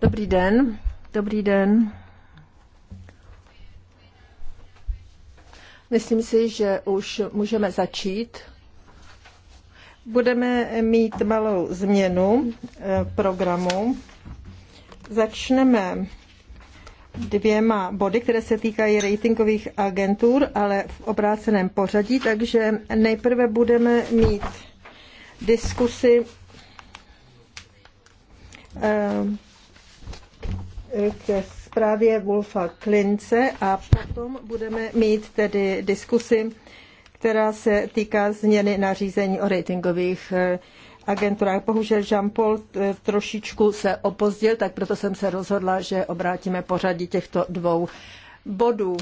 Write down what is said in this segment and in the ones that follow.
Dobrý den. Dobrý den. Myslím si, že už můžeme začít. Budeme mít malou změnu eh, programu. Začneme dvěma body, které se týkají ratingových agentur, ale v obráceném pořadí, takže nejprve budeme mít diskusi ehm, ke zprávě Wolfa Klince a potom budeme mít tedy diskusi, která se týká změny nařízení o ratingových eh, agenturách. Bohužel Jean-Paul eh, trošičku se opozdil, tak proto jsem se rozhodla, že obrátíme pořadí těchto dvou bodů.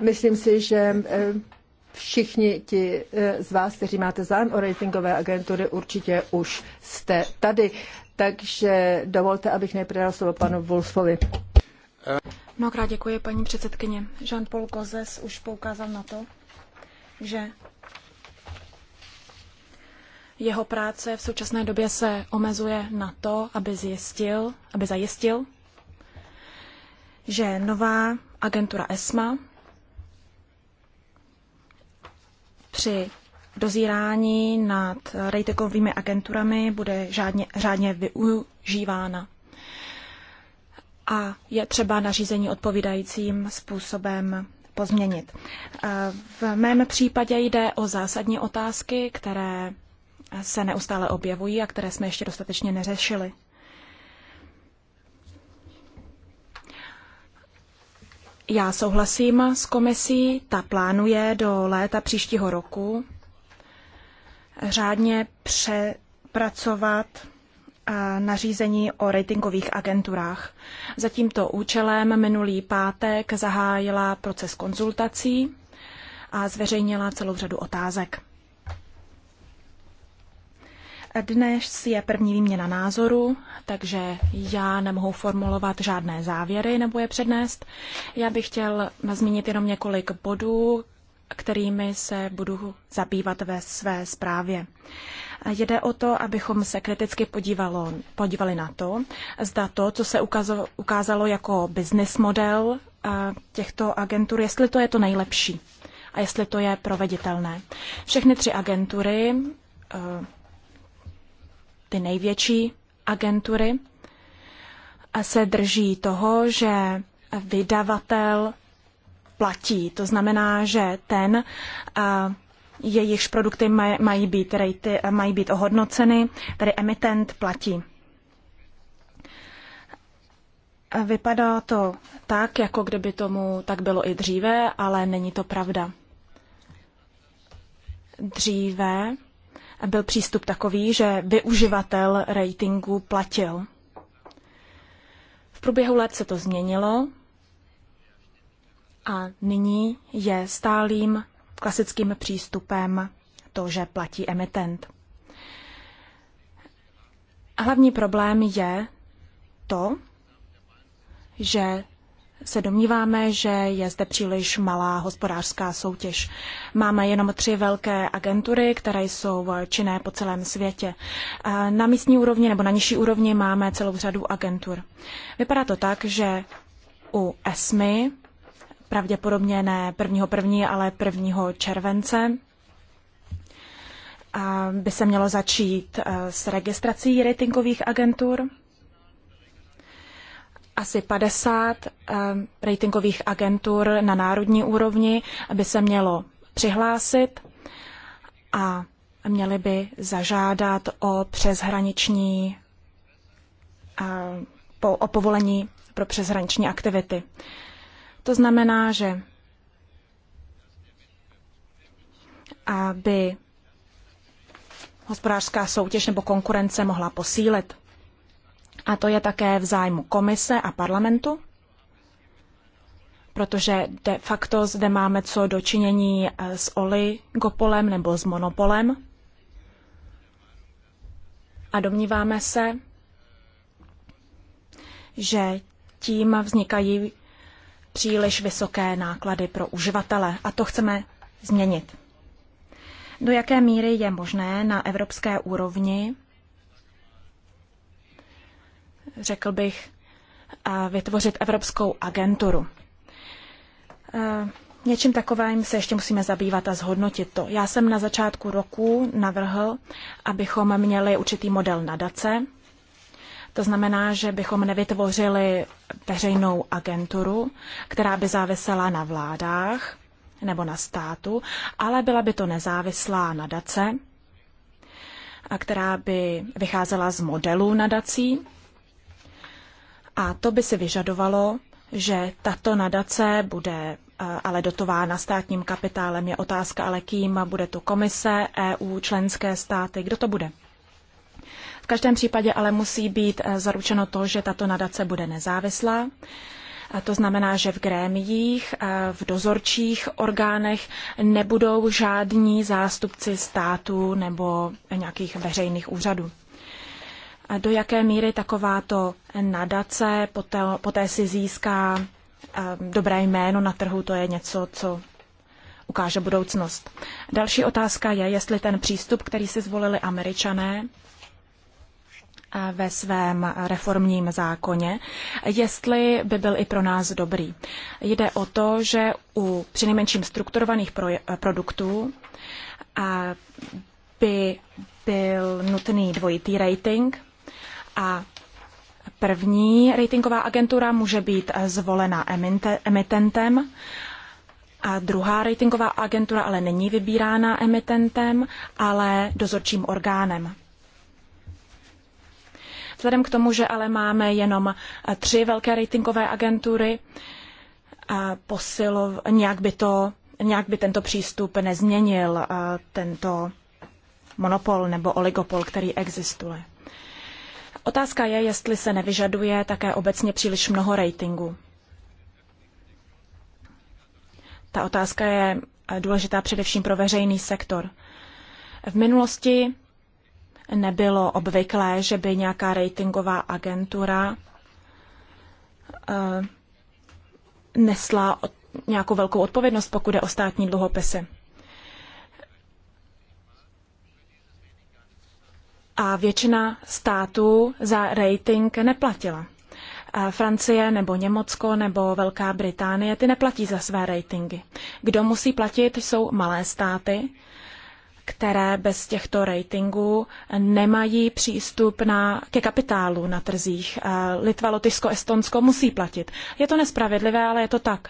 Myslím si, že eh, Všichni ti eh, z vás, kteří máte zájem o ratingové agentury, určitě už jste tady. Takže dovolte, abych nejprve dal slovo panu Wolfovi. Mnohokrát děkuji, paní předsedkyně. Jean-Paul Gozes už poukázal na to, že jeho práce v současné době se omezuje na to, aby zjistil, aby zajistil, že nová agentura ESMA při dozírání nad ratingovými agenturami bude žádně, řádně využívána. A je třeba nařízení odpovídajícím způsobem pozměnit. Eh, v mém případě jde o zásadní otázky, které se neustále objevují a které jsme ještě dostatečně neřešili. Já souhlasím s komisí, ta plánuje do léta příštího roku řádně přepracovat eh, nařízení o ratingových agenturách. Za tímto účelem minulý pátek zahájila proces konzultací a zveřejnila celou řadu otázek. Dnes je první výměna názoru, takže já nemohu formulovat žádné závěry nebo je přednést. Já bych chtěl zmínit jenom několik bodů, kterými se budu zabývat ve své zprávě. Jde o to, abychom se kriticky podívalo, podívali na to, zda to, co se ukázalo, ukázalo jako business model eh, těchto agentur, jestli to je to nejlepší a jestli to je proveditelné. Všechny tři agentury eh, ty největší agentury se drží toho, že vydavatel platí. To znamená, že ten, jejichž produkty mají být, rejty, mají být ohodnoceny, tedy emitent platí. Vypadá to tak, jako kdyby tomu tak bylo i dříve, ale není to pravda. Dříve byl přístup takový, že využivatel ratingu platil. V průběhu let se to změnilo a nyní je stálým klasickým přístupem to, že platí emitent. Hlavní problém je to, že se domníváme, že je zde příliš malá hospodářská soutěž. Máme jenom tři velké agentury, které jsou činné po celém světě. Na místní úrovni nebo na nižší úrovni máme celou řadu agentur. Vypadá to tak, že u ESMI, pravděpodobně ne prvního, první, ale 1. července, by se mělo začít eh, s registrací ratingových agentur asi 50 eh, ratingových agentur na národní úrovni aby se mělo přihlásit a měli by zažádat o přeshraniční eh, po, o povolení pro přeshraniční aktivity. To znamená, že aby hospodářská soutěž nebo konkurence mohla posílit. A to je také v zájmu komise a parlamentu, protože de facto zde máme co dočinění eh, s oligopolem nebo s monopolem. A domníváme se, že tím vznikají příliš vysoké náklady pro uživatele a to chceme změnit. Do jaké míry je možné na evropské úrovni řekl bych, vytvořit evropskou agenturu. Něčím takovým se ještě musíme zabývat a zhodnotit to. Já jsem na začátku roku navrhl, abychom měli určitý model nadace. To znamená, že bychom nevytvořili veřejnou agenturu, která by závisela na vládách nebo na státu, ale byla by to nezávislá nadace, a která by vycházela z modelů nadací a to by si vyžadovalo, že tato nadace bude eh, ale dotována státním kapitálem. Je otázka ale kým, bude tu komise, EU, členské státy, kdo to bude. V každém případě ale musí být eh, zaručeno to, že tato nadace bude nezávislá. A to znamená, že v grémiích, eh, v dozorčích orgánech nebudou žádní zástupci státu nebo nějakých veřejných úřadů do jaké míry takováto nadace poté, poté si získá ehm, dobré jméno na trhu, to je něco, co ukáže budoucnost. Další otázka je, jestli ten přístup, který si zvolili američané eh, ve svém reformním zákoně, jestli by byl i pro nás dobrý. Jde o to, že u přinejmenším strukturovaných eh, produktů eh, by byl nutný dvojitý rating, a první ratingová agentura může být zvolena emitentem, a druhá ratingová agentura ale není vybírána emitentem, ale dozorčím orgánem. Vzhledem k tomu, že ale máme jenom eh, tři velké ratingové agentury, posilo, nějak, by to, nějak by tento přístup nezměnil eh, tento monopol nebo oligopol, který existuje. Otázka je, jestli se nevyžaduje také obecně příliš mnoho ratingu. Ta otázka je důležitá především pro veřejný sektor. V minulosti nebylo obvyklé, že by nějaká ratingová agentura eh, nesla nějakou velkou odpovědnost, pokud je o státní dluhopisy. a většina států za rating neplatila. Francie nebo Německo nebo Velká Británie, ty neplatí za své ratingy. Kdo musí platit, jsou malé státy, které bez těchto ratingů nemají přístup na, ke kapitálu na trzích. Litva, Lotyšsko, Estonsko musí platit. Je to nespravedlivé, ale je to tak.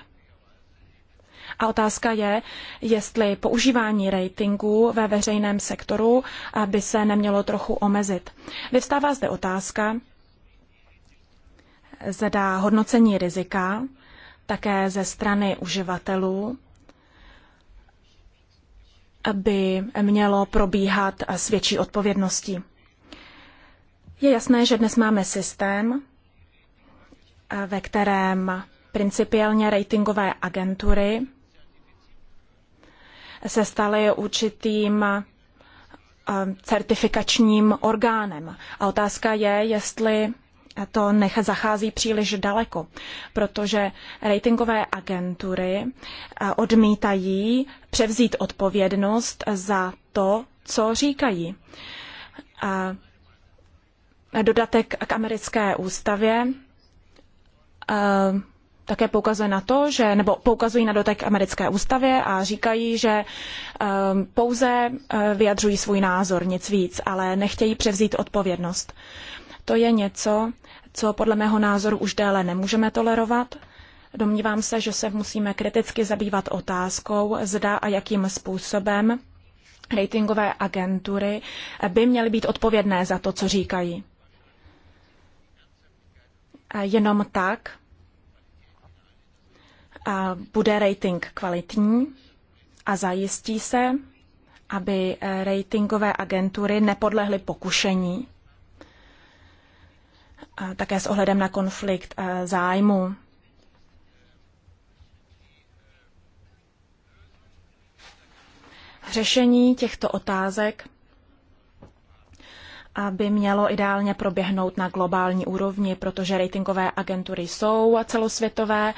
A otázka je, jestli používání ratingu ve veřejném sektoru eh, by se nemělo trochu omezit. Vyvstává zde otázka, zda hodnocení rizika také ze strany uživatelů by mělo probíhat s větší odpovědností. Je jasné, že dnes máme systém, eh, ve kterém principiálně ratingové agentury se staly určitým eh, certifikačním orgánem. A otázka je, jestli to nech zachází příliš daleko, protože ratingové agentury eh, odmítají převzít odpovědnost za to, co říkají. A eh, dodatek k americké ústavě také poukazuje na to, že, nebo poukazují na dotek americké ústavě a říkají, že um, pouze uh, vyjadřují svůj názor, nic víc, ale nechtějí převzít odpovědnost. To je něco, co podle mého názoru už déle nemůžeme tolerovat. Domnívám se, že se musíme kriticky zabývat otázkou, zda a jakým způsobem ratingové agentury by měly být odpovědné za to, co říkají. Jenom tak bude rating kvalitní a zajistí se, aby eh, ratingové agentury nepodlehly pokušení, také s ohledem na konflikt eh, zájmu. Řešení těchto otázek aby mělo ideálně proběhnout na globální úrovni, protože ratingové agentury jsou celosvětové,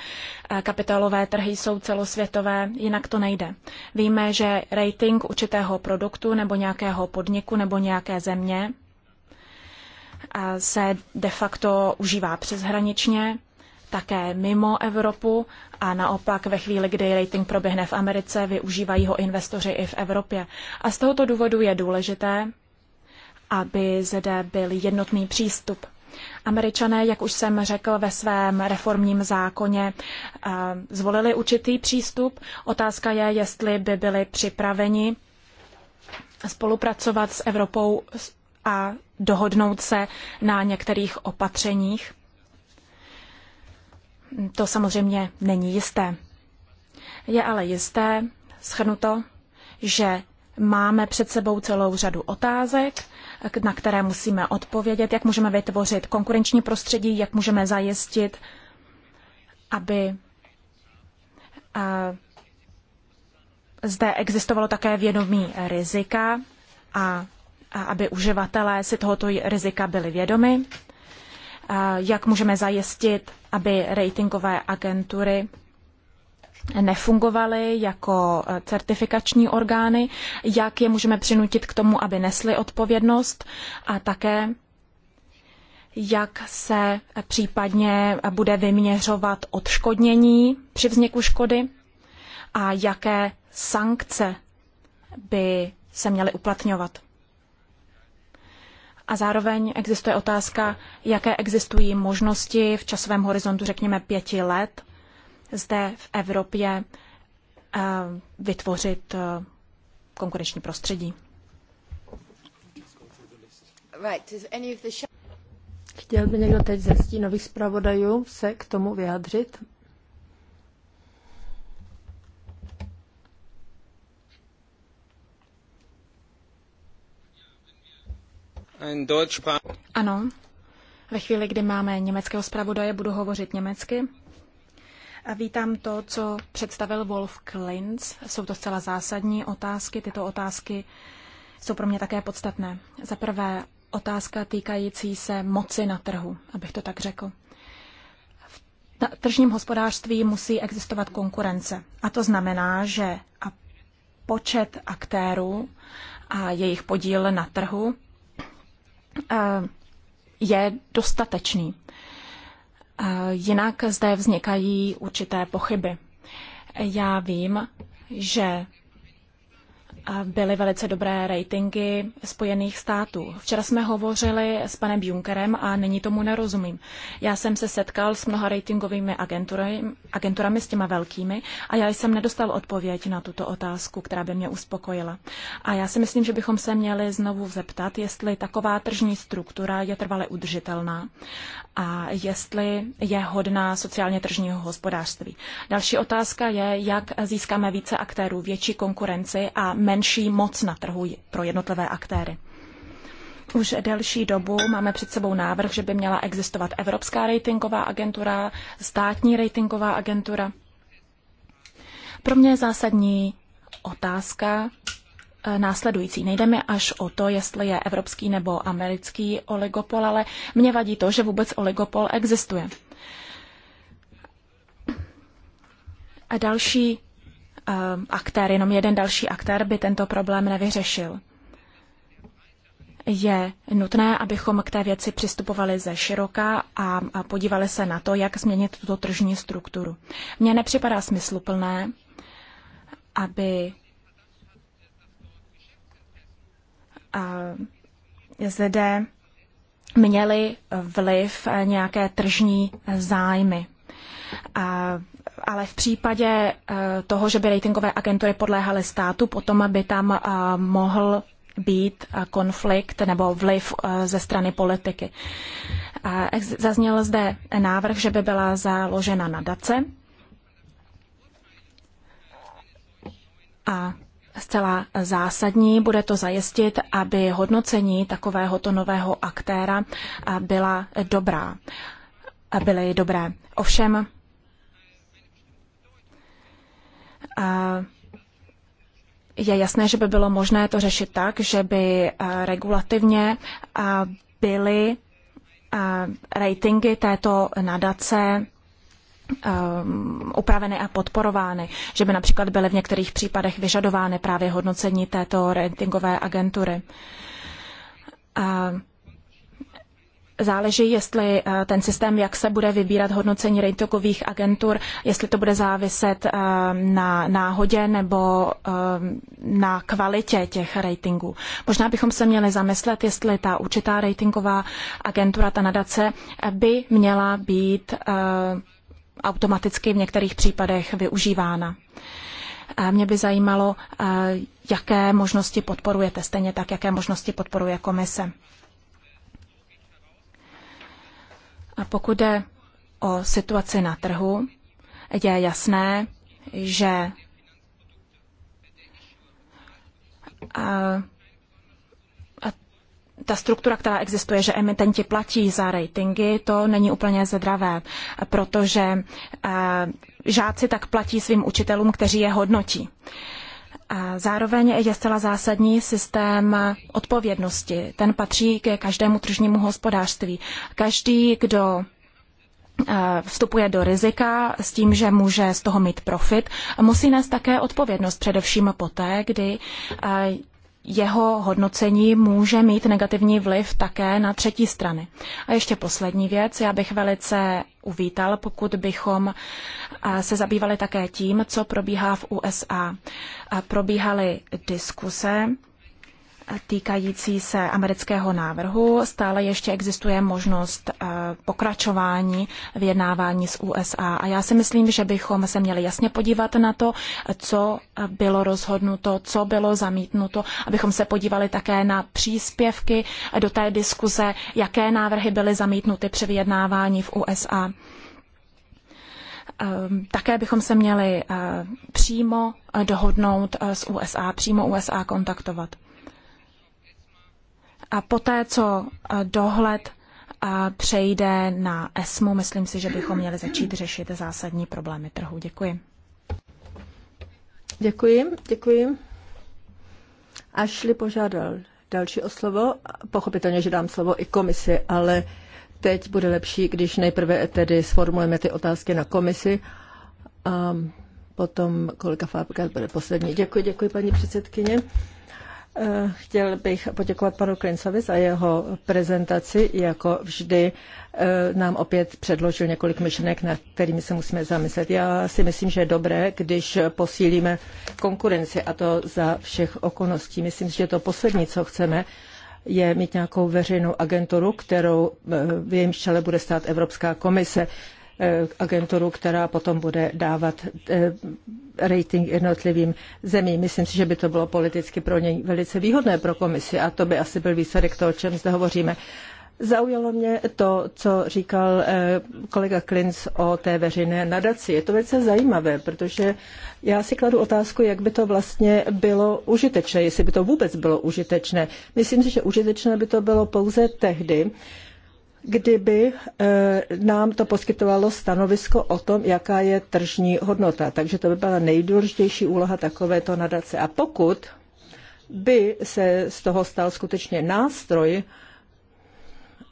eh, kapitálové trhy jsou celosvětové, jinak to nejde. Víme, že rating určitého produktu nebo nějakého podniku nebo nějaké země eh, se de facto užívá přeshraničně, také mimo Evropu a naopak ve chvíli, kdy rating proběhne v Americe, využívají ho investoři i v Evropě. A z tohoto důvodu je důležité, aby zde byl jednotný přístup. Američané, jak už jsem řekl ve svém reformním zákoně, eh, zvolili určitý přístup. Otázka je, jestli by byli připraveni spolupracovat s Evropou a dohodnout se na některých opatřeních. To samozřejmě není jisté. Je ale jisté, schrnuto, že máme před sebou celou řadu otázek na které musíme odpovědět, jak můžeme vytvořit konkurenční prostředí, jak můžeme zajistit, aby zde existovalo také vědomí rizika a, aby uživatelé si tohoto rizika byli vědomi, jak můžeme zajistit, aby ratingové agentury nefungovaly jako eh, certifikační orgány, jak je můžeme přinutit k tomu, aby nesly odpovědnost a také jak se případně bude vyměřovat odškodnění při vzniku škody a jaké sankce by se měly uplatňovat. A zároveň existuje otázka, jaké existují možnosti v časovém horizontu, řekněme, pěti let, zde v Evropě eh, vytvořit eh, konkurenční prostředí. Chtěl by někdo teď ze stínových zpravodajů se k tomu vyjádřit? Ano, ve chvíli, kdy máme německého zpravodaje, budu hovořit německy. Vítám to, co představil Wolf Klintz. Jsou to zcela zásadní otázky. Tyto otázky jsou pro mě také podstatné. Za prvé otázka týkající se moci na trhu, abych to tak řekl. V tržním hospodářství musí existovat konkurence. A to znamená, že a počet aktérů a jejich podíl na trhu eh, je dostatečný. Jinak zde vznikají určité pochyby. Já vím, že byly velice dobré ratingy Spojených států. Včera jsme hovořili s panem Junkerem a nyní tomu nerozumím. Já jsem se setkal s mnoha ratingovými agentury, agenturami, s těma velkými, a já jsem nedostal odpověď na tuto otázku, která by mě uspokojila. A já si myslím, že bychom se měli znovu zeptat, jestli taková tržní struktura je trvale udržitelná a jestli je hodná sociálně tržního hospodářství. Další otázka je, jak získáme více aktérů, větší konkurenci a menší moc na trhu pro jednotlivé aktéry. Už delší dobu máme před sebou návrh, že by měla existovat Evropská ratingová agentura, státní ratingová agentura. Pro mě je zásadní otázka eh, následující. Nejde mi až o to, jestli je evropský nebo americký oligopol, ale mě vadí to, že vůbec oligopol existuje. A další Eh, aktér, jenom jeden další aktér by tento problém nevyřešil. Je nutné, abychom k té věci přistupovali ze široka a podívali se na to, jak změnit tuto tržní strukturu. Mně nepřipadá smysluplné, aby eh, zde měly vliv nějaké tržní zájmy. A eh, ale v případě eh, toho, že by ratingové agentury podléhaly státu, potom by tam eh, mohl být eh, konflikt nebo vliv ze strany politiky. Zazněl zde návrh, že by byla založena nadace a zcela zásadní bude to zajistit, aby hodnocení takovéhoto nového aktéra byla dobrá. Byly dobré. Ovšem, je jasné, že by bylo možné to řešit tak, že by eh, regulativně eh, byly eh, ratingy této nadace ehm, upraveny a podporovány, že by například byly v některých případech vyžadovány právě hodnocení této ratingové agentury. A záleží, jestli eh, ten systém, jak se bude vybírat hodnocení ratingových agentur, jestli to bude záviset eh, na náhodě nebo eh, na kvalitě těch ratingů. Možná bychom se měli zamyslet, jestli ta určitá ratingová agentura, ta nadace, by měla být automaticky v některých případech využívána. A mě by zajímalo, jaké možnosti podporujete, stejně tak, jaké možnosti podporuje komise. A pokud jde o situaci na trhu, je jasné, že a ta struktura, která existuje, že emitenti platí za ratingy, to není úplně zdravé, protože žáci tak platí svým učitelům, kteří je hodnotí. Zároveň je zcela zásadní systém odpovědnosti. Ten patří ke každému tržnímu hospodářství. Každý, kdo eh, vstupuje do rizika s tím, že může z toho mít profit, musí nést také odpovědnost, především poté, kdy eh, jeho hodnocení může mít negativní vliv také na třetí strany. A ještě poslední věc, já bych velice uvítal, pokud bychom se zabývali také tím, co probíhá v USA. Probíhaly diskuse týkající se amerického návrhu. Stále ještě existuje možnost eh, pokračování vyjednávání s USA. A já si myslím, že bychom se měli jasně podívat na to, co bylo rozhodnuto, co bylo zamítnuto, abychom se podívali také na příspěvky do té diskuze, jaké návrhy byly zamítnuty při vyjednávání v USA. Ehm, také bychom se měli eh, přímo dohodnout eh, s USA, přímo USA kontaktovat. A poté, co eh, dohled eh, přejde na ESMU, myslím si, že bychom měli začít řešit zásadní problémy trhu. Děkuji. Děkuji, děkuji. Ashley požádal další o slovo. Pochopitelně, že dám slovo i komisi, ale teď bude lepší, když nejprve tedy sformulujeme ty otázky na komisi a potom kolega Fábka bude poslední. Děkuji, děkuji paní předsedkyně. Eh, chtěl bych poděkovat panu Klincovi za jeho prezentaci. Jako vždy eh, nám opět předložil několik myšlenek, nad kterými se musíme zamyslet. Já si myslím, že je dobré, když posílíme konkurenci a to za všech okolností. Myslím, že to poslední, co chceme, je mít nějakou veřejnou agenturu, kterou eh, v jejím čele bude stát Evropská komise. Eh, agenturu, která potom bude dávat eh, rating jednotlivým zemím. Myslím si, že by to bylo politicky pro něj velice výhodné pro komisi a to by asi byl výsledek toho, o čem zde hovoříme. Zaujalo mě to, co říkal eh, kolega Klinc o té veřejné nadaci. Je to velice zajímavé, protože já si kladu otázku, jak by to vlastně bylo užitečné, jestli by to vůbec bylo užitečné. Myslím si, že užitečné by to bylo pouze tehdy, kdyby eh, nám to poskytovalo stanovisko o tom, jaká je tržní hodnota. Takže to by byla nejdůležitější úloha takovéto nadace. A pokud by se z toho stal skutečně nástroj,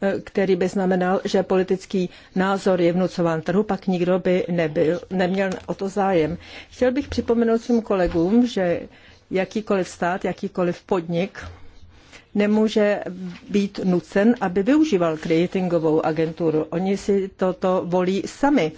eh, který by znamenal, že politický názor je vnucován trhu, pak nikdo by nebyl, neměl o to zájem. Chtěl bych připomenout svým kolegům, že jakýkoliv stát, jakýkoliv podnik nemůže být nucen, aby využíval kreditingovou agenturu. Oni si toto volí sami.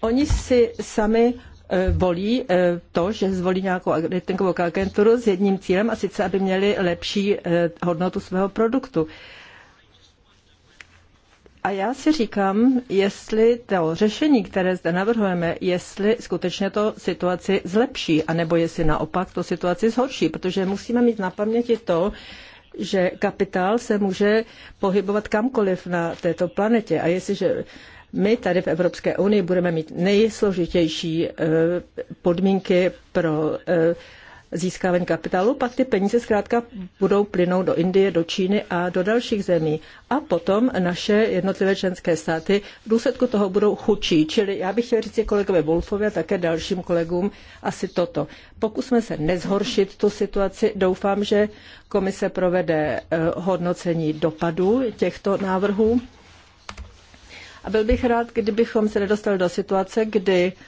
Oni si sami eh, volí eh, to, že zvolí nějakou ratingovou agenturu s jedním cílem a sice, aby měli lepší eh, hodnotu svého produktu. A já si říkám, jestli to řešení, které zde navrhujeme, jestli skutečně to situaci zlepší, anebo jestli naopak to situaci zhorší, protože musíme mít na paměti to, že kapitál se může pohybovat kamkoliv na této planetě. A jestliže my tady v Evropské unii budeme mít nejsložitější eh, podmínky pro eh, získávání kapitálu, pak ty peníze zkrátka budou plynout do Indie, do Číny a do dalších zemí. A potom naše jednotlivé členské státy v důsledku toho budou chučí. Čili já bych chtěl říct kolegové Wolfovi a také dalším kolegům asi toto. Pokusme se nezhoršit tu situaci. Doufám, že komise provede eh, hodnocení dopadů těchto návrhů. A byl bych rád, kdybychom se nedostali do situace, kdy uh,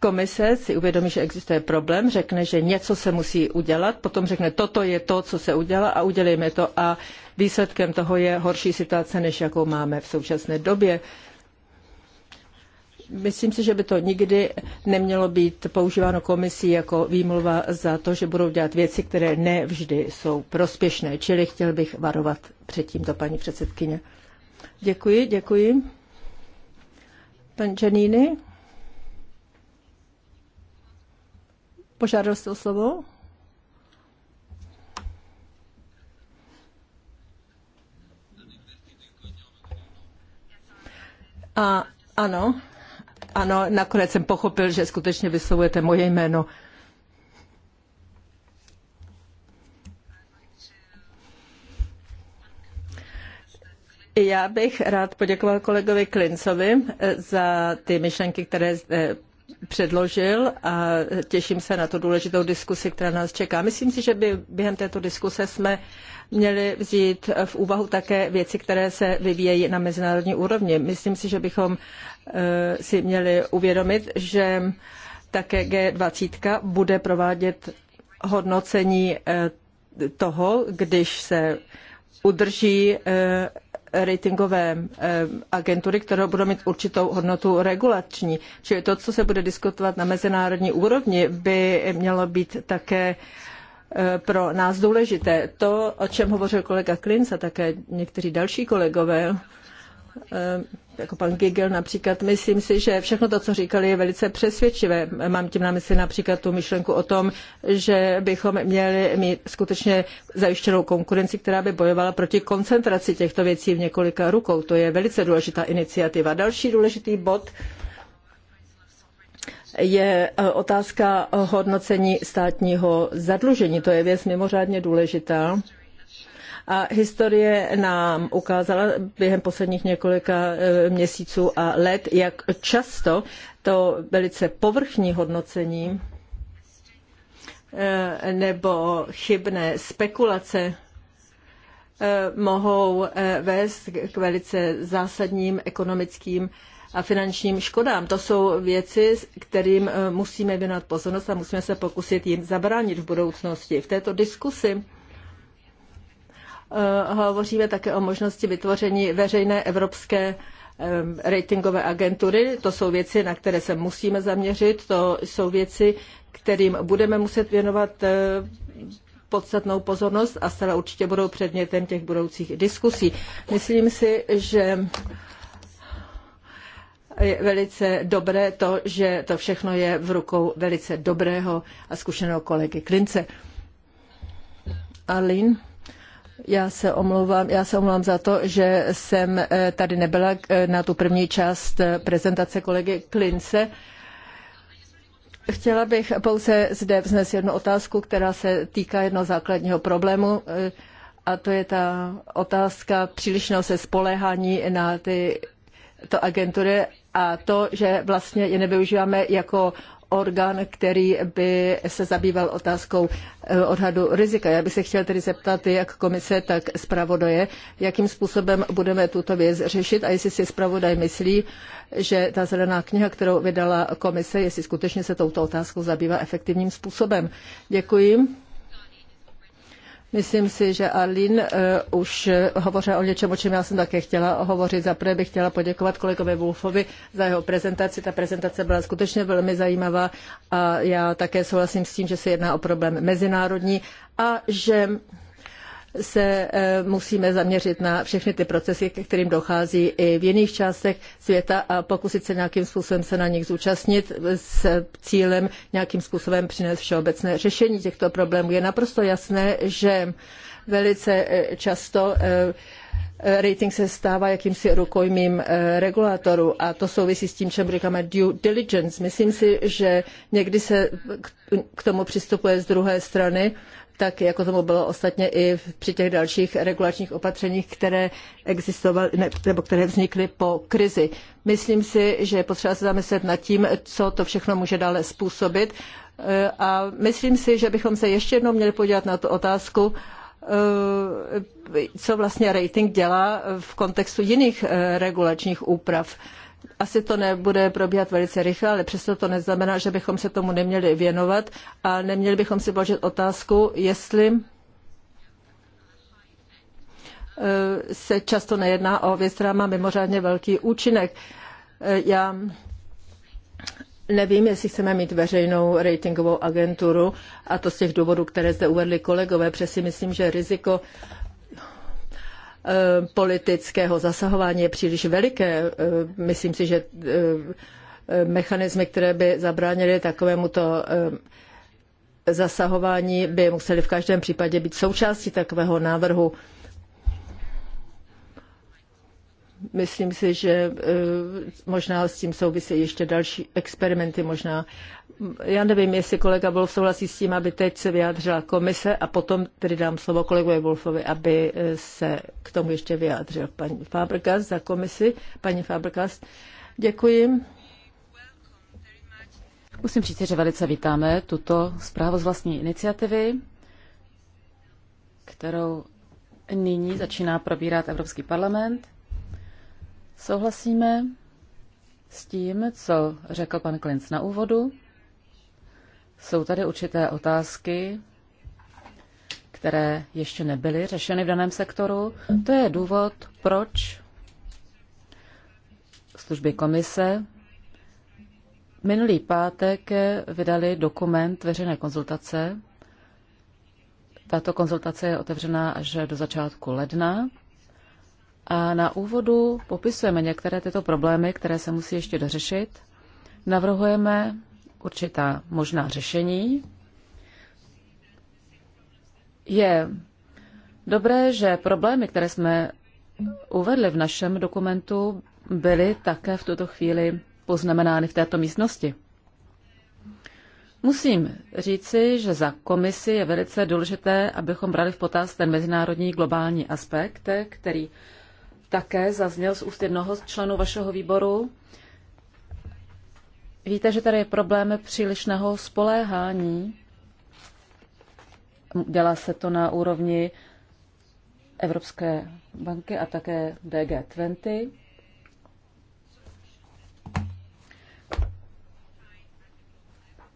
Komise si uvědomí, že existuje problém, řekne, že něco se musí udělat, potom řekne, toto je to, co se udělá a udělejme to a výsledkem toho je horší situace, než jakou máme v současné době myslím si, že by to nikdy nemělo být používáno komisí jako výmluva za to, že budou dělat věci, které ne vždy jsou prospěšné. Čili chtěl bych varovat před tímto, paní předsedkyně. Děkuji, děkuji. Pan Janini? Požádal jste o slovo? A ano, ano, nakonec jsem pochopil, že skutečně vyslovujete moje jméno. Já bych rád poděkoval kolegovi Klincovi eh, za ty myšlenky, které eh, předložil a těším se na tu důležitou diskusi, která nás čeká. Myslím si, že by během této diskuse jsme měli vzít v úvahu také věci, které se vyvíjejí na mezinárodní úrovni. Myslím si, že bychom eh, si měli uvědomit, že také G20 bude provádět hodnocení eh, toho, když se udrží eh, ratingové eh, agentury, které budou mít určitou hodnotu regulační. Čili to, co se bude diskutovat na mezinárodní úrovni, by mělo být také eh, pro nás důležité. To, o čem hovořil kolega Klinc a také někteří další kolegové, Eh, jako pan Gigel například, myslím si, že všechno to, co říkali, je velice přesvědčivé. Mám tím na mysli například tu myšlenku o tom, že bychom měli mít skutečně zajištěnou konkurenci, která by bojovala proti koncentraci těchto věcí v několika rukou. To je velice důležitá iniciativa. Další důležitý bod je eh, otázka hodnocení státního zadlužení. To je věc mimořádně důležitá. A historie nám ukázala během posledních několika eh, měsíců a let, jak často to velice povrchní hodnocení eh, nebo chybné spekulace eh, mohou vést k velice zásadním ekonomickým a finančním škodám. To jsou věci, kterým musíme věnovat pozornost a musíme se pokusit jim zabránit v budoucnosti. V této diskusi Eh, hovoříme také o možnosti vytvoření veřejné evropské ratingové agentury. To jsou věci, na které se musíme zaměřit, to jsou věci, kterým budeme muset věnovat eh, podstatnou pozornost a stále určitě budou předmětem těch budoucích diskusí. Myslím si, že je velice dobré to, že to všechno je v rukou velice dobrého a zkušeného kolegy Klince. Arlene? Já se omlouvám, já se omlouvám za to, že jsem eh, tady nebyla eh, na tu první část eh, prezentace kolegy Klince. Chtěla bych pouze zde vznést jednu otázku, která se týká jednoho základního problému, a to je ta otázka přílišného se spoléhání na ty, to agentury a to, že vlastně je nevyužíváme jako orgán, který by se zabýval otázkou eh, odhadu rizika. Já bych se chtěl tedy zeptat jak komise, tak zpravodaje, jakým způsobem budeme tuto věc řešit a jestli si zpravodaj myslí, že ta zelená kniha, kterou vydala komise, jestli skutečně se touto otázkou zabývá efektivním způsobem. Děkuji. Myslím si, že Arlín uh, už eh, hovořila o něčem, o čem já jsem také chtěla hovořit. prvé bych chtěla poděkovat kolegovi Wolfovi za jeho prezentaci. Ta prezentace byla skutečně velmi zajímavá a já také souhlasím s tím, že se jedná o problém mezinárodní a že se eh, musíme zaměřit na všechny ty procesy, ke kterým dochází i v jiných částech světa a pokusit se nějakým způsobem se na nich zúčastnit s cílem nějakým způsobem přinést všeobecné řešení těchto problémů. Je naprosto jasné, že velice eh, často eh, rating se stává jakýmsi rukojmím regulatoru a to souvisí s tím, čemu říkáme due diligence. Myslím si, že někdy se k tomu přistupuje z druhé strany tak jako tomu bylo ostatně i při těch dalších regulačních opatřeních, které existovaly ne, nebo které vznikly po krizi. Myslím si, že je potřeba se zamyslet nad tím, co to všechno může dále způsobit. Eh, a myslím si, že bychom se ještě jednou měli podívat na tu otázku, eh, co vlastně rating dělá v kontextu jiných eh, regulačních úprav asi to nebude probíhat velice rychle, ale přesto to neznamená, že bychom se tomu neměli věnovat a neměli bychom si položit otázku, jestli eh, se často nejedná o věc, která má mimořádně velký účinek. Eh, já Nevím, jestli chceme mít veřejnou ratingovou agenturu a to z těch důvodů, které zde uvedli kolegové. si myslím, že riziko Eh, politického zasahování je příliš veliké. Eh, myslím si, že eh, mechanismy, které by zabránily takovémuto zasahování, by musely v každém případě být součástí takového návrhu. Myslím si, že možná s tím souvisí ještě další experimenty, možná já nevím, jestli kolega Wolf souhlasí s tím, aby teď se vyjádřila komise a potom tedy dám slovo kolegovi Wolfovi, aby eh, se k tomu ještě vyjádřil paní Fabrikas za komisi. Paní Fabrikas, děkuji. Musím říct, že velice vítáme tuto zprávu z vlastní iniciativy, kterou nyní začíná probírat Evropský parlament. Souhlasíme s tím, co řekl pan Klinc na úvodu. Jsou tady určité otázky, které ještě nebyly řešeny v daném sektoru. To je důvod, proč služby komise minulý pátek vydali dokument veřejné konzultace. Tato konzultace je otevřená až do začátku ledna. A na úvodu popisujeme některé tyto problémy, které se musí ještě dořešit. Navrhujeme určitá možná řešení. Je dobré, že problémy, které jsme uvedli v našem dokumentu, byly také v tuto chvíli poznamenány v této místnosti. Musím říci, že za komisi je velice důležité, abychom brali v potaz ten mezinárodní globální aspekt, který také zazněl z úst jednoho z členů vašeho výboru. Víte, že tady je problém přílišného spoléhání. Dělá se to na úrovni Evropské banky a také DG20.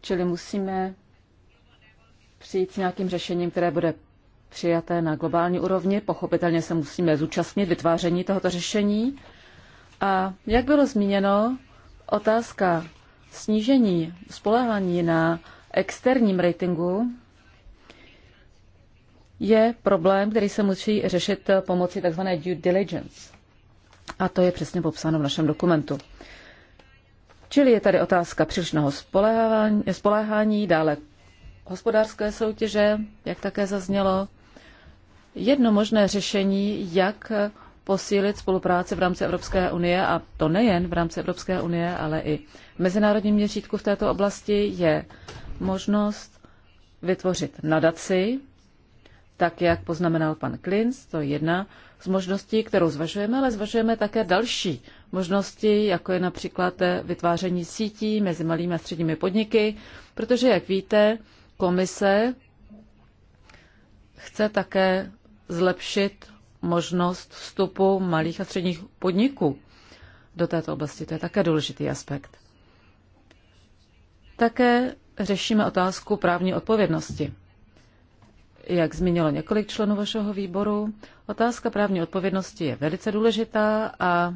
Čili musíme přijít s nějakým řešením, které bude přijaté na globální úrovni. Pochopitelně se musíme zúčastnit vytváření tohoto řešení. A jak bylo zmíněno, otázka snížení spolehání na externím ratingu je problém, který se musí řešit pomocí tzv. due diligence. A to je přesně popsáno v našem dokumentu. Čili je tady otázka přílišného spoléhání, dále hospodářské soutěže, jak také zaznělo. Jedno možné řešení, jak posílit spolupráci v rámci Evropské unie, a to nejen v rámci Evropské unie, ale i v mezinárodním měřítku v této oblasti, je možnost vytvořit nadaci, tak jak poznamenal pan Klins, to je jedna z možností, kterou zvažujeme, ale zvažujeme také další možnosti, jako je například vytváření sítí mezi malými a středními podniky, protože, jak víte, komise chce také zlepšit možnost vstupu malých a středních podniků do této oblasti. To je také důležitý aspekt. Také řešíme otázku právní odpovědnosti. Jak zmínilo několik členů vašeho výboru, otázka právní odpovědnosti je velice důležitá a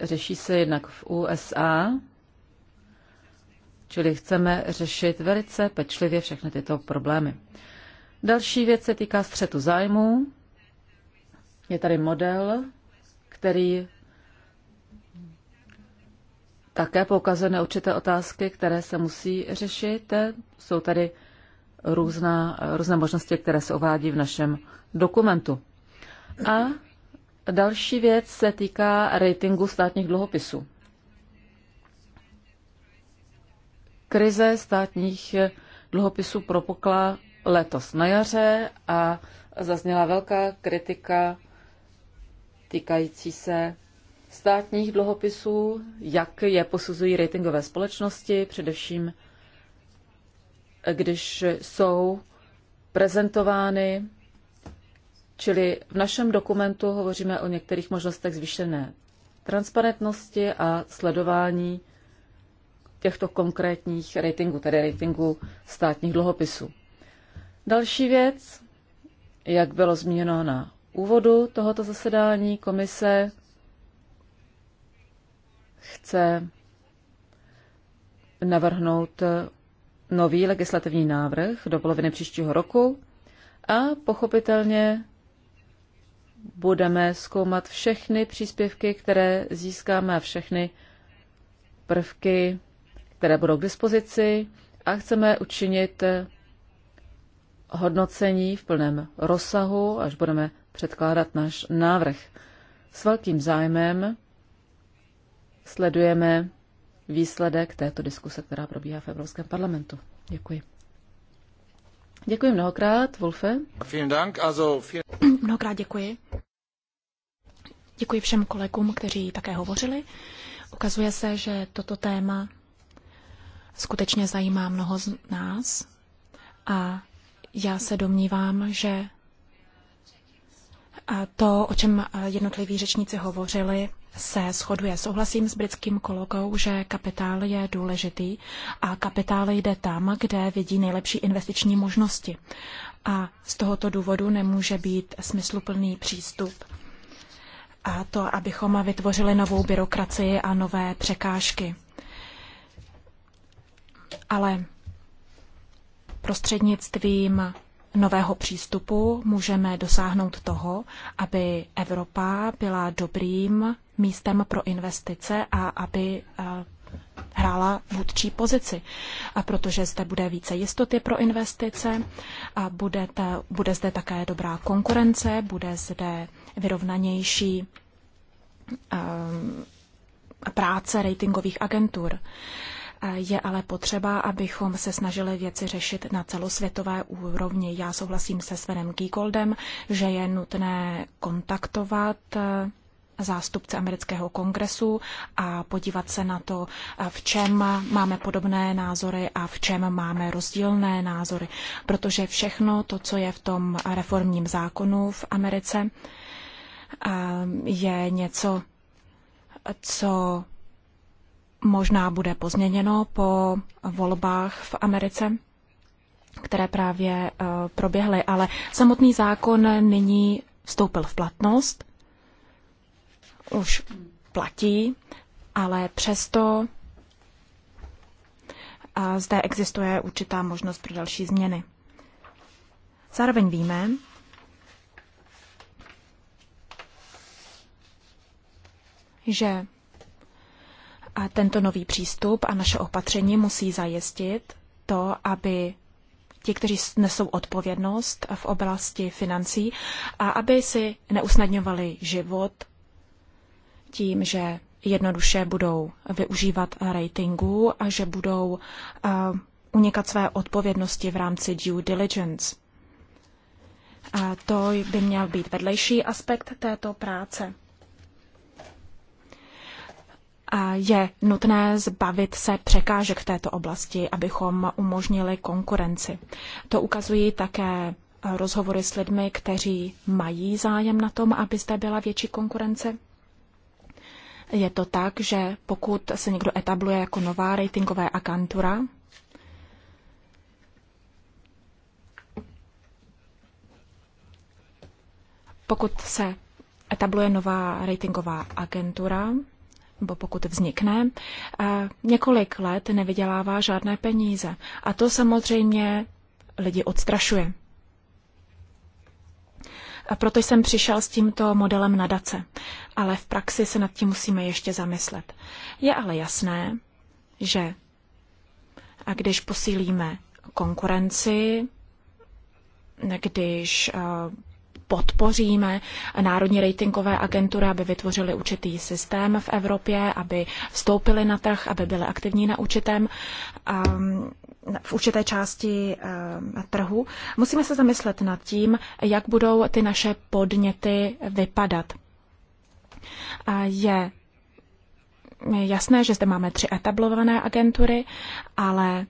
řeší se jednak v USA, čili chceme řešit velice pečlivě všechny tyto problémy. Další věc se týká střetu zájmů. Je tady model, který také poukazuje na určité otázky, které se musí řešit. Jsou tady různá, různé možnosti, které se uvádí v našem dokumentu. A další věc se týká ratingu státních dluhopisů. Krize státních dluhopisů propukla letos na jaře a zazněla velká kritika týkající se státních dluhopisů, jak je posuzují ratingové společnosti, především když jsou prezentovány, čili v našem dokumentu hovoříme o některých možnostech zvýšené transparentnosti a sledování těchto konkrétních ratingů, tedy ratingů státních dluhopisů. Další věc, jak bylo zmíněno na úvodu tohoto zasedání, komise chce navrhnout nový legislativní návrh do poloviny příštího roku a pochopitelně budeme zkoumat všechny příspěvky, které získáme a všechny prvky, které budou k dispozici a chceme učinit hodnocení v plném rozsahu, až budeme předkládat náš návrh. S velkým zájmem sledujeme výsledek této diskuse, která probíhá v Evropském parlamentu. Děkuji. Děkuji mnohokrát, Wolfe. Mnohokrát děkuji. Děkuji všem kolegům, kteří také hovořili. Ukazuje se, že toto téma skutečně zajímá mnoho z nás a já se domnívám, že to, o čem jednotliví řečníci hovořili, se shoduje. Souhlasím s britským kolegou, že kapitál je důležitý a kapitál jde tam, kde vidí nejlepší investiční možnosti. A z tohoto důvodu nemůže být smysluplný přístup. A to, abychom vytvořili novou byrokracii a nové překážky. Ale Prostřednictvím nového přístupu můžeme dosáhnout toho, aby Evropa byla dobrým místem pro investice a aby eh, hrála vůdčí pozici, a protože zde bude více jistoty pro investice, a bude, ta, bude zde také dobrá konkurence, bude zde vyrovnanější um, práce ratingových agentur. Je ale potřeba, abychom se snažili věci řešit na celosvětové úrovni. Já souhlasím se Svenem Kýkoldem, že je nutné kontaktovat eh, zástupce amerického kongresu a podívat se na to, eh, v čem máme podobné názory a v čem máme rozdílné názory. Protože všechno to, co je v tom reformním zákonu v Americe, eh, je něco, co možná bude pozměněno po volbách v Americe, které právě eh, proběhly, ale samotný zákon nyní vstoupil v platnost, už platí, ale přesto eh, zde existuje určitá možnost pro další změny. Zároveň víme, že a tento nový přístup a naše opatření musí zajistit to, aby ti, kteří nesou odpovědnost v oblasti financí, a aby si neusnadňovali život tím, že jednoduše budou využívat ratingu a že budou uh, unikat své odpovědnosti v rámci due diligence. A to by měl být vedlejší aspekt této práce je nutné zbavit se překážek v této oblasti, abychom umožnili konkurenci. To ukazují také rozhovory s lidmi, kteří mají zájem na tom, aby zde byla větší konkurence. Je to tak, že pokud se někdo etabluje jako nová ratingová agentura, pokud se etabluje nová ratingová agentura, nebo pokud vznikne, eh, několik let nevydělává žádné peníze. A to samozřejmě lidi odstrašuje. A proto jsem přišel s tímto modelem nadace. Ale v praxi se nad tím musíme ještě zamyslet. Je ale jasné, že a když posílíme konkurenci, když eh, podpoříme národní ratingové agentury, aby vytvořili určitý systém v Evropě, aby vstoupili na trh, aby byli aktivní na určitém, um, v určité části um, trhu. Musíme se zamyslet nad tím, jak budou ty naše podněty vypadat. Je jasné, že zde máme tři etablované agentury, ale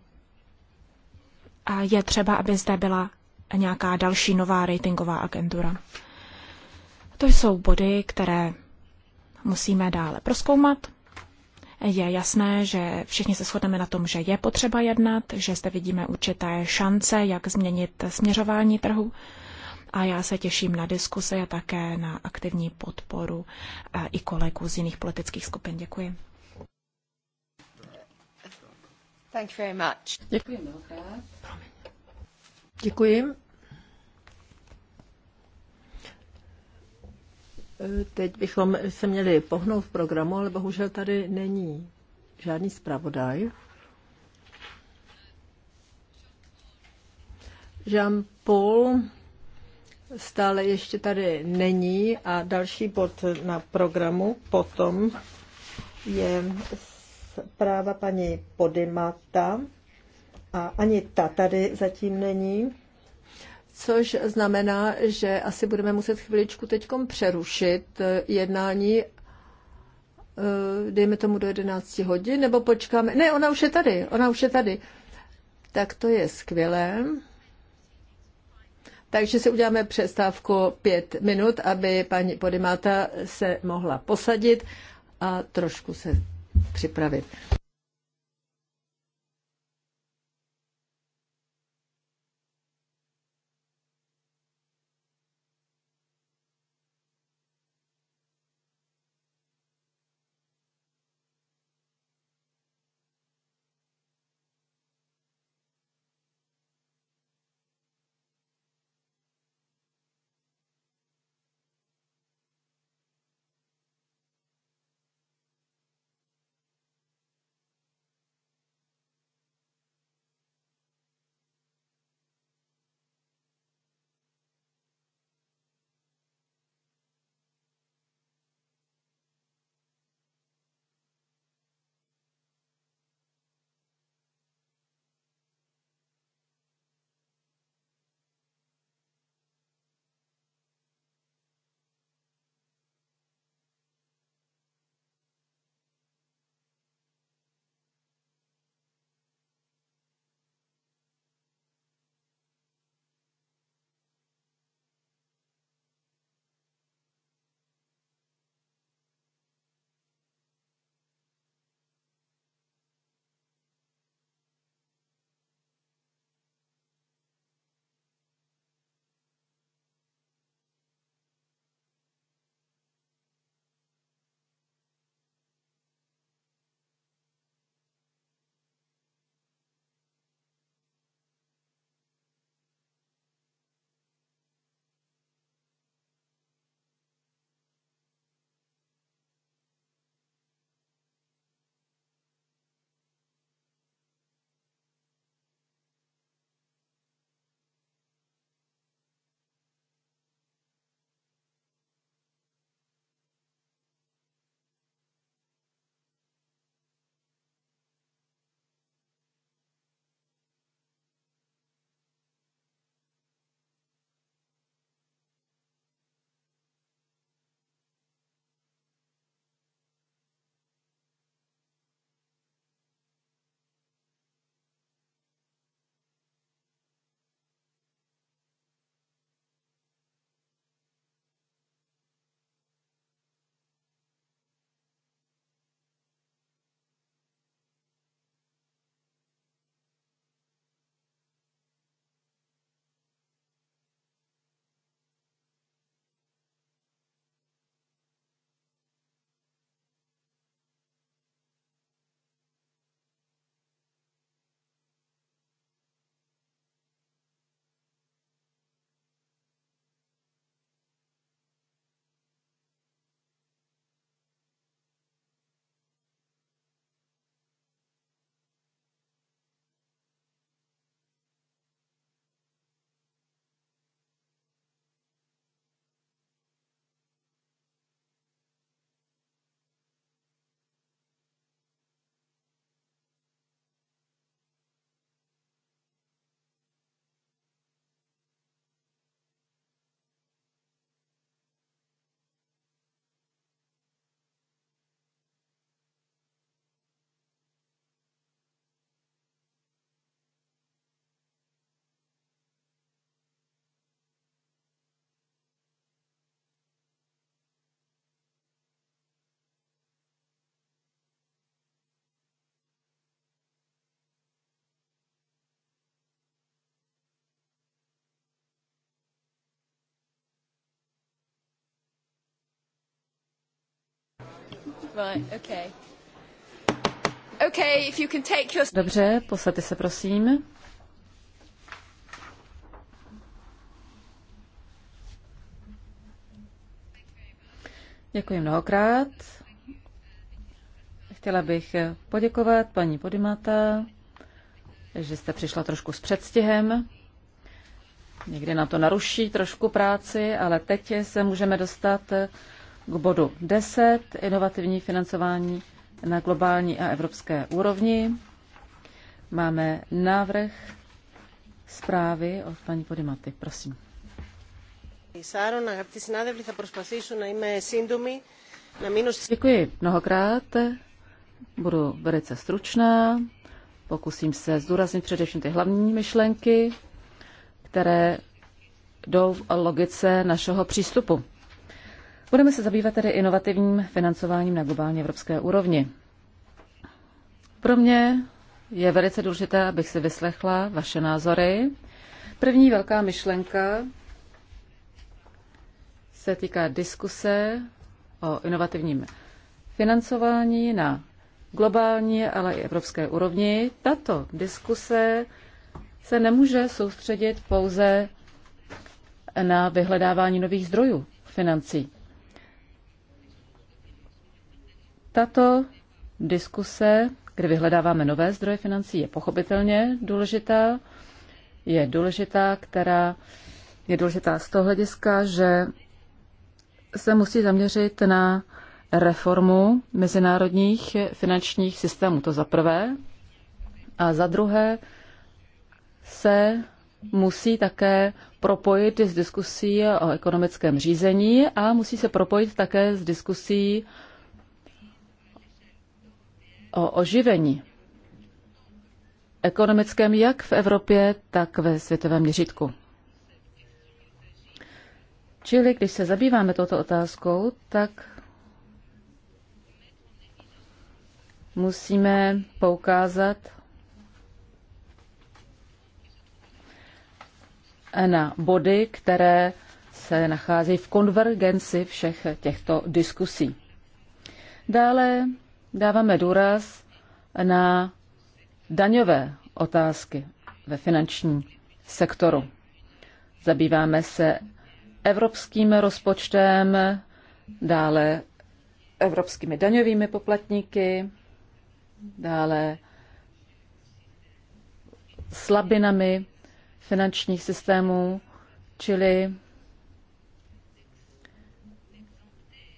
je třeba, aby zde byla nějaká další nová ratingová agentura. To jsou body, které musíme dále proskoumat. Je jasné, že všichni se shodneme na tom, že je potřeba jednat, že zde vidíme určité šance, jak změnit směřování trhu. A já se těším na diskuse a také na aktivní podporu eh, i kolegů z jiných politických skupin. Děkuji. Thank you very much. Děkuji mnohokrát. Děkuji. Teď bychom se měli pohnout v programu, ale bohužel tady není žádný zpravodaj. Jean-Paul stále ještě tady není a další bod na programu potom je zpráva paní Podimata a ani ta tady zatím není, což znamená, že asi budeme muset chviličku teď přerušit eh, jednání, eh, dejme tomu do 11 hodin, nebo počkáme. Ne, ona už je tady, ona už je tady. Tak to je skvělé. Takže si uděláme přestávku pět minut, aby paní Podimata se mohla posadit a trošku se připravit. Dobře, posaďte se prosím. Děkuji mnohokrát. Chtěla bych poděkovat paní Podimata, že jste přišla trošku s předstihem. Někdy na to naruší trošku práci, ale teď se můžeme dostat k bodu 10, inovativní financování na globální a evropské úrovni. Máme návrh zprávy od paní Podimaty. Prosím. Děkuji mnohokrát. Budu velice stručná. Pokusím se zdůraznit především ty hlavní myšlenky, které jdou v logice našeho přístupu. Budeme se zabývat tedy inovativním financováním na globální evropské úrovni. Pro mě je velice důležité, abych si vyslechla vaše názory. První velká myšlenka se týká diskuse o inovativním financování na globální, ale i evropské úrovni. Tato diskuse se nemůže soustředit pouze na vyhledávání nových zdrojů financí. Tato diskuse, kde vyhledáváme nové zdroje financí, je pochopitelně důležitá. Je důležitá, která je důležitá z toho hlediska, že se musí zaměřit na reformu mezinárodních finančních systémů. To za prvé. A za druhé se musí také propojit s diskusí o ekonomickém řízení a musí se propojit také s diskusí o oživení ekonomickém jak v Evropě, tak ve světovém měřitku. Čili když se zabýváme touto otázkou, tak musíme poukázat na body, které se nachází v konvergenci všech těchto diskusí. Dále dáváme důraz na daňové otázky ve finančním sektoru. Zabýváme se evropským rozpočtem, dále evropskými daňovými poplatníky, dále slabinami finančních systémů, čili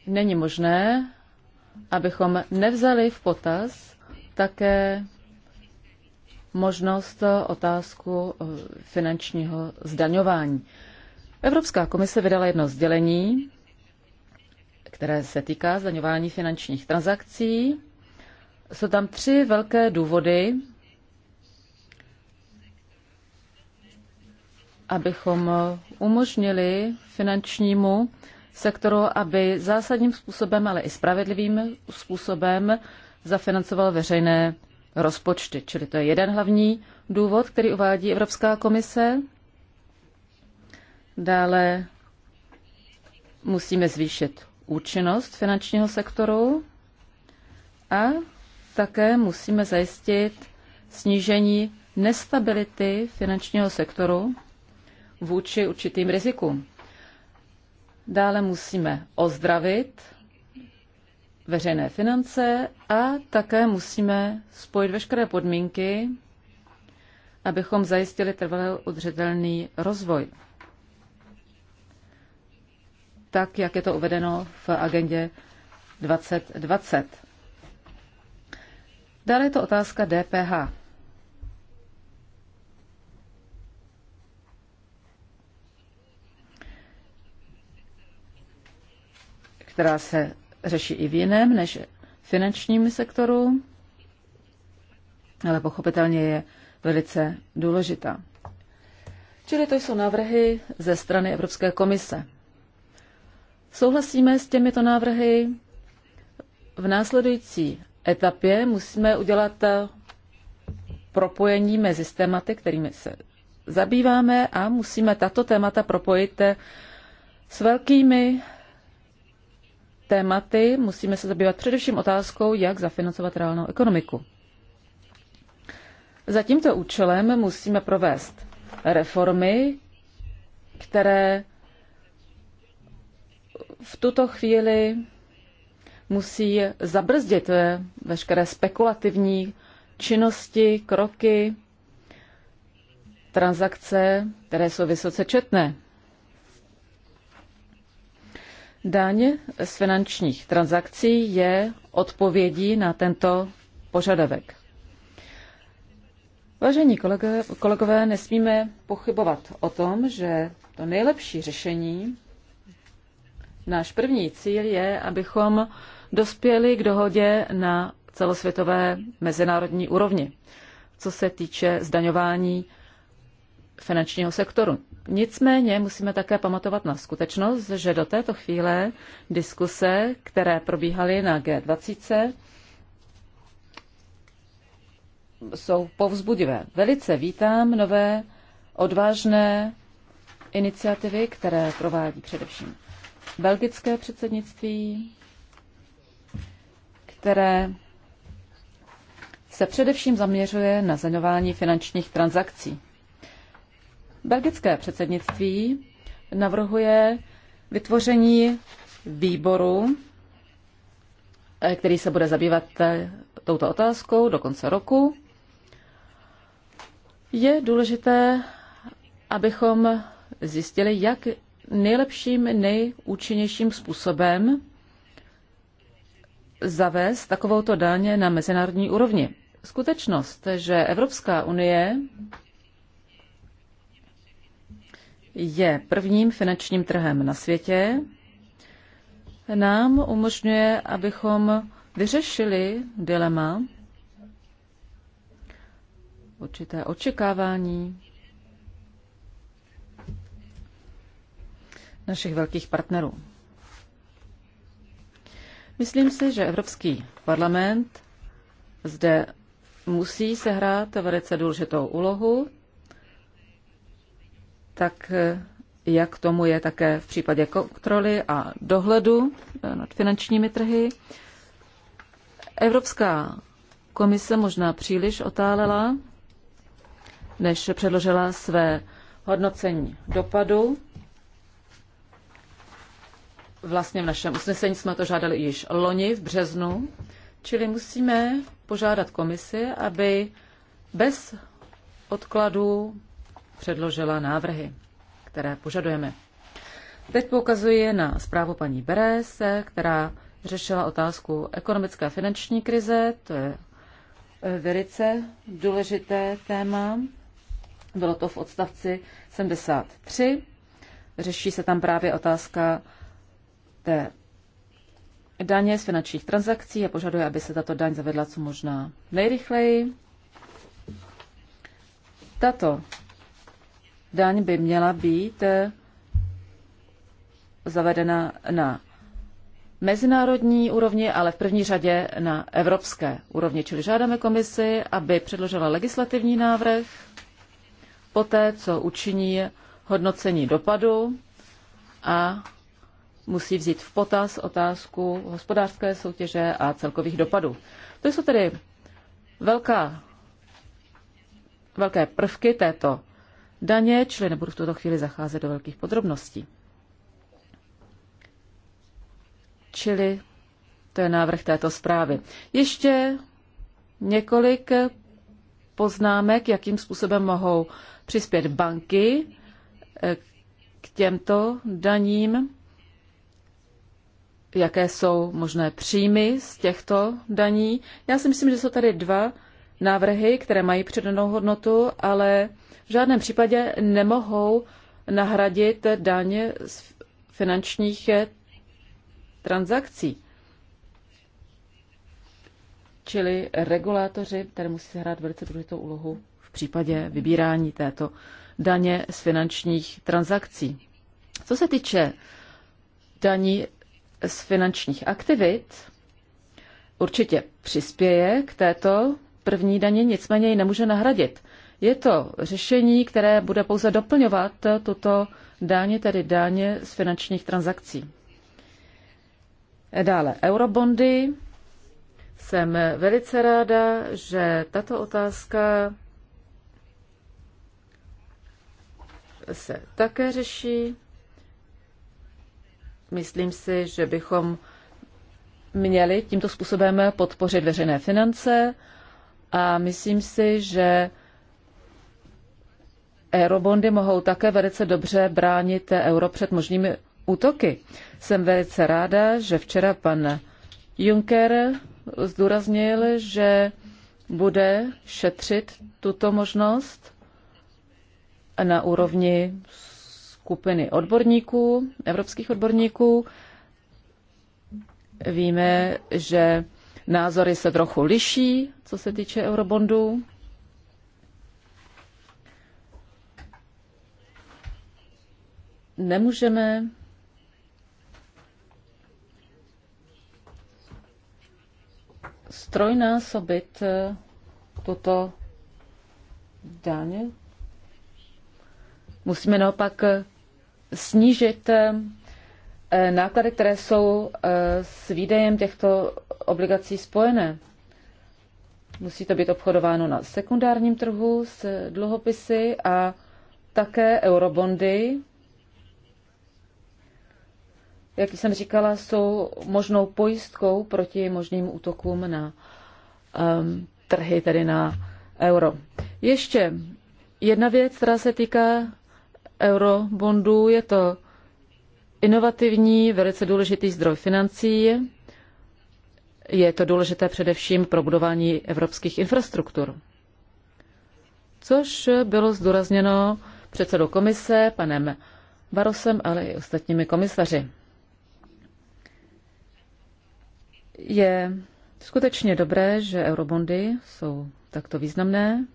není možné abychom nevzali v potaz také možnost eh, otázku eh, finančního zdaňování. Evropská komise vydala jedno sdělení, které se týká zdaňování finančních transakcí. Jsou tam tři velké důvody, abychom umožnili finančnímu sektoru, aby zásadním způsobem, ale i spravedlivým způsobem zafinancoval veřejné rozpočty. Čili to je jeden hlavní důvod, který uvádí Evropská komise. Dále musíme zvýšit účinnost finančního sektoru a také musíme zajistit snížení nestability finančního sektoru vůči určitým rizikům. Dále musíme ozdravit veřejné finance a také musíme spojit veškeré podmínky, abychom zajistili trvalý udržitelný rozvoj, tak jak je to uvedeno v agendě 2020. Dále je to otázka DPH. která se řeší i v jiném než finančním sektoru, ale pochopitelně je velice důležitá. Čili to jsou návrhy ze strany Evropské komise. Souhlasíme s těmito návrhy. V následující etapě musíme udělat eh, propojení mezi tématy, kterými se zabýváme a musíme tato témata propojit eh, s velkými tématy musíme se zabývat především otázkou, jak zafinancovat reálnou ekonomiku. Za tímto účelem musíme provést reformy, které v tuto chvíli musí zabrzdit veškeré spekulativní činnosti, kroky, transakce, které jsou vysoce četné. Daň z finančních transakcí je odpovědí na tento požadavek. Vážení kolegové, kolegové, nesmíme pochybovat o tom, že to nejlepší řešení, náš první cíl je, abychom dospěli k dohodě na celosvětové mezinárodní úrovni, co se týče zdaňování finančního sektoru. Nicméně musíme také pamatovat na skutečnost, že do této chvíle diskuse, které probíhaly na G20, jsou povzbudivé. Velice vítám nové odvážné iniciativy, které provádí především belgické předsednictví, které se především zaměřuje na zaňování finančních transakcí. Belgické předsednictví navrhuje vytvoření výboru, eh, který se bude zabývat eh, touto otázkou do konce roku. Je důležité, abychom zjistili, jak nejlepším, nejúčinnějším způsobem zavést takovouto daň na mezinárodní úrovni. Skutečnost, že Evropská unie je prvním finančním trhem na světě, nám umožňuje, abychom vyřešili dilema, určité očekávání našich velkých partnerů. Myslím si, že Evropský parlament zde musí sehrát velice důležitou úlohu tak eh, jak tomu je také v případě kontroly a dohledu eh, nad finančními trhy. Evropská komise možná příliš otálela, než předložila své hodnocení dopadu. Vlastně v našem usnesení jsme to žádali již loni v březnu, čili musíme požádat komisi, aby bez odkladu předložila návrhy, které požadujeme. Teď poukazuji na zprávu paní Berese, která řešila otázku ekonomické a finanční krize. To je eh, velice důležité téma. Bylo to v odstavci 73. Řeší se tam právě otázka té daně z finančních transakcí a požaduje, aby se tato daň zavedla co možná nejrychleji. Tato daň by měla být eh, zavedena na mezinárodní úrovni, ale v první řadě na evropské úrovni. Čili žádáme komisi, aby předložila legislativní návrh poté, co učiní hodnocení dopadu a musí vzít v potaz otázku hospodářské soutěže a celkových dopadů. To jsou tedy velká, velké prvky této daně, čili nebudu v tuto chvíli zacházet do velkých podrobností. Čili to je návrh této zprávy. Ještě několik poznámek, jakým způsobem mohou přispět banky eh, k těmto daním, jaké jsou možné příjmy z těchto daní. Já si myslím, že jsou tady dva návrhy, které mají přidanou hodnotu, ale v žádném případě nemohou nahradit daně z finančních transakcí. Čili regulátoři tady musí hrát velice důležitou úlohu v případě vybírání této daně z finančních transakcí. Co se týče daní z finančních aktivit, určitě přispěje k této první daně, nicméně ji nemůže nahradit. Je to řešení, které bude pouze doplňovat tuto daně tedy daně z finančních transakcí. Dále eurobondy. Jsem velice ráda, že tato otázka se také řeší. Myslím si, že bychom měli tímto způsobem podpořit veřejné finance a myslím si, že eurobondy mohou také velice dobře bránit euro před možnými útoky. Jsem velice ráda, že včera pan Juncker zdůraznil, že bude šetřit tuto možnost na úrovni skupiny odborníků, evropských odborníků. Víme, že názory se trochu liší, co se týče eurobondů. Nemůžeme strojnásobit eh, tuto daň. Musíme naopak eh, snížit eh, Eh, náklady, které jsou eh, s výdejem těchto obligací spojené. Musí to být obchodováno na sekundárním trhu s dluhopisy a také eurobondy. Jak jsem říkala, jsou možnou pojistkou proti možným útokům na um, trhy, tedy na euro. Ještě jedna věc, která se týká eurobondů, je to inovativní, velice důležitý zdroj financí. Je to důležité především pro budování evropských infrastruktur, což bylo zdůrazněno předsedou komise, panem Barosem, ale i ostatními komisaři. Je skutečně dobré, že eurobondy jsou takto významné.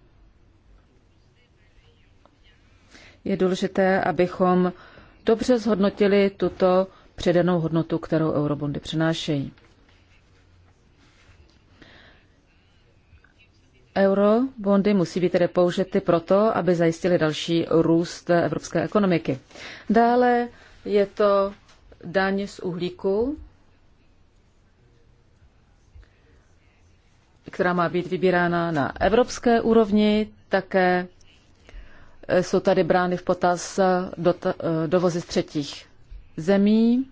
Je důležité, abychom dobře zhodnotili tuto předanou hodnotu, kterou eurobondy přinášejí. Eurobondy musí být tedy použity proto, aby zajistili další růst evropské ekonomiky. Dále je to daň z uhlíku, která má být vybírána na evropské úrovni, také Eh, jsou tady brány v potaz eh, eh, dovozy z třetích zemí.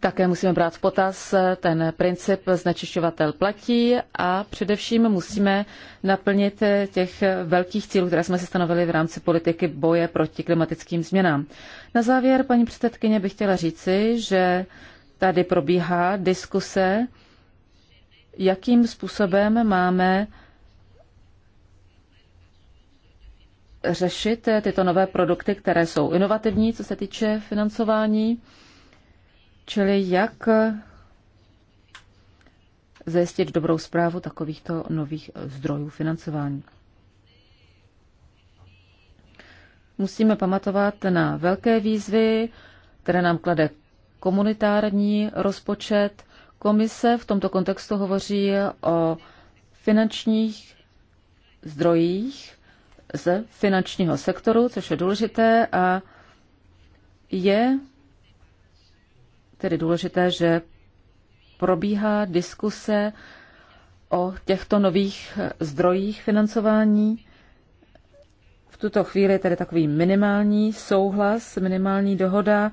Také musíme brát v potaz ten princip znečišťovatel platí a především musíme naplnit těch velkých cílů, které jsme si stanovili v rámci politiky boje proti klimatickým změnám. Na závěr, paní předsedkyně, bych chtěla říci, že tady probíhá diskuse, jakým způsobem máme řešit tyto nové produkty, které jsou inovativní, co se týče financování, čili jak zajistit dobrou zprávu takovýchto nových zdrojů financování. Musíme pamatovat na velké výzvy, které nám klade komunitární rozpočet. Komise v tomto kontextu hovoří o finančních zdrojích, z finančního sektoru, což je důležité a je tedy důležité, že probíhá diskuse o těchto nových zdrojích financování. V tuto chvíli tedy takový minimální souhlas, minimální dohoda,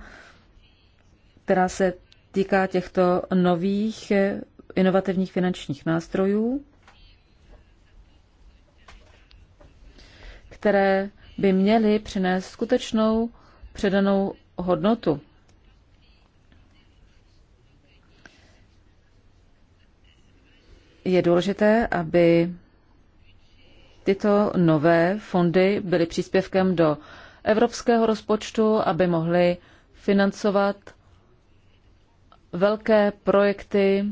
která se týká těchto nových inovativních finančních nástrojů. které by měly přinést skutečnou předanou hodnotu. Je důležité, aby tyto nové fondy byly příspěvkem do evropského rozpočtu, aby mohly financovat velké projekty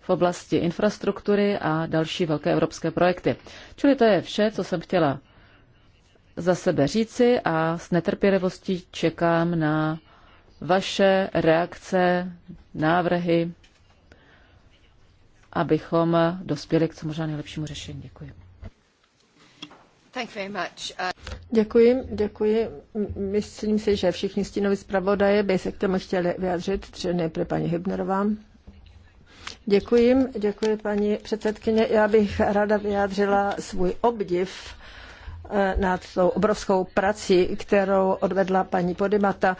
v oblasti infrastruktury a další velké evropské projekty. Čili to je vše, co jsem chtěla za sebe říci a s netrpělivostí čekám na vaše reakce, návrhy, abychom dospěli k co možná nejlepšímu řešení. Děkuji. Uh, děkuji, děkuji. Myslím si, že všichni stínoví zpravodaje by se k tomu chtěli vyjádřit, že nejprve paní Hybnerová. Děkuji, děkuji paní předsedkyně. Já bych ráda vyjádřila svůj obdiv Eh, nad tou obrovskou prací, kterou odvedla paní Podimata.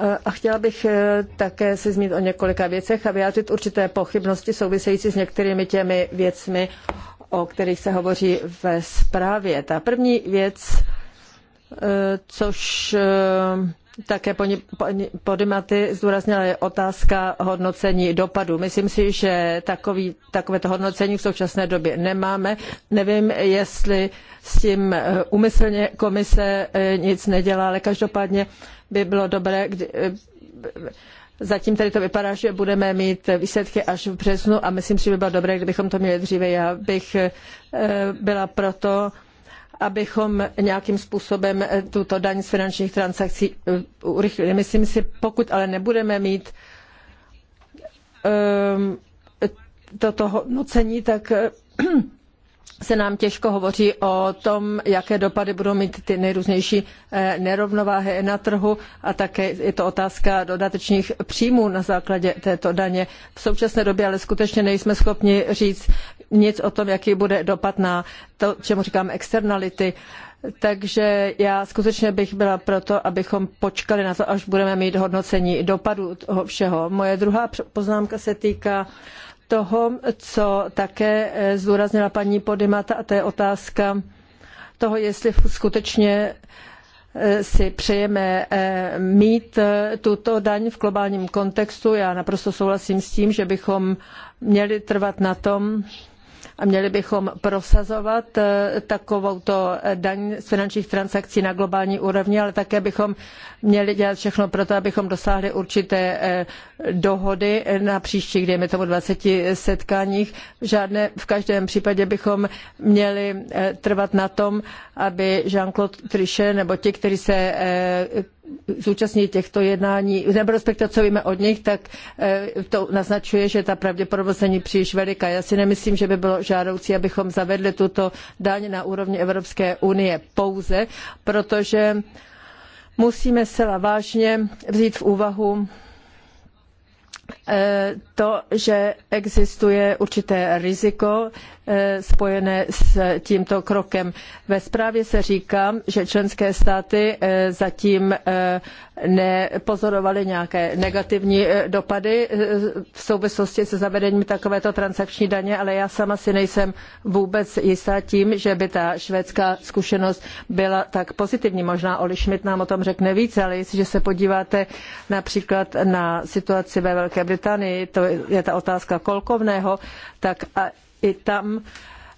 Eh, a chtěla bych eh, také se zmínit o několika věcech a vyjádřit určité pochybnosti související s některými těmi věcmi, o kterých se hovoří ve zprávě. Ta první věc, což také paní Podimaty zdůraznila je otázka hodnocení dopadu. Myslím si, že takový, takovéto hodnocení v současné době nemáme. Nevím, jestli s tím umyslně eh, komise eh, nic nedělá, ale každopádně by bylo dobré, kdy, eh, Zatím tady to vypadá, že budeme mít výsledky až v březnu a myslím, si, že by bylo dobré, kdybychom to měli dříve. Já bych byla proto, abychom nějakým způsobem eh, tuto daň z finančních transakcí eh, urychlili. Myslím si, pokud ale nebudeme mít um, toto hodnocení, tak eh, se nám těžko hovoří o tom, jaké dopady budou mít ty nejrůznější nerovnováhy na trhu a také je to otázka dodatečných příjmů na základě této daně. V současné době ale skutečně nejsme schopni říct, nic o tom, jaký bude dopad na to, čemu říkám externality. Takže já skutečně bych byla proto, abychom počkali na to, až budeme mít hodnocení dopadu toho všeho. Moje druhá poznámka se týká toho, co také eh, zdůraznila paní Podimata, a to je otázka toho, jestli skutečně eh, si přejeme eh, mít tuto daň v globálním kontextu. Já naprosto souhlasím s tím, že bychom měli trvat na tom, a měli bychom prosazovat eh, takovouto eh, daň z finančních transakcí na globální úrovni, ale také bychom měli dělat všechno pro to, abychom dosáhli určité eh, dohody na příštích, dejme tomu 20 setkáních. Žádné, v každém případě bychom měli trvat na tom, aby Jean-Claude Trichet nebo ti, kteří se zúčastní těchto jednání, nebo respektive co víme od nich, tak eh, to naznačuje, že ta pravděpodobnost není příliš veliká. Já si nemyslím, že by bylo žádoucí, abychom zavedli tuto daň na úrovni Evropské unie pouze, protože musíme zcela vážně vzít v úvahu eh, to, že existuje určité riziko, Eh, spojené s tímto krokem. Ve zprávě se říká, že členské státy eh, zatím eh, nepozorovaly nějaké negativní dopady v souvislosti se zavedením takovéto transakční daně, ale já sama si nejsem vůbec jistá tím, že by ta švédská zkušenost byla tak pozitivní. Možná Oli Schmidt nám o tom řekne více, ale jestliže se podíváte například na situaci ve Velké Británii, to je ta otázka kolkovného, tak i tam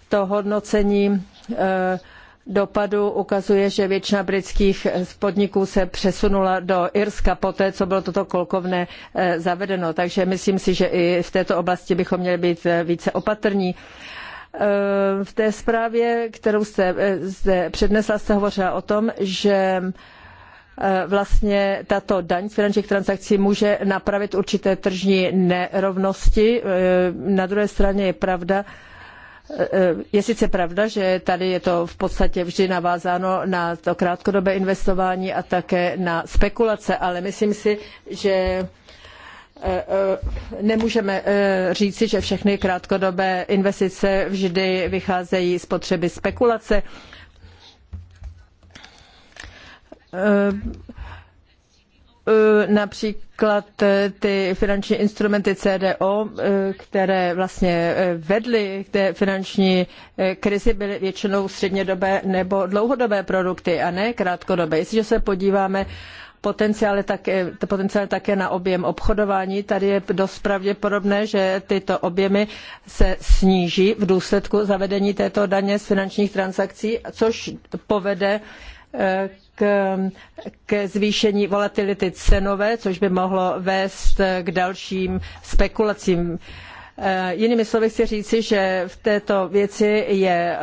to hodnocení eh, dopadu ukazuje, že většina britských podniků se přesunula do Irska poté, co bylo toto kolkovné eh, zavedeno. Takže myslím si, že i v této oblasti bychom měli být eh, více opatrní. V té zprávě, kterou jste zde přednesla, jste hovořila o tom, že Eh, vlastně tato daň z finančních transakcí může napravit určité tržní nerovnosti. Eh, na druhé straně je pravda, eh, je sice pravda, že tady je to v podstatě vždy navázáno na to krátkodobé investování a také na spekulace, ale myslím si, že nemůžeme říci, že všechny krátkodobé investice vždy vycházejí z potřeby spekulace. Eh, eh, například eh, ty finanční instrumenty CDO, které vlastně vedly k té finanční krizi, byly většinou střednědobé nebo dlouhodobé produkty a ne krátkodobé. Jestliže se podíváme potenciály také, potenciál také na objem obchodování. Tady je dost pravděpodobné, že tyto objemy se sníží v důsledku zavedení této daně z finančních transakcí, což povede ke zvýšení volatility cenové, což by mohlo vést k dalším spekulacím. Eh, jinými slovy chci říci, že v této věci je eh,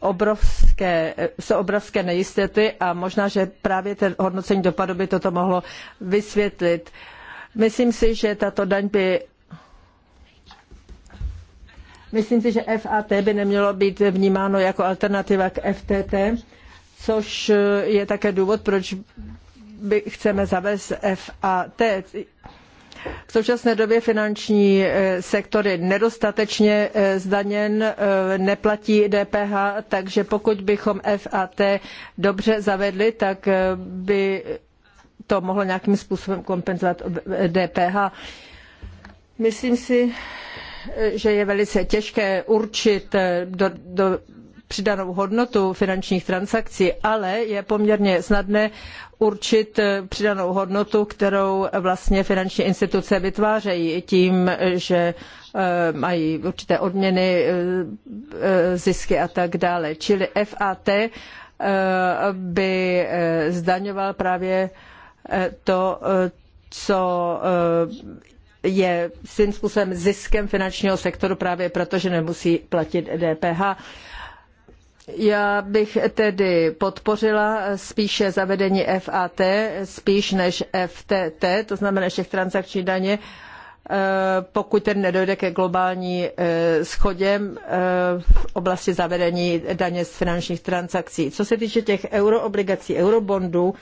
obrovské, eh, jsou obrovské nejistoty a možná, že právě ten hodnocení dopadu by toto mohlo vysvětlit. Myslím si, že tato daň by Myslím si, že FAT by nemělo být vnímáno jako alternativa k FTT což je také důvod, proč by chceme zavést FAT. V současné době finanční eh, sektor je nedostatečně eh, zdaněn, eh, neplatí DPH, takže pokud bychom FAT dobře zavedli, tak by to mohlo nějakým způsobem kompenzovat DPH. Myslím si, že je velice těžké určit do, do přidanou hodnotu finančních transakcí, ale je poměrně snadné určit eh, přidanou hodnotu, kterou vlastně finanční instituce vytvářejí tím, že eh, mají určité odměny, eh, zisky a tak dále. Čili FAT by zdaňoval právě to, co je svým způsobem ziskem finančního sektoru právě proto, že nemusí platit DPH. Já bych tedy podpořila spíše zavedení FAT, spíš než FTT, to znamená všech transakční daně, eh, pokud ten nedojde ke globální eh, schodě eh, v oblasti zavedení daně z finančních transakcí. Co se týče těch euroobligací, eurobondů,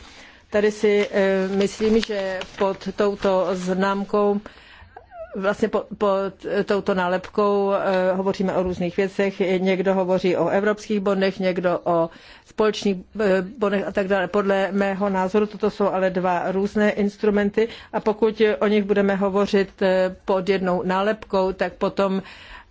tady si myslím, že pod touto známkou vlastně pod, pod touto nálepkou eh, hovoříme o různých věcech. Někdo hovoří o evropských bondech, někdo o společných eh, bondech a tak dále. Podle mého názoru toto jsou ale dva různé instrumenty a pokud o nich budeme hovořit eh, pod jednou nálepkou, tak potom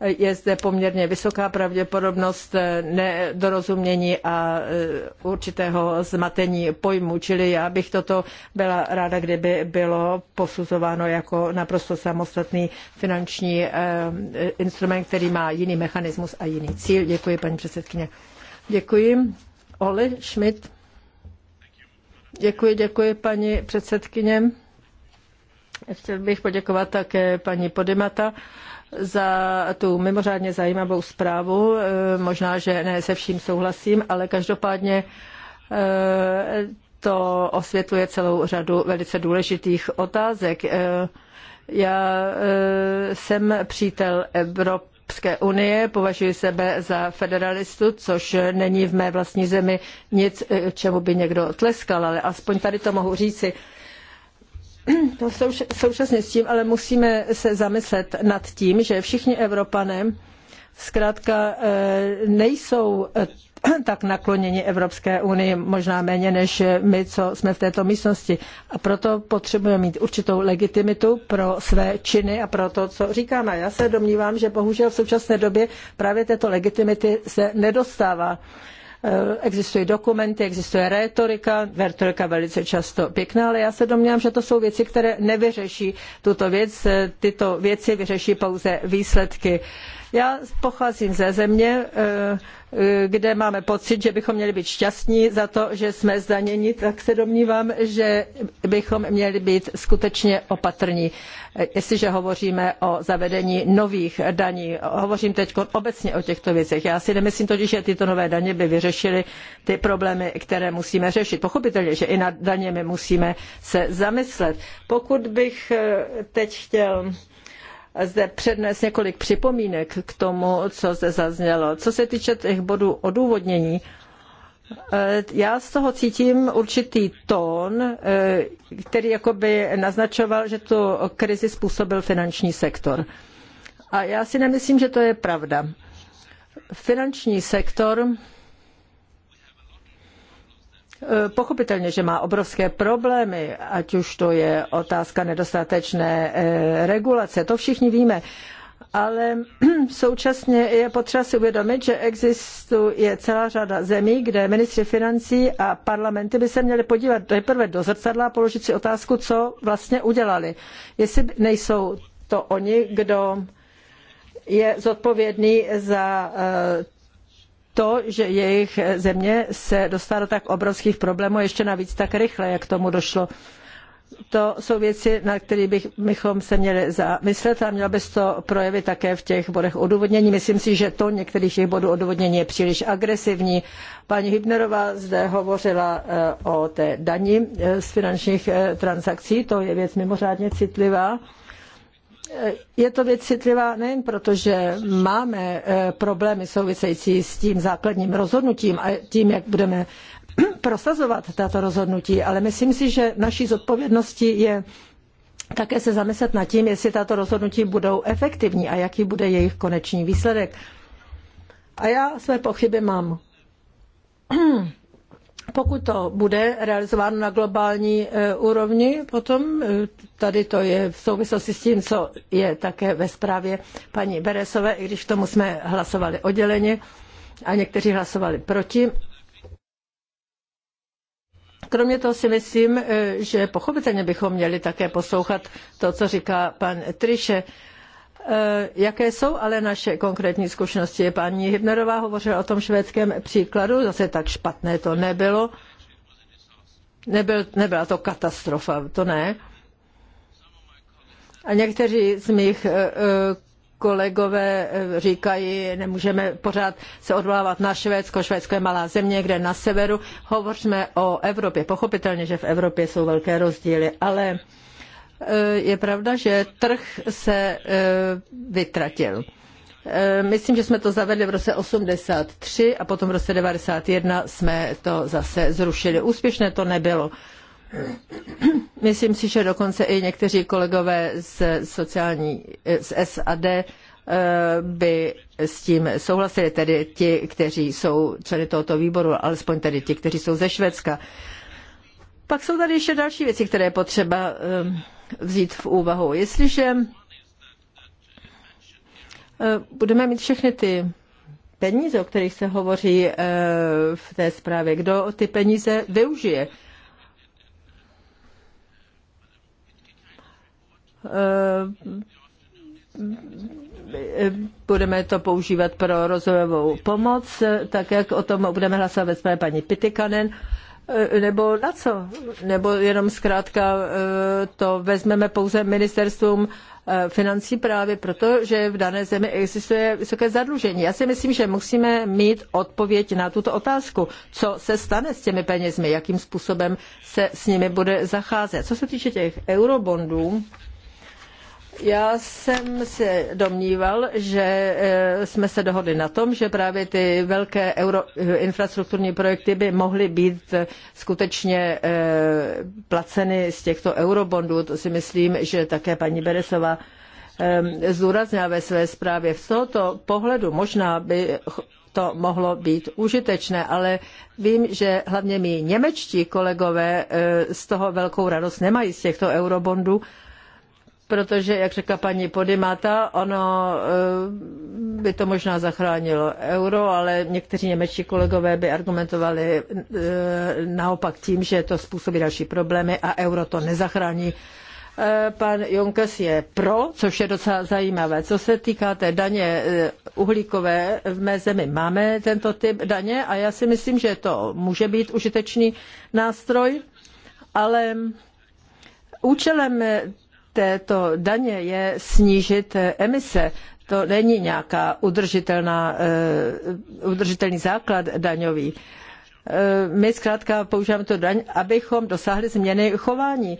je zde poměrně vysoká pravděpodobnost eh, nedorozumění a eh, určitého zmatení pojmů, čili já bych toto byla ráda, kdyby bylo posuzováno jako naprosto samostatný finanční eh, instrument, který má jiný mechanismus a jiný cíl. Děkuji, paní předsedkyně. Děkuji. Oli Schmidt. Děkuji, děkuji, paní předsedkyně. Chtěl bych poděkovat také paní Podimata za tu mimořádně zajímavou zprávu. Eh, možná, že ne se vším souhlasím, ale každopádně eh, to osvětluje celou řadu velice důležitých otázek. Eh, já jsem přítel Evropy Evropské unie, považuji sebe za federalistu, což není v mé vlastní zemi nic, čemu by někdo tleskal, ale aspoň tady to mohu říci. To současně s tím, ale musíme se zamyslet nad tím, že všichni Evropané zkrátka eh, nejsou eh, tak nakloněni Evropské unii, možná méně než my, co jsme v této místnosti. A proto potřebujeme mít určitou legitimitu pro své činy a pro to, co říkáme. Já se domnívám, že bohužel v současné době právě této legitimity se nedostává. Eh, existují dokumenty, existuje rétorika, rétorika velice často pěkná, ale já se domnívám, že to jsou věci, které nevyřeší tuto věc. Eh, tyto věci vyřeší pouze výsledky já pocházím ze země, eh, eh, kde máme pocit, že bychom měli být šťastní za to, že jsme zdaněni, tak se domnívám, že bychom měli být skutečně opatrní, eh, jestliže hovoříme o zavedení nových daní. Hovořím teď obecně o těchto věcech. Já si nemyslím totiž, že tyto nové daně by vyřešily ty problémy, které musíme řešit. Pochopitelně, že i nad daněmi musíme se zamyslet. Pokud bych teď chtěl zde přednést několik připomínek k tomu, co zde zaznělo. Co se týče těch bodů odůvodnění, eh, já z toho cítím určitý tón, eh, který jakoby naznačoval, že tu krizi způsobil finanční sektor. A já si nemyslím, že to je pravda. Finanční sektor Eh, pochopitelně, že má obrovské problémy, ať už to je otázka nedostatečné eh, regulace, to všichni víme. Ale současně je potřeba si uvědomit, že existuje celá řada zemí, kde ministři financí a parlamenty by se měli podívat nejprve do zrcadla a položit si otázku, co vlastně udělali. Jestli nejsou to oni, kdo je zodpovědný za eh, to, že jejich země se dostala do tak obrovských problémů, ještě navíc tak rychle, jak tomu došlo. To jsou věci, na které bychom se měli zamyslet a mělo by se to projevit také v těch bodech odůvodnění. Myslím si, že to některých těch bodů odůvodnění je příliš agresivní. Paní Hybnerová zde hovořila eh, o té dani eh, z finančních eh, transakcí, to je věc mimořádně citlivá je to věc citlivá nejen proto, že máme eh, problémy související s tím základním rozhodnutím a tím, jak budeme prosazovat tato rozhodnutí, ale myslím si, že naší zodpovědností je také se zamyslet nad tím, jestli tato rozhodnutí budou efektivní a jaký bude jejich konečný výsledek. A já své pochyby mám. Pokud to bude realizováno na globální e, úrovni, potom e, tady to je v souvislosti s tím, co je také ve zprávě paní Beresové, i když tomu jsme hlasovali odděleně a někteří hlasovali proti. Kromě toho si myslím, e, že pochopitelně bychom měli také poslouchat to, co říká pan Triše. Eh, jaké jsou ale naše konkrétní zkušenosti? Paní Hybnerová hovořila o tom švédském příkladu, zase tak špatné to nebylo. Nebyl, nebyla to katastrofa, to ne. A někteří z mých eh, eh, kolegové říkají, nemůžeme pořád se odvolávat na Švédsko, Švédsko je malá země, kde na severu. Hovořme o Evropě. Pochopitelně, že v Evropě jsou velké rozdíly, ale Eh, je pravda, že trh se eh, vytratil. Eh, myslím, že jsme to zavedli v roce 83 a potom v roce 91 jsme to zase zrušili. Úspěšné to nebylo. Myslím si, že dokonce i někteří kolegové z, sociální, z SAD by s tím souhlasili, tedy ti, kteří jsou členy tohoto výboru, alespoň tedy ti, kteří jsou ze Švédska. Pak jsou tady ještě další věci, které je potřeba vzít v úvahu. Jestliže eh, budeme mít všechny ty peníze, o kterých se hovoří eh, v té zprávě, kdo ty peníze využije. Eh, budeme to používat pro rozvojovou pomoc, tak jak o tom budeme hlasovat ve zprávě paní Pitikanen. Eh, nebo na co? Nebo jenom zkrátka eh, to vezmeme pouze ministerstvům eh, financí právě proto, že v dané zemi existuje vysoké zadlužení. Já si myslím, že musíme mít odpověď na tuto otázku. Co se stane s těmi penězmi? Jakým způsobem se s nimi bude zacházet? Co se týče těch eurobondů, já jsem se domníval, že eh, jsme se dohodli na tom, že právě ty velké euro, eh, infrastrukturní projekty by mohly být eh, skutečně placeny z těchto eurobondů. To si myslím, že také paní Beresová zdůraznila ve své zprávě. Z tohoto pohledu možná by to mohlo být užitečné, ale vím, že hlavně mí němečtí kolegové z toho velkou radost nemají z těchto eurobondů protože, jak řekla paní Podimata, ono eh, by to možná zachránilo euro, ale někteří němečtí kolegové by argumentovali eh, naopak tím, že to způsobí další problémy a euro to nezachrání. Eh, pan Junkes je pro, což je docela zajímavé. Co se týká té daně uhlíkové, v mé zemi máme tento typ daně a já si myslím, že to může být užitečný nástroj, ale účelem této daně je snížit eh, emise. To není nějaká udržitelná, eh, udržitelný základ daňový. Eh, my zkrátka používáme tu daň, abychom dosáhli změny chování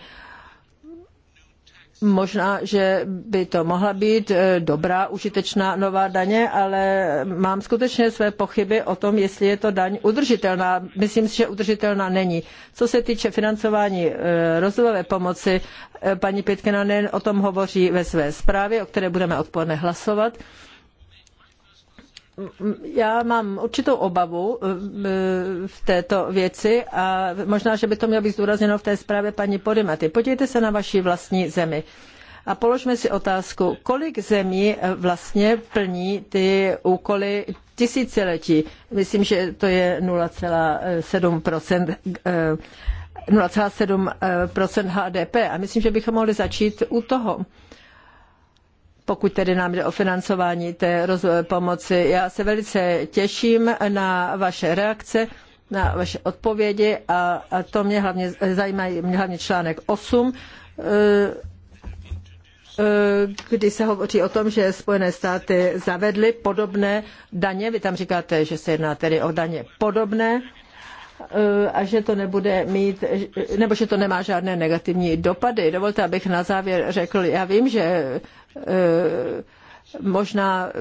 Možná, že by to mohla být eh, dobrá, užitečná nová daně, ale mám skutečně své pochyby o tom, jestli je to daň udržitelná. Myslím si, že udržitelná není. Co se týče financování eh, rozvojové pomoci, eh, paní Pětkina nejen o tom hovoří ve své zprávě, o které budeme odpoledne hlasovat já mám určitou obavu eh, v této věci a možná, že by to mělo být zdůrazněno v té zprávě paní Podimaty. Podívejte se na vaši vlastní zemi a položme si otázku, kolik zemí eh, vlastně plní ty úkoly tisíciletí. Myslím, že to je 0,7 0,7 HDP a myslím, že bychom mohli začít u toho pokud tedy nám jde o financování té pomoci. Já se velice těším na vaše reakce, na vaše odpovědi a, a to mě hlavně zajímá, mě hlavně článek 8, e, e, kdy se hovoří o tom, že Spojené státy zavedly podobné daně. Vy tam říkáte, že se jedná tedy o daně podobné e, a že to nebude mít, nebo že to nemá žádné negativní dopady. Dovolte, abych na závěr řekl, já vím, že Eh, možná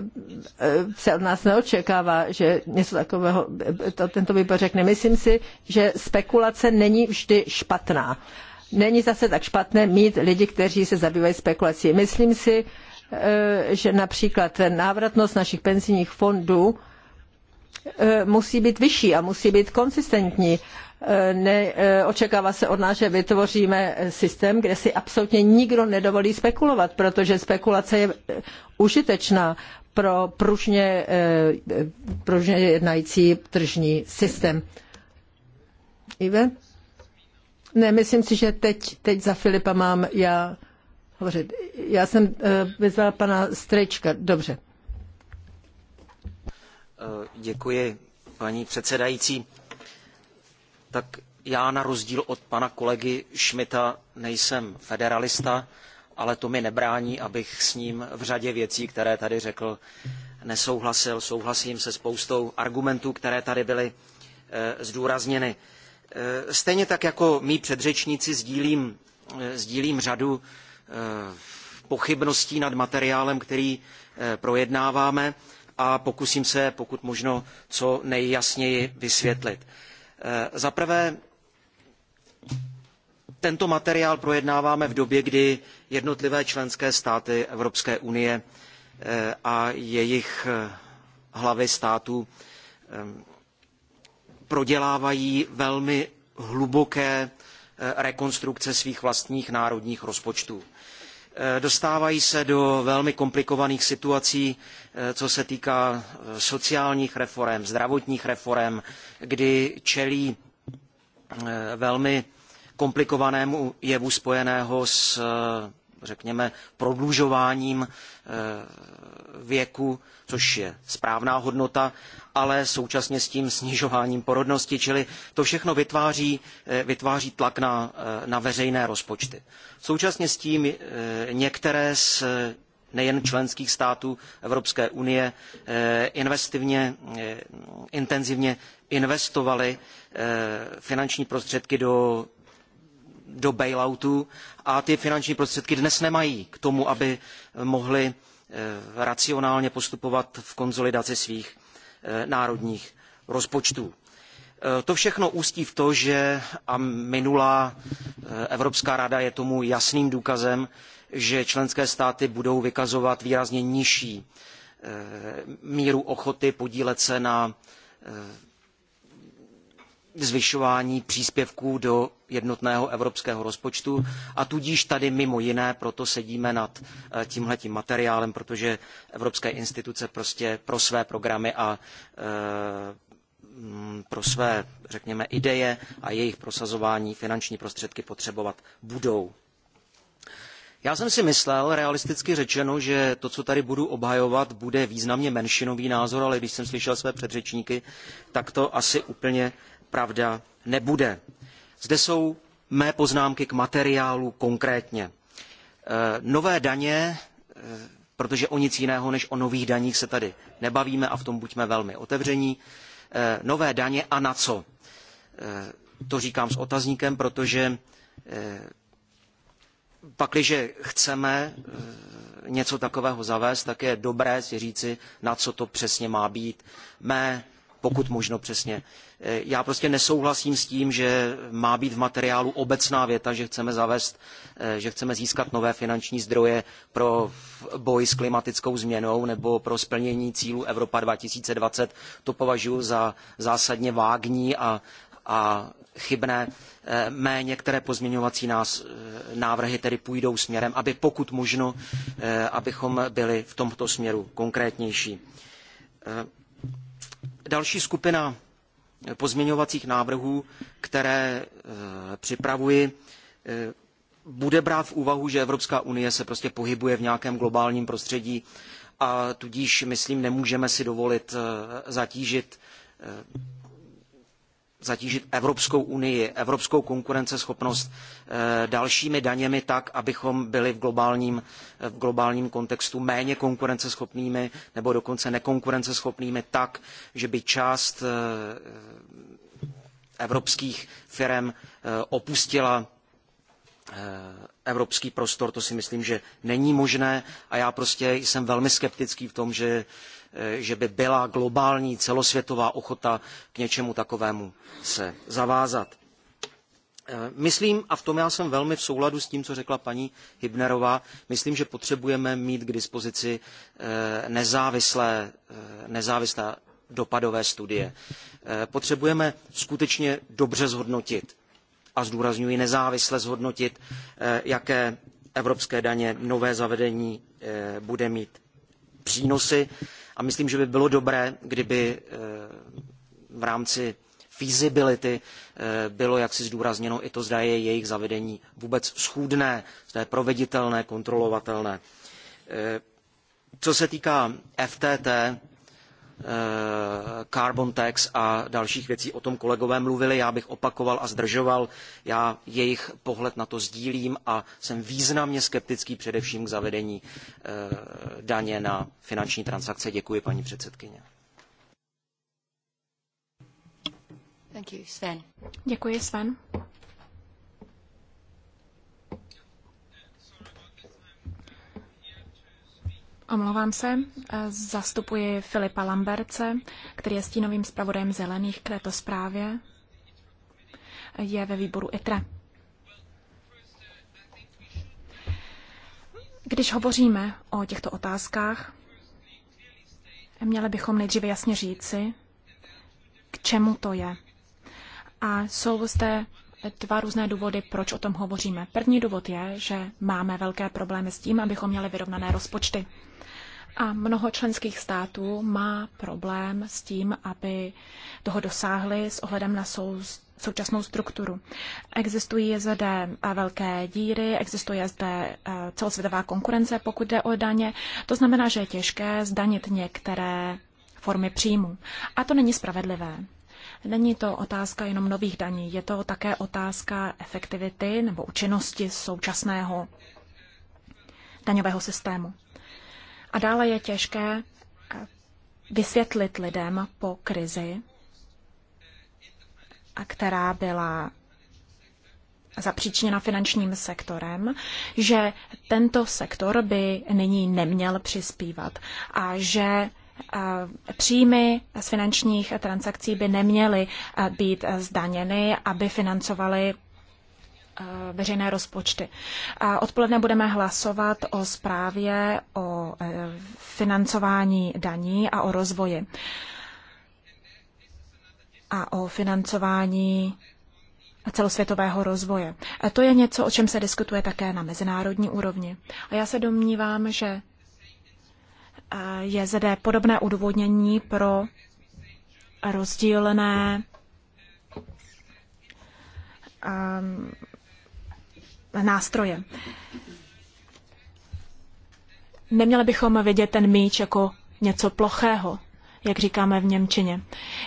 eh, se od nás neočekává, že něco takového eh, to, tento výbor řekne. Myslím si, že spekulace není vždy špatná. Není zase tak špatné mít lidi, kteří se zabývají spekulací. Myslím si, že například návratnost našich penzijních fondů musí být vyšší a musí být konsistentní Eh, neočekává eh, se od nás, že vytvoříme systém, kde si absolutně nikdo nedovolí spekulovat, protože spekulace je eh, užitečná pro pružně, pružně jednající tržní systém. Ive? Ne, myslím si, že teď, teď za Filipa mám já hovořit. Já jsem vyzvala pana Strejčka. Dobře. Děkuji, paní předsedající tak já na rozdíl od pana kolegy Schmidta nejsem federalista, ale to mi nebrání, abych s ním v řadě věcí, které tady řekl, nesouhlasil. Souhlasím se spoustou argumentů, které tady byly eh, zdůrazněny. Eh, stejně tak jako mý předřečníci sdílím, eh, sdílím řadu pochybností nad materiálem, který projednáváme a pokusím se, pokud možno, co nejjasněji vysvětlit. Eh, za prvé, tento materiál projednáváme v době, kdy jednotlivé členské státy Evropské unie eh, a jejich eh, hlavy států prodělávají velmi hluboké rekonstrukce svých vlastních národních rozpočtů Eh, dostávají se do velmi komplikovaných situací, eh, co se týká eh, sociálních reforem, zdravotních reforem, kdy čelí velmi komplikovanému jevu spojeného s řekněme, prodlužováním eh, věku, což je správná hodnota, ale současně s tím snižováním porodnosti, čili to všechno vytváří, eh, vytváří tlak na, eh, na veřejné rozpočty. Současně s tím některé z nejen členských států Evropské unie investivně, intenzivně investovaly finanční prostředky do do bailoutu a ty finanční prostředky dnes nemají k tomu, aby mohli eh, racionálně postupovat v konsolidaci svých eh, národních rozpočtů. Eh, to všechno ústí v to, že a minulá Evropská rada je tomu jasným důkazem, že členské státy budou vykazovat výrazně nižší míru ochoty podílet se na zvyšování příspěvků do jednotného evropského rozpočtu a tudíž tady mimo jiné proto sedíme nad eh, tím materiálem, protože evropské instituce prostě pro své programy a eh, mm, pro své, řekněme, ideje a jejich prosazování finanční prostředky potřebovat budou. Já jsem si myslel, realisticky řečeno, že to, co tady budu obhajovat, bude významně menšinový názor, ale když jsem slyšel své předřečníky, tak to asi úplně pravda nebude. Zde jsou mé poznámky k materiálu konkrétně. E, nové daně, e, protože o nic jiného než o nových daních se tady nebavíme a v tom buďme velmi otevření, e, nové daně a na co? To říkám s otazníkem, protože pakliže chceme něco takového zavést, tak je dobré si říci, na co to přesně má být. Mé pokud možno přesně. Eh, já prostě nesouhlasím s tím, že má být v materiálu obecná věta, že chceme zavést, eh, že chceme získat nové finanční zdroje pro boj s klimatickou změnou nebo pro splnění cílu Evropa 2020. To považuji za zásadně vágní a, a chybné. Eh, mé některé pozměňovací nás, návrhy tedy půjdou směrem, aby pokud možno, abychom byli v tomto směru konkrétnější. Další skupina pozměňovacích návrhů, které e, připravuji, e, bude brát v úvahu, že Evropská unie se prostě pohybuje v nějakém globálním prostředí a tudíž, myslím, nemůžeme si dovolit e, zatížit zatížit Evropskou unii, evropskou konkurenceschopnost eh, dalšími daněmi tak, abychom byli v globálním, eh, v globálním kontextu méně konkurenceschopnými nebo dokonce nekonkurenceschopnými tak, že by část eh, evropských firm opustila evropský prostor, to si myslím, že není možné a já prostě jsem velmi skeptický v tom, že Eh, že by byla globální celosvětová ochota k něčemu takovému se zavázat. Eh, myslím, a v tom já jsem velmi v souladu s tím, co řekla paní Hybnerová, myslím, že potřebujeme mít k dispozici eh, nezávislé, nezávislé dopadové studie. Potřebujeme skutečně dobře zhodnotit, a zdůrazňuji nezávisle zhodnotit, jaké evropské daně nové zavedení bude mít přínosy. A myslím, že by bylo dobré, kdyby eh, v rámci feasibility eh, bylo jaksi zdůrazněno i to, zda je jejich zavedení vůbec schůdné, zda je proveditelné, kontrolovatelné. Eh, co se týká FTT, Eh, carbon tax a dalších věcí. O tom kolegové mluvili, já bych opakoval a zdržoval. Já jejich pohled na to sdílím a jsem významně skeptický především k zavedení eh, daně na finanční transakce. Děkuji, paní předsedkyně. Thank you, Sven. Děkuji, Sven. Omlouvám se, eh, zastupuji Filipa Lamberce, který je stínovým zpravodajem zelených k této zprávě. Je ve výboru ITRE. Když hovoříme o těchto otázkách, měli bychom nejdříve jasně říci, k čemu to je. A jsou zde dva různé důvody, proč o tom hovoříme. První důvod je, že máme velké problémy s tím, abychom měli vyrovnané rozpočty. A mnoho členských států má problém s tím, aby toho dosáhli s ohledem na souz současnou strukturu. Existují zde eh, velké díry, existuje zde eh, celosvětová konkurence, pokud jde o daně. To znamená, že je těžké zdanit některé formy příjmu. A to není spravedlivé. Není to otázka jenom nových daní, je to také otázka efektivity nebo účinnosti současného daňového systému. A dále je těžké eh, vysvětlit lidem po krizi, a která byla zapříčněna finančním sektorem, že tento sektor by nyní neměl přispívat a že eh, příjmy z finančních transakcí by neměly eh, být zdaněny, aby financovaly Eh, veřejné rozpočty. Odpoledne budeme hlasovat o zprávě o eh, financování daní a o rozvoji a o financování celosvětového rozvoje. A to je něco, o čem se diskutuje také na mezinárodní úrovni. A já se domnívám, že eh, je zde podobné udůvodnění pro rozdílné ehm, nástroje. Neměli bychom vidět ten míč jako něco plochého, jak říkáme v Němčině.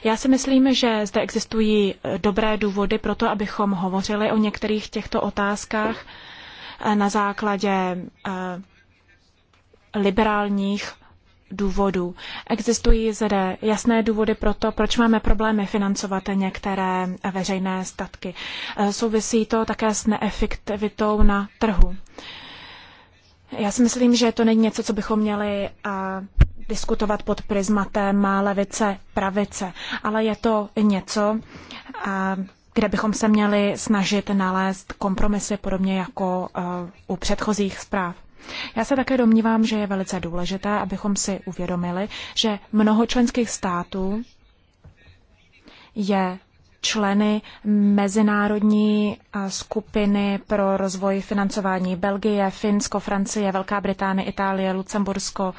Já si myslím, že zde existují dobré důvody pro to, abychom hovořili o některých těchto otázkách eh, na základě eh, liberálních důvodů. Existují zde jasné důvody pro to, proč máme problémy financovat některé veřejné statky. Eh, souvisí to také s neefektivitou na trhu. Já si myslím, že to není něco, co bychom měli eh, diskutovat pod prismatem levice, pravice, ale je to něco, eh, kde bychom se měli snažit nalézt kompromisy, podobně jako u předchozích zpráv. Já se také domnívám, že je velice důležité, abychom si uvědomili, že mnoho členských států je členy mezinárodní skupiny pro rozvoj financování Belgie, Finsko, Francie, Velká Británie, Itálie, Lucembursko,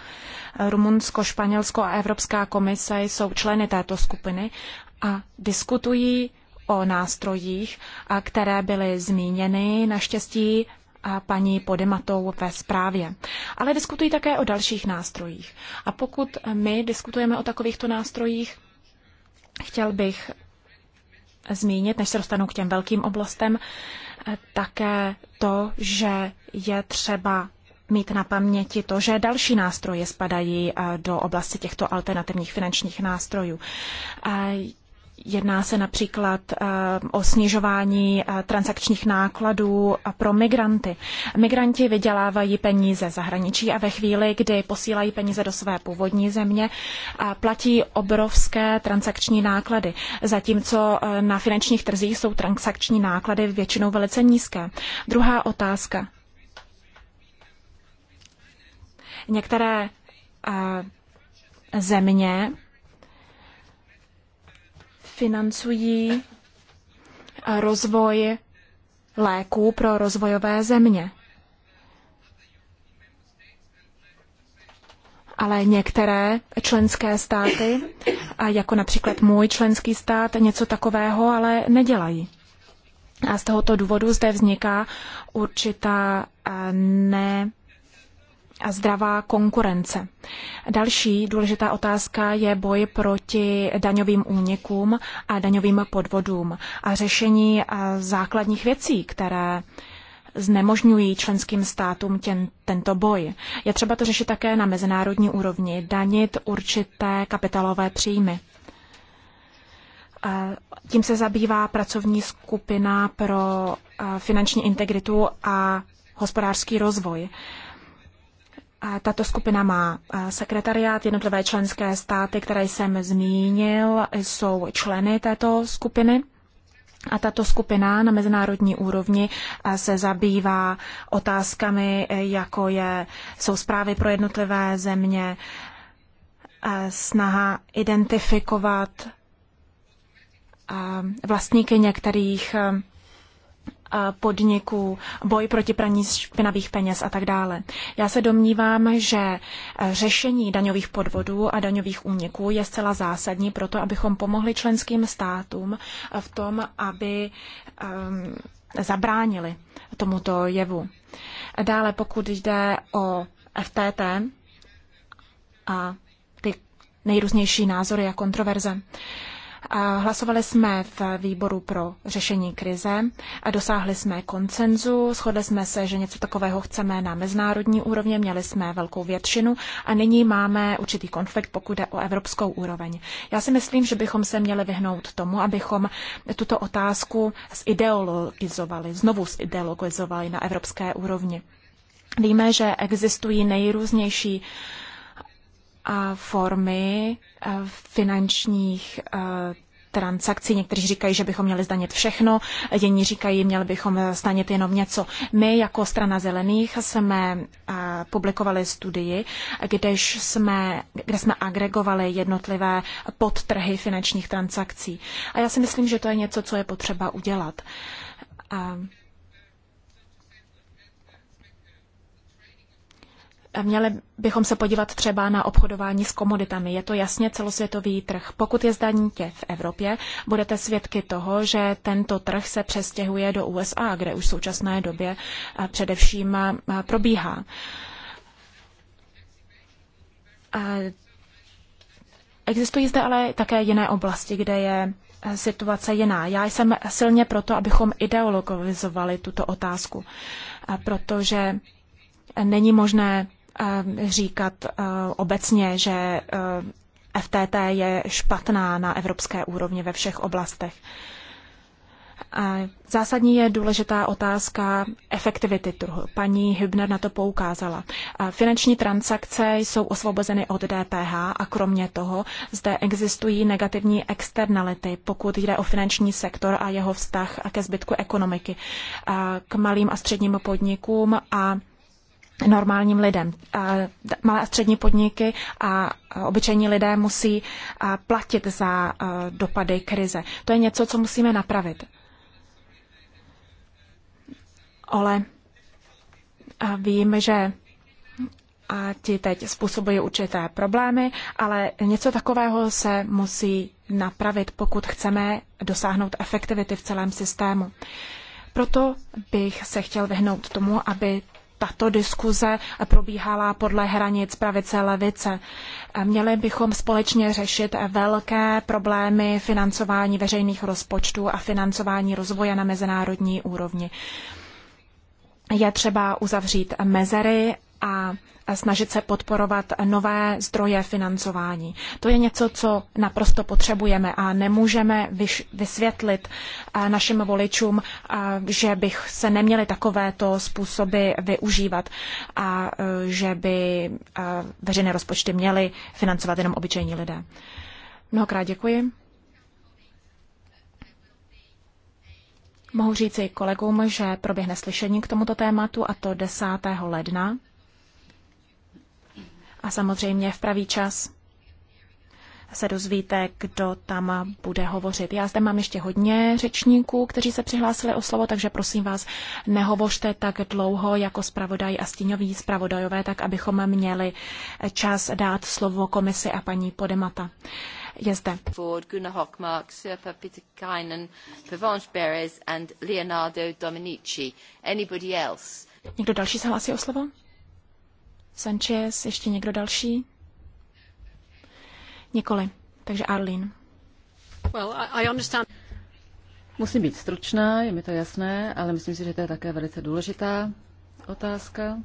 Rumunsko, Španělsko a Evropská komise jsou členy této skupiny a diskutují o nástrojích, které byly zmíněny. Naštěstí paní Podematou ve zprávě. Ale diskutují také o dalších nástrojích. A pokud my diskutujeme o takovýchto nástrojích, chtěl bych zmínit, než se dostanu k těm velkým oblastem, také to, že je třeba mít na paměti to, že další nástroje spadají eh, do oblasti těchto alternativních finančních nástrojů. Eh, Jedná se například eh, o snižování eh, transakčních nákladů pro migranty. Migranti vydělávají peníze zahraničí a ve chvíli, kdy posílají peníze do své původní země, eh, platí obrovské transakční náklady, zatímco na finančních trzích jsou transakční náklady většinou velice nízké. Druhá otázka. Některé země financují eh, rozvoj léků pro rozvojové země. Ale některé členské státy, jako například můj členský stát, něco takového ale nedělají. A z tohoto důvodu zde vzniká určitá eh, ne a zdravá konkurence. Další důležitá otázka je boj proti daňovým únikům a daňovým podvodům a řešení základních věcí, které znemožňují členským státům těn, tento boj. Je třeba to řešit také na mezinárodní úrovni, danit určité kapitalové příjmy. Tím se zabývá pracovní skupina pro finanční integritu a hospodářský rozvoj. Tato skupina má sekretariát, jednotlivé členské státy, které jsem zmínil, jsou členy této skupiny. A tato skupina na mezinárodní úrovni se zabývá otázkami, e, jako je, jsou zprávy pro jednotlivé země, e, snaha identifikovat vlastníky některých podniků, boj proti praní špinavých peněz a tak dále. Já se domnívám, že eh, řešení daňových podvodů a daňových úniků je zcela zásadní pro to, abychom pomohli členským státům v tom, aby um, zabránili tomuto jevu. Dále, pokud jde o FTT a ty nejrůznější názory a kontroverze, uh, Hlasovali jsme v výboru pro řešení krize a dosáhli jsme koncenzu, shodli jsme se, že něco takového chceme na mezinárodní úrovně, měli jsme velkou většinu a nyní máme určitý konflikt, pokud jde o evropskou úroveň. Já si myslím, že bychom se měli vyhnout tomu, abychom tuto otázku zideologizovali, znovu zideologizovali na evropské úrovni. Víme, že existují nejrůznější uh, formy eh, finančních eh, transakcí. Někteří říkají, že bychom měli zdanit všechno, jiní říkají, měli bychom eh, zdanit jenom něco. My jako strana zelených jsme publikovali studii, kdež jsme, kde jsme agregovali jednotlivé podtrhy finančních transakcí. A já si myslím, že to je něco, co je potřeba udělat. A Měli bychom se podívat třeba na obchodování s komoditami. Je to jasně celosvětový trh. Pokud je zdaníte v Evropě, budete svědky toho, že tento trh se přestěhuje do USA, kde už v současné době především probíhá. Existují zde ale také jiné oblasti, kde je situace jiná. Já jsem silně proto, abychom ideologizovali tuto otázku, protože není možné Eh, říkat eh, obecně, že eh, FTT je špatná na evropské úrovni ve všech oblastech. Zásadní je důležitá otázka efektivity trhu. Paní Hübner na to poukázala. Finanční transakce jsou osvobozeny od DPH a kromě toho zde existují negativní externality, pokud jde o finanční sektor a jeho vztah ke zbytku ekonomiky, k malým a středním podnikům a normálním lidem. Malé a střední podniky a obyčejní lidé musí platit za dopady krize. To je něco, co musíme napravit. Ale vím, že a ti teď způsobují určité problémy, ale něco takového se musí napravit, pokud chceme dosáhnout efektivity v celém systému. Proto bych se chtěl vyhnout tomu, aby tato diskuze probíhala podle hranic pravice levice. Měli bychom společně řešit velké problémy financování veřejných rozpočtů a financování rozvoje na mezinárodní úrovni. Je třeba uzavřít mezery a snažit se podporovat nové zdroje financování. To je něco, co naprosto potřebujeme a nemůžeme vysvětlit našim voličům, že bych se neměli takovéto způsoby využívat a e, že by e, veřejné rozpočty měly financovat jenom obyčejní lidé. Mnohokrát děkuji. Mohu říci kolegům, že proběhne slyšení k tomuto tématu a to 10. ledna a samozřejmě v pravý čas se dozvíte, kdo tam bude hovořit. Já zde mám ještě hodně řečníků, kteří se přihlásili o slovo, takže prosím vás, nehovořte tak dlouho jako zpravodaj a stíňoví zpravodajové, tak abychom měli čas dát slovo komisi a paní Podemata. Je zde. Ford, Gunnar Hockmark, Leonardo Dominici. Anybody else? Někdo další se hlásí o slovo? Sanchez, ještě někdo další? Nikoli. Takže Arlene. Well, I understand. Musím být stručná, je mi to jasné, ale myslím si, že to je také velice důležitá otázka.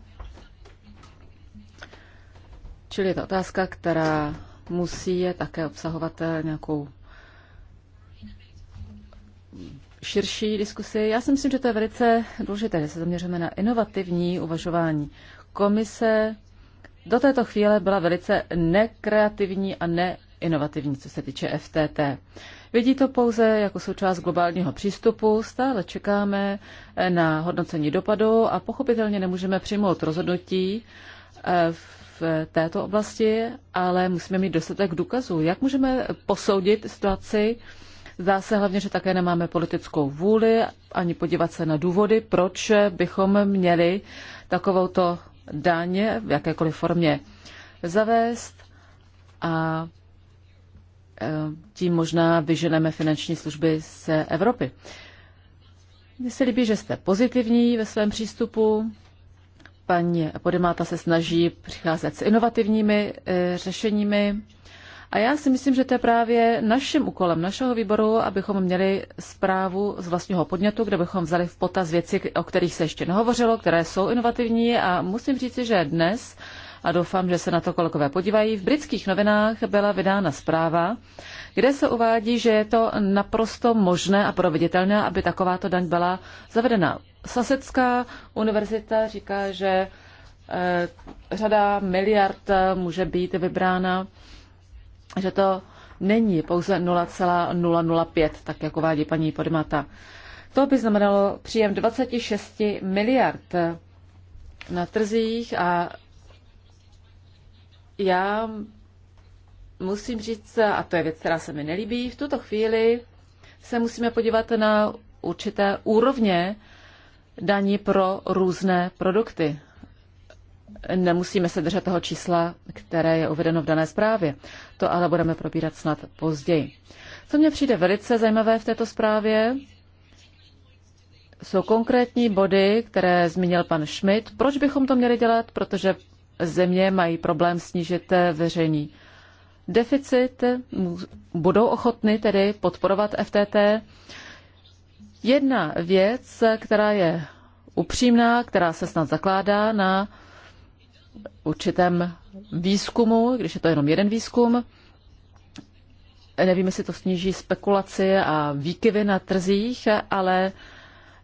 Čili je to otázka, která musí je také obsahovat eh, nějakou širší diskusi. Já si myslím, že to je velice důležité, že se zaměříme na inovativní uvažování komise do této chvíle byla velice nekreativní a neinovativní, co se týče FTT. Vidí to pouze jako součást globálního přístupu, stále čekáme eh, na hodnocení dopadu a pochopitelně nemůžeme přijmout rozhodnutí eh, v této oblasti, ale musíme mít dostatek důkazů. Jak můžeme posoudit situaci? Zdá se hlavně, že také nemáme politickou vůli ani podívat se na důvody, proč bychom měli takovouto daně v jakékoliv formě zavést a e, tím možná vyženeme finanční služby z Evropy. Mně se líbí, že jste pozitivní ve svém přístupu. Paní Podemáta se snaží přicházet s inovativními e, řešeními. A já si myslím, že to je právě naším úkolem našeho výboru, abychom měli zprávu z vlastního podnětu, kde bychom vzali v potaz věci, o kterých se ještě nehovořilo, které jsou inovativní a musím říci, že dnes a doufám, že se na to kolegové podívají. V britských novinách byla vydána zpráva, kde se uvádí, že je to naprosto možné a proveditelné, aby takováto daň byla zavedena. Sasecká univerzita říká, že eh, řada miliard eh, může být vybrána že to není pouze 0,005, tak jako vádí paní Podmata. To by znamenalo příjem 26 miliard na trzích a já musím říct, a to je věc, která se mi nelíbí, v tuto chvíli se musíme podívat na určité úrovně daní pro různé produkty. Nemusíme se držet toho čísla, které je uvedeno v dané zprávě. To ale budeme probírat snad později. Co mě přijde velice zajímavé v této zprávě, jsou konkrétní body, které zmínil pan Schmidt. Proč bychom to měli dělat? Protože země mají problém snížit veřejný deficit, budou ochotny tedy podporovat FTT. Jedna věc, která je upřímná, která se snad zakládá na určitém výzkumu, když je to jenom jeden výzkum. Nevím, jestli to sníží spekulaci a výkyvy na trzích, ale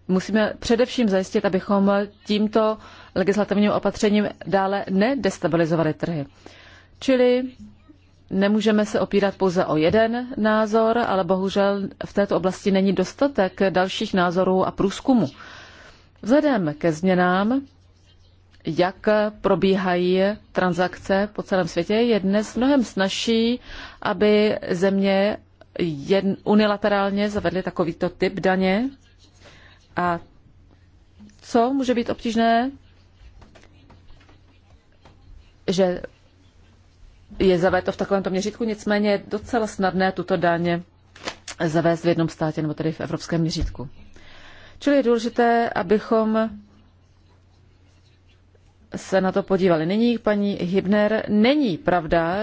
musíme především zajistit, abychom tímto legislativním opatřením dále nedestabilizovali trhy. Čili nemůžeme se opírat pouze o jeden názor, ale bohužel v této oblasti není dostatek dalších názorů a průzkumu. Vzhledem ke změnám jak probíhají transakce po celém světě, je dnes mnohem snažší, aby země jen unilaterálně zavedly takovýto typ daně. A co může být obtížné, že je zavést to v takovémto měřítku, nicméně je docela snadné tuto daně zavést v jednom státě, nebo tedy v evropském měřítku. Čili je důležité, abychom se na to podívali. Nyní paní Hibner, není pravda,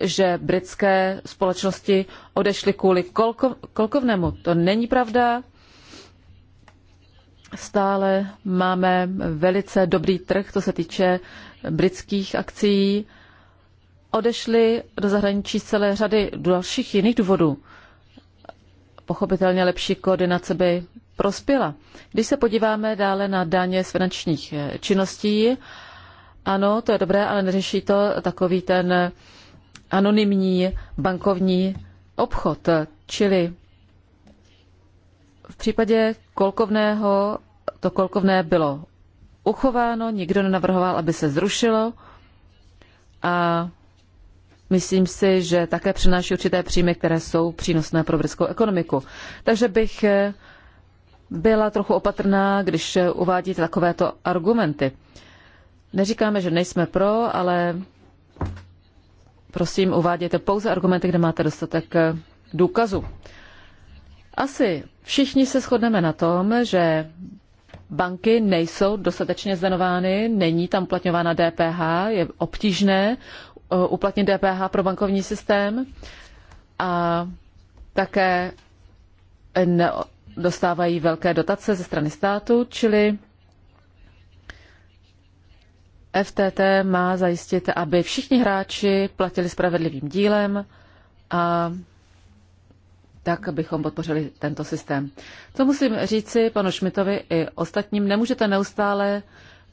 že britské společnosti odešly kvůli kolko, kolkovnému. To není pravda. Stále máme velice dobrý trh, co se týče britských akcí. Odešly do zahraničí z celé řady dalších jiných důvodů. Pochopitelně lepší koordinace by prospěla. Když se podíváme dále na daně z finančních činností, ano, to je dobré, ale neřeší to takový ten anonymní bankovní obchod, čili v případě kolkovného to kolkovné bylo uchováno, nikdo nenavrhoval, aby se zrušilo a myslím si, že také přináší určité příjmy, které jsou přínosné pro britskou ekonomiku. Takže bych byla trochu opatrná, když uvádíte takovéto argumenty. Neříkáme, že nejsme pro, ale prosím, uvádějte pouze argumenty, kde máte dostatek eh, důkazu. Asi všichni se shodneme na tom, že banky nejsou dostatečně zdanovány, není tam uplatňována DPH, je obtížné eh, uplatnit DPH pro bankovní systém a také dostávají velké dotace ze strany státu, čili FTT má zajistit, aby všichni hráči platili spravedlivým dílem a tak, abychom podpořili tento systém. Co musím říci panu Šmitovi i ostatním, nemůžete neustále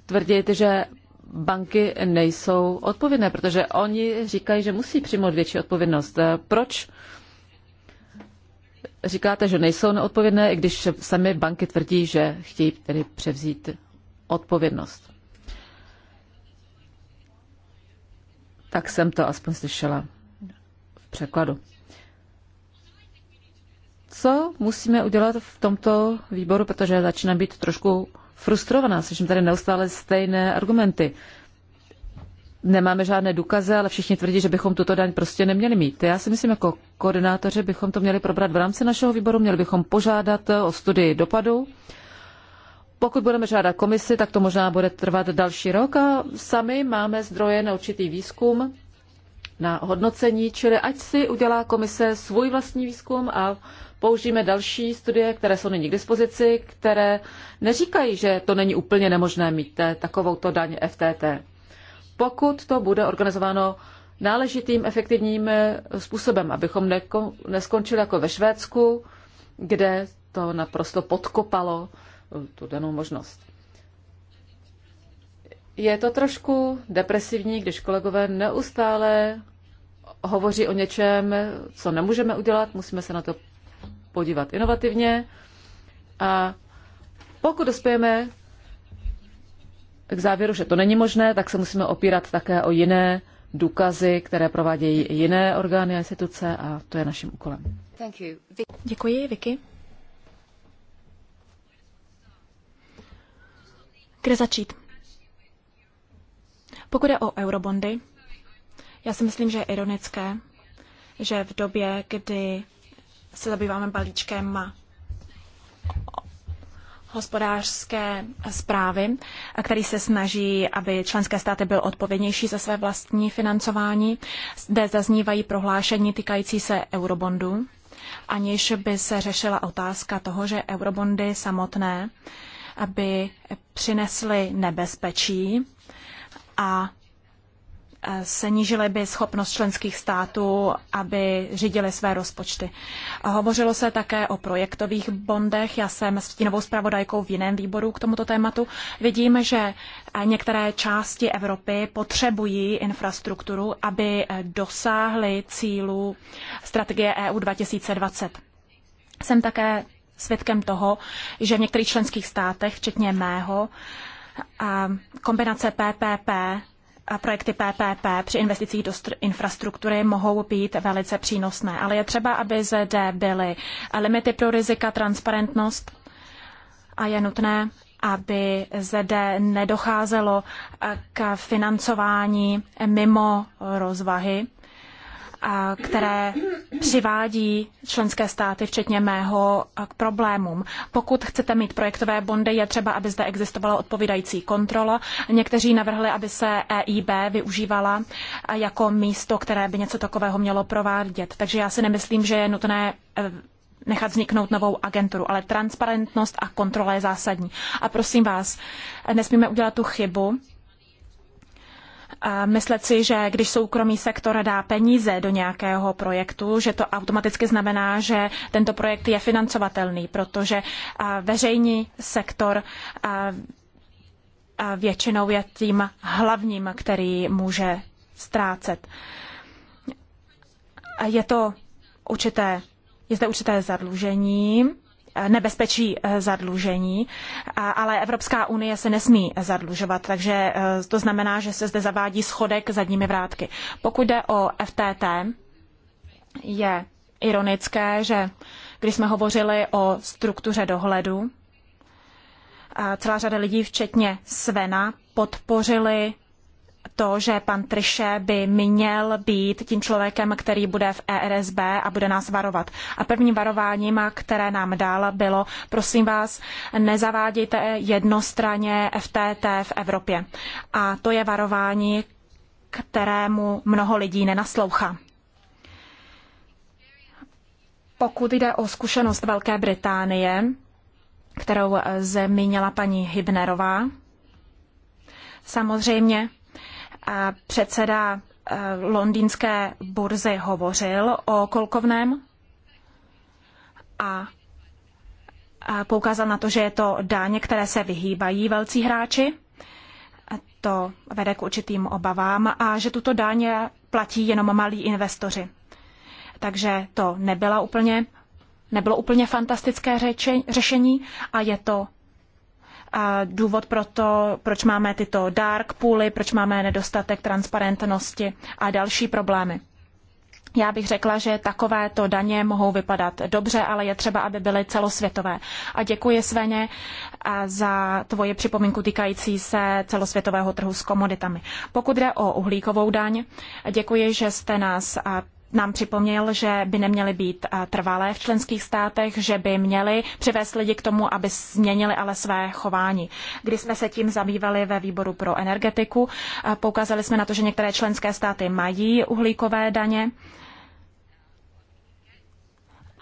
tvrdit, že banky nejsou odpovědné, protože oni říkají, že musí přijmout větší odpovědnost. Proč říkáte, že nejsou neodpovědné, i když sami banky tvrdí, že chtějí tedy převzít odpovědnost? Tak jsem to aspoň slyšela v překladu. Co musíme udělat v tomto výboru, protože začínám být trošku frustrovaná, slyším tady neustále stejné argumenty. Nemáme žádné důkazy, ale všichni tvrdí, že bychom tuto daň prostě neměli mít. Já si myslím, jako koordinátoři bychom to měli probrat v rámci našeho výboru, měli bychom požádat o studii dopadu pokud budeme žádat komisi, tak to možná bude trvat další rok a sami máme zdroje na určitý výzkum, na hodnocení, čili ať si udělá komise svůj vlastní výzkum a použijeme další studie, které jsou nyní k dispozici, které neříkají, že to není úplně nemožné mít eh, takovouto daň FTT. Pokud to bude organizováno náležitým, efektivním eh, způsobem, abychom neskončili jako ve Švédsku, kde to naprosto podkopalo tu danou možnost. Je to trošku depresivní, když kolegové neustále hovoří o něčem, co nemůžeme udělat, musíme se na to podívat inovativně. A pokud dospějeme k závěru, že to není možné, tak se musíme opírat také o jiné důkazy, které provádějí jiné orgány a instituce a to je naším úkolem. Děkuji, Vicky. Kde začít? Pokud je o eurobondy, já si myslím, že je ironické, že v době, kdy se zabýváme balíčkem hospodářské zprávy, který se snaží, aby členské státy byl odpovědnější za své vlastní financování. Zde zaznívají prohlášení týkající se eurobondů, aniž by se řešila otázka toho, že eurobondy samotné by přinesly nebezpečí a e, snížily by schopnost členských států, aby řídili své rozpočty. Hovořilo se také o projektových bondech. Já jsem s stínovou zpravodajkou v jiném výboru k tomuto tématu. Vidíme, že e, některé části Evropy potřebují infrastrukturu, aby e, dosáhly cílů strategie EU 2020. Jsem také svědkem toho, že v některých členských státech, včetně mého, kombinace PPP a projekty PPP při investicích do infrastruktury mohou být velice přínosné, ale je třeba, aby zde byly limity pro rizika, transparentnost a je nutné, aby zde nedocházelo k financování mimo rozvahy které přivádí členské státy, včetně mého, k problémům. Pokud chcete mít projektové bondy, je třeba, aby zde existovala odpovídající kontrola. Někteří navrhli, aby se EIB využívala jako místo, které by něco takového mělo provádět. Takže já si nemyslím, že je nutné eh, nechat vzniknout novou agenturu, ale transparentnost a kontrola je zásadní. A prosím vás, nesmíme udělat tu chybu, myslet si, že když soukromý sektor dá peníze do nějakého projektu, že to automaticky znamená, že tento projekt je financovatelný, protože veřejný sektor většinou je tím hlavním, který může ztrácet. Je to určité, je zde určité zadlužení, nebezpečí eh, zadlužení, ale Evropská unie se nesmí zadlužovat, takže eh, to znamená, že se zde zavádí schodek zadními vrátky. Pokud jde o FTT, je ironické, že když jsme hovořili o struktuře dohledu, celá řada lidí, včetně Svena, podpořili to, že pan Triše by měl být tím člověkem, který bude v ERSB a bude nás varovat. A prvním varováním, které nám dal, bylo, prosím vás, nezavádějte jednostranně FTT v Evropě. A to je varování, kterému mnoho lidí nenaslouchá. Pokud jde o zkušenost Velké Británie, kterou zmínila paní Hybnerová, samozřejmě předseda eh, londýnské burzy hovořil o kolkovném a poukázal na to, že je to dáně, které se vyhýbají velcí hráči. To vede k určitým obavám a že tuto dáně platí jenom malí investoři. Takže to nebyla úplně, nebylo úplně fantastické řeči, řešení a je to důvod pro to, proč máme tyto dark pooly, proč máme nedostatek transparentnosti a další problémy. Já bych řekla, že takovéto daně mohou vypadat dobře, ale je třeba, aby byly celosvětové. A děkuji Sveně za tvoji připomínku týkající se celosvětového trhu s komoditami. Pokud jde o uhlíkovou daň, děkuji, že jste nás nám připomněl, že by neměly být eh, trvalé v členských státech, že by měly přivést lidi k tomu, aby změnili ale své chování. Když jsme se tím zabývali ve výboru pro energetiku, eh, poukázali jsme na to, že některé členské státy mají uhlíkové daně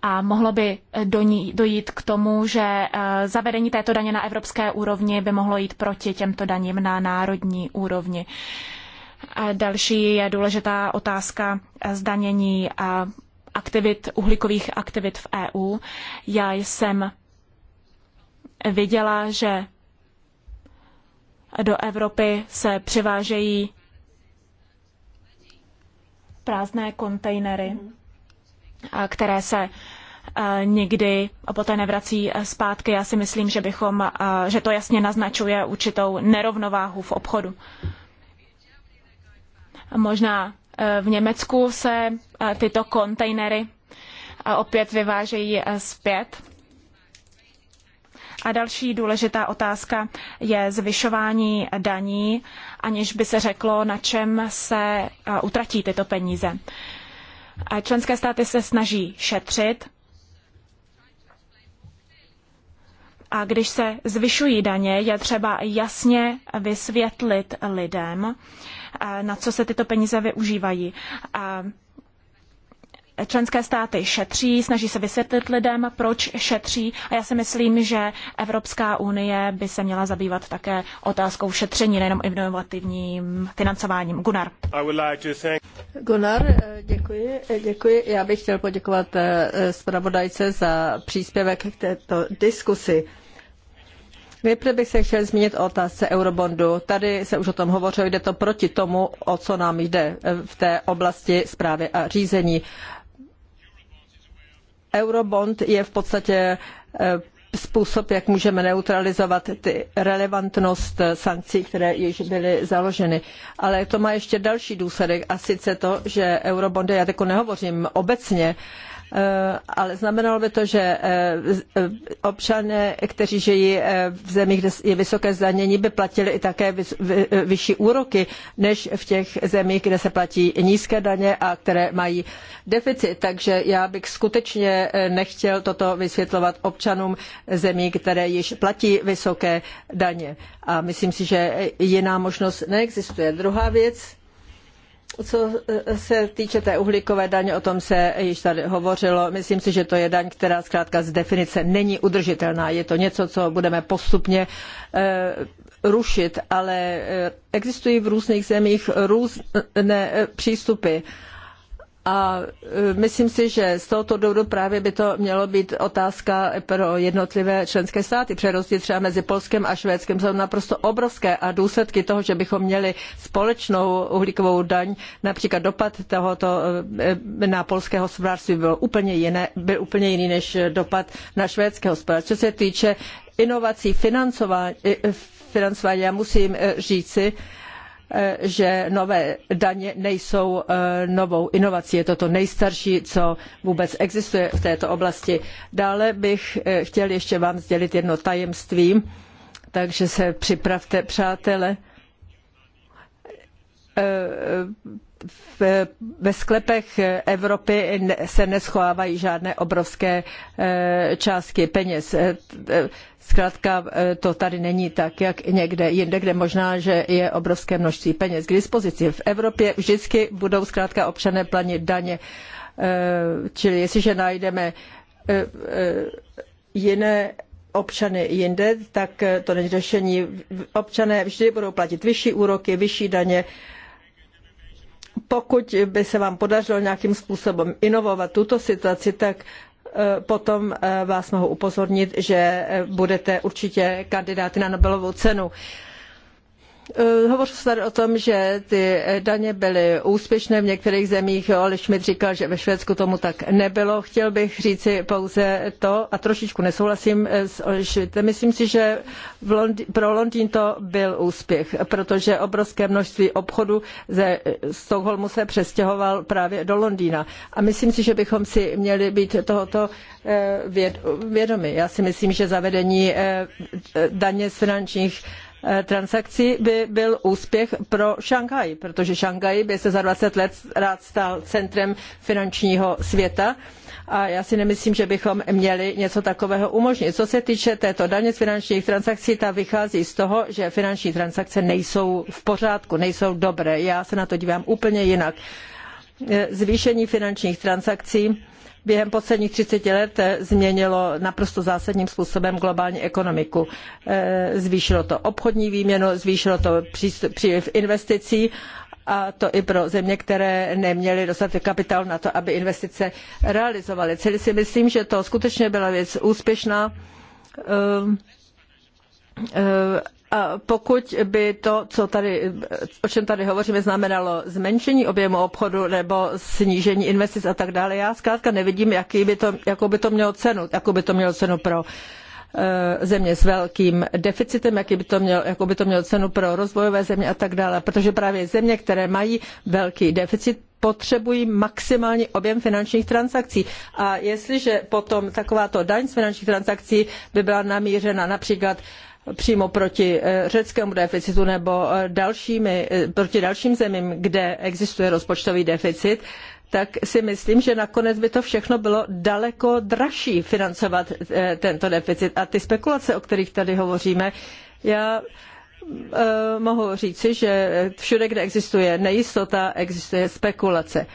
a mohlo by eh, do ní, dojít k tomu, že zavedení této daně na evropské úrovni by mohlo jít proti těmto daním na národní úrovni. Další je důležitá otázka zdanění aktivit, uhlíkových aktivit v EU. Já jsem viděla, že do Evropy se přivážejí prázdné kontejnery, které se nikdy poté nevrací zpátky. Já si myslím, že, bychom, že to jasně naznačuje určitou nerovnováhu v obchodu. Možná eh, v Německu se eh, tyto kontejnery eh, opět vyvážejí zpět. A další důležitá otázka je zvyšování daní, aniž by se řeklo, na čem se utratí tyto peníze. Členské státy se snaží šetřit. A když se zvyšují daně, je třeba jasně vysvětlit lidem, na co se tyto peníze využívají. Členské státy šetří, snaží se vysvětlit lidem, proč šetří a já si myslím, že Evropská unie by se měla zabývat také otázkou šetření, nejenom inovativním financováním. Gunnar. Gunnar, eh, děkuji, eh, děkuji. Já bych chtěl poděkovat eh, zpravodajce za příspěvek k této diskusi. Nejprve bych se chtěl zmínit o otázce eurobondu. Tady se už o tom hovořilo, jde to proti tomu, o co nám jde v té oblasti správy a řízení. Eurobond je v podstatě eh, způsob, jak můžeme neutralizovat ty relevantnost sankcí, které již byly založeny. Ale to má ještě další důsledek a sice to, že eurobondy, já teď nehovořím obecně, Eh, ale znamenalo by to, že eh, občané, kteří žijí eh, v zemích, kde je vysoké zdanění, by platili i také vyšší úroky než v těch zemích, kde se platí nízké daně a které mají deficit. Takže já bych skutečně nechtěl toto vysvětlovat občanům zemí, které již platí vysoké daně. A myslím si, že jiná možnost neexistuje. Druhá věc, co eh, se týče té uhlíkové daně, o tom se již tady hovořilo. Myslím si, že to je daň, která zkrátka z definice není udržitelná. Je to něco, co budeme postupně eh, rušit, ale eh, existují v různých zemích různé přístupy. E, a e, myslím si, že z tohoto důvodu právě by to mělo být otázka pro jednotlivé členské státy. Přerostí třeba mezi Polskem a Švédskem jsou naprosto obrovské a důsledky toho, že bychom měli společnou uhlíkovou daň, například dopad tohoto e, na polské hospodářství byl úplně, jiné, byl úplně jiný než dopad na švédské hospodářství. Co se týče inovací financování, e, financování já musím říci, Eh, že nové daně nejsou eh, novou inovací. Je to to nejstarší, co vůbec existuje v této oblasti. Dále bych eh, chtěl ještě vám sdělit jedno tajemství, takže se připravte, přátelé v, ve sklepech Evropy se neschovávají žádné obrovské e, částky peněz. E, e, zkrátka to tady není tak, jak někde jinde, kde možná, že je obrovské množství peněz k dispozici. V Evropě vždycky budou zkrátka občané planit daně. Čili jestliže najdeme jiné občany jinde, tak to není řešení. Občané vždy budou platit vyšší úroky, vyšší daně, pokud by se vám podařilo nějakým způsobem inovovat tuto situaci, tak eh, potom eh, vás mohu upozornit, že eh, budete určitě kandidáty na Nobelovu cenu. Eh, hovořil se tady o tom, že ty daně byly úspěšné v některých zemích. ale Schmidt říkal, že ve Švédsku tomu tak nebylo. Chtěl bych říci pouze to a trošičku nesouhlasím eh, s Oli Schmidtem. Myslím si, že Londý, pro Londýn to byl úspěch, protože obrovské množství obchodu ze Stockholmu se přestěhoval právě do Londýna. A myslím si, že bychom si měli být tohoto eh, vědomi. Já si myslím, že zavedení daně z finančních Eh, transakcí by byl úspěch pro Šanghaj, protože Šanghaj by se za 20 let rád stal centrem finančního světa a já si nemyslím, že bychom měli něco takového umožnit. Co se týče této daně z finančních transakcí, ta vychází z toho, že finanční transakce nejsou v pořádku, nejsou dobré. Já se na to dívám úplně jinak. Eh, zvýšení finančních transakcí během posledních třiceti let změnilo naprosto zásadním způsobem globální ekonomiku. E, zvýšilo to obchodní výměnu, zvýšilo to příliv investicí a to i pro země, které neměly dostatek kapitálu na to, aby investice realizovaly. Čili si myslím, že to skutečně byla věc úspěšná e, e, pokud by to, co tady, o čem tady hovoříme, znamenalo zmenšení objemu obchodu nebo snížení investic a tak dále, já zkrátka nevidím, jaký by to, jakou by to mělo cenu, jakou by to mělo cenu pro eh, země s velkým deficitem, jaký by to mělo, jakou by to mělo cenu pro rozvojové země a tak dále. Protože právě země, které mají velký deficit, potřebují maximální objem finančních transakcí. A jestliže potom takováto daň z finančních transakcí by byla namířena například přímo proti eh, řeckému deficitu nebo eh, dalšími, eh, proti dalším zemím, kde existuje rozpočtový deficit, tak si myslím, že nakonec by to všechno bylo daleko dražší financovat tento deficit. A ty spekulace, o kterých tady hovoříme, já mohu říci, že všude, kde existuje nejistota, existuje spekulace.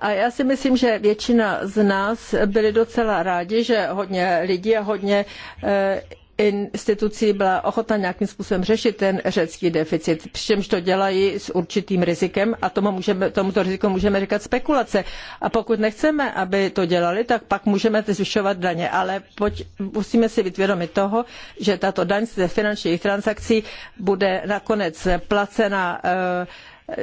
A já si myslím, že většina z nás byli docela rádi, že hodně lidí a hodně eh, institucí byla ochotna nějakým způsobem řešit ten řecký deficit, přičemž to dělají s určitým rizikem a tomu můžeme, tomuto riziku můžeme říkat spekulace. A pokud nechceme, aby to dělali, tak pak můžeme zvyšovat daně, ale pojď, musíme si být vědomi toho, že tato daň ze finančních transakcí bude nakonec placena eh,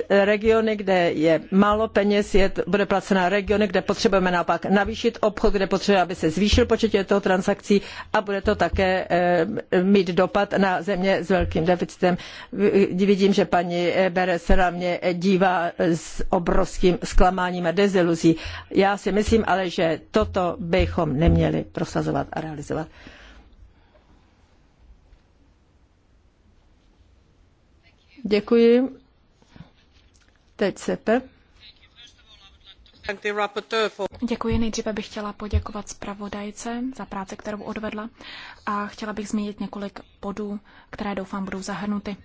regiony, kde je málo peněz, je, bude placena regiony, kde potřebujeme naopak navýšit obchod, kde potřebujeme, aby se zvýšil počet těchto transakcí a bude to také eh, mít dopad na země s velkým deficitem. Vidím, že paní Bere se na mě dívá s obrovským zklamáním a deziluzí. Já si myslím ale, že toto bychom neměli prosazovat a realizovat. Děkuji. Děkuji. Nejdříve bych chtěla poděkovat zpravodajce za práci, kterou odvedla a chtěla bych zmínit několik bodů, které doufám budou zahrnuty.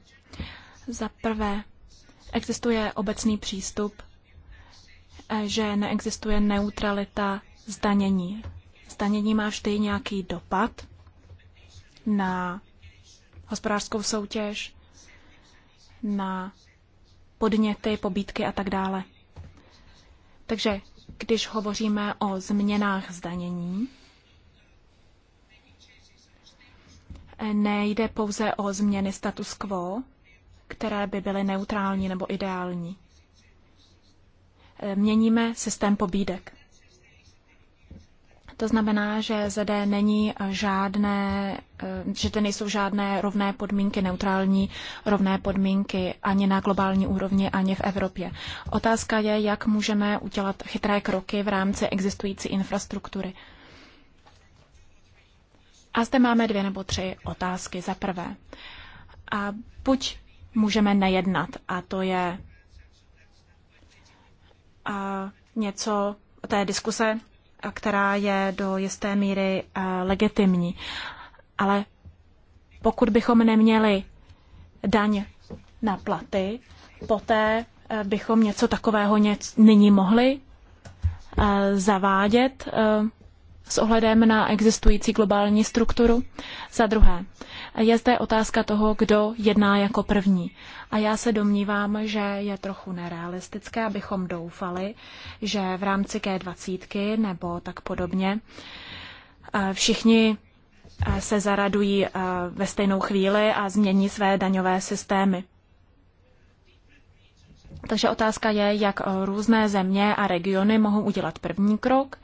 Za prvé, existuje obecný přístup, eh, že neexistuje neutralita zdanění. Zdanění má vždy nějaký dopad na hospodářskou soutěž, na podněty, pobídky a tak dále. Takže když hovoříme o změnách zdanění, nejde pouze o změny status quo, které by byly neutrální nebo ideální. Měníme systém pobídek. To znamená, že zde není žádné, eh, že to nejsou žádné rovné podmínky, neutrální rovné podmínky ani na globální úrovni, ani v Evropě. Otázka je, jak můžeme udělat chytré kroky v rámci existující infrastruktury. A zde máme dvě nebo tři otázky. Za prvé, a buď můžeme nejednat, a to je a něco té diskuse která je do jisté míry eh, legitimní. Ale pokud bychom neměli daň na platy, poté eh, bychom něco takového něc, nyní mohli eh, zavádět s ohledem na existující globální strukturu. Za druhé, je zde otázka toho, kdo jedná jako první. A já se domnívám, že je trochu nerealistické, abychom doufali, že v rámci G20 nebo tak podobně eh, všichni eh, se zaradují eh, ve stejnou chvíli a změní své daňové systémy. Takže otázka je, jak různé země a regiony mohou udělat první krok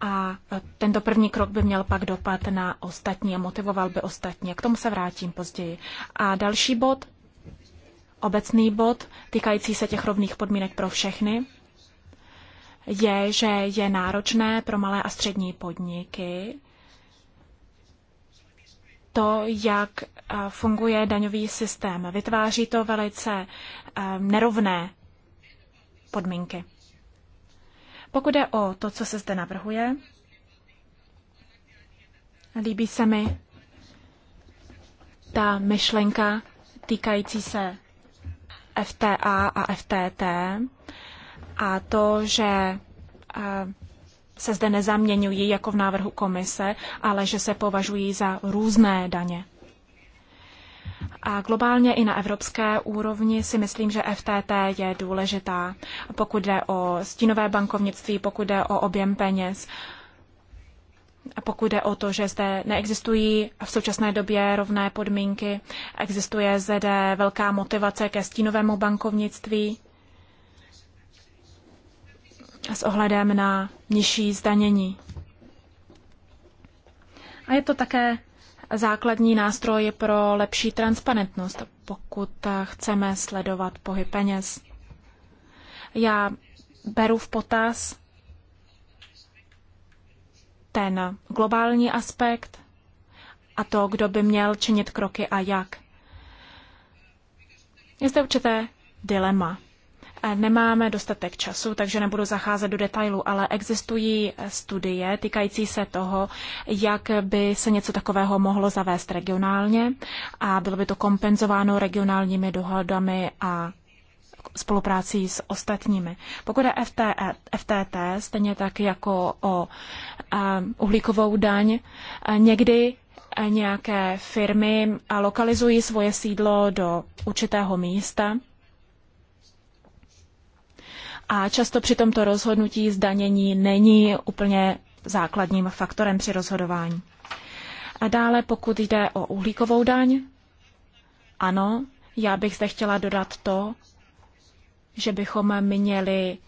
a tento první krok by měl pak dopad na ostatní a motivoval by ostatní. K tomu se vrátím později. A další bod, obecný bod, týkající se těch rovných podmínek pro všechny, je, že je náročné pro malé a střední podniky to, jak eh, funguje daňový systém. Vytváří to velice eh, nerovné podmínky. Pokud jde o to, co se zde navrhuje, líbí se mi ta myšlenka týkající se FTA a FTT a to, že eh, se zde nezaměňují jako v návrhu komise, ale že se považují za různé daně. A globálně i na evropské úrovni si myslím, že FTT je důležitá, pokud jde o stínové bankovnictví, pokud jde o objem peněz, a pokud jde o to, že zde neexistují v současné době rovné podmínky, existuje zde velká motivace ke stínovému bankovnictví s ohledem na nižší zdanění. A je to také základní nástroj pro lepší transparentnost, pokud chceme sledovat pohyb peněz. Já beru v potaz ten globální aspekt a to, kdo by měl činit kroky a jak. Je zde určité dilema. Nemáme dostatek času, takže nebudu zacházet do detailu, ale existují studie týkající se toho, jak by se něco takového mohlo zavést regionálně a bylo by to kompenzováno regionálními dohodami a spoluprácí s ostatními. Pokud je FTT, e, stejně tak jako o uhlíkovou daň, někdy nějaké firmy lokalizují svoje sídlo do určitého místa a často při tomto rozhodnutí zdanění není úplně základním faktorem při rozhodování. A dále, pokud jde o uhlíkovou daň, ano, já bych zde chtěla dodat to, že bychom měli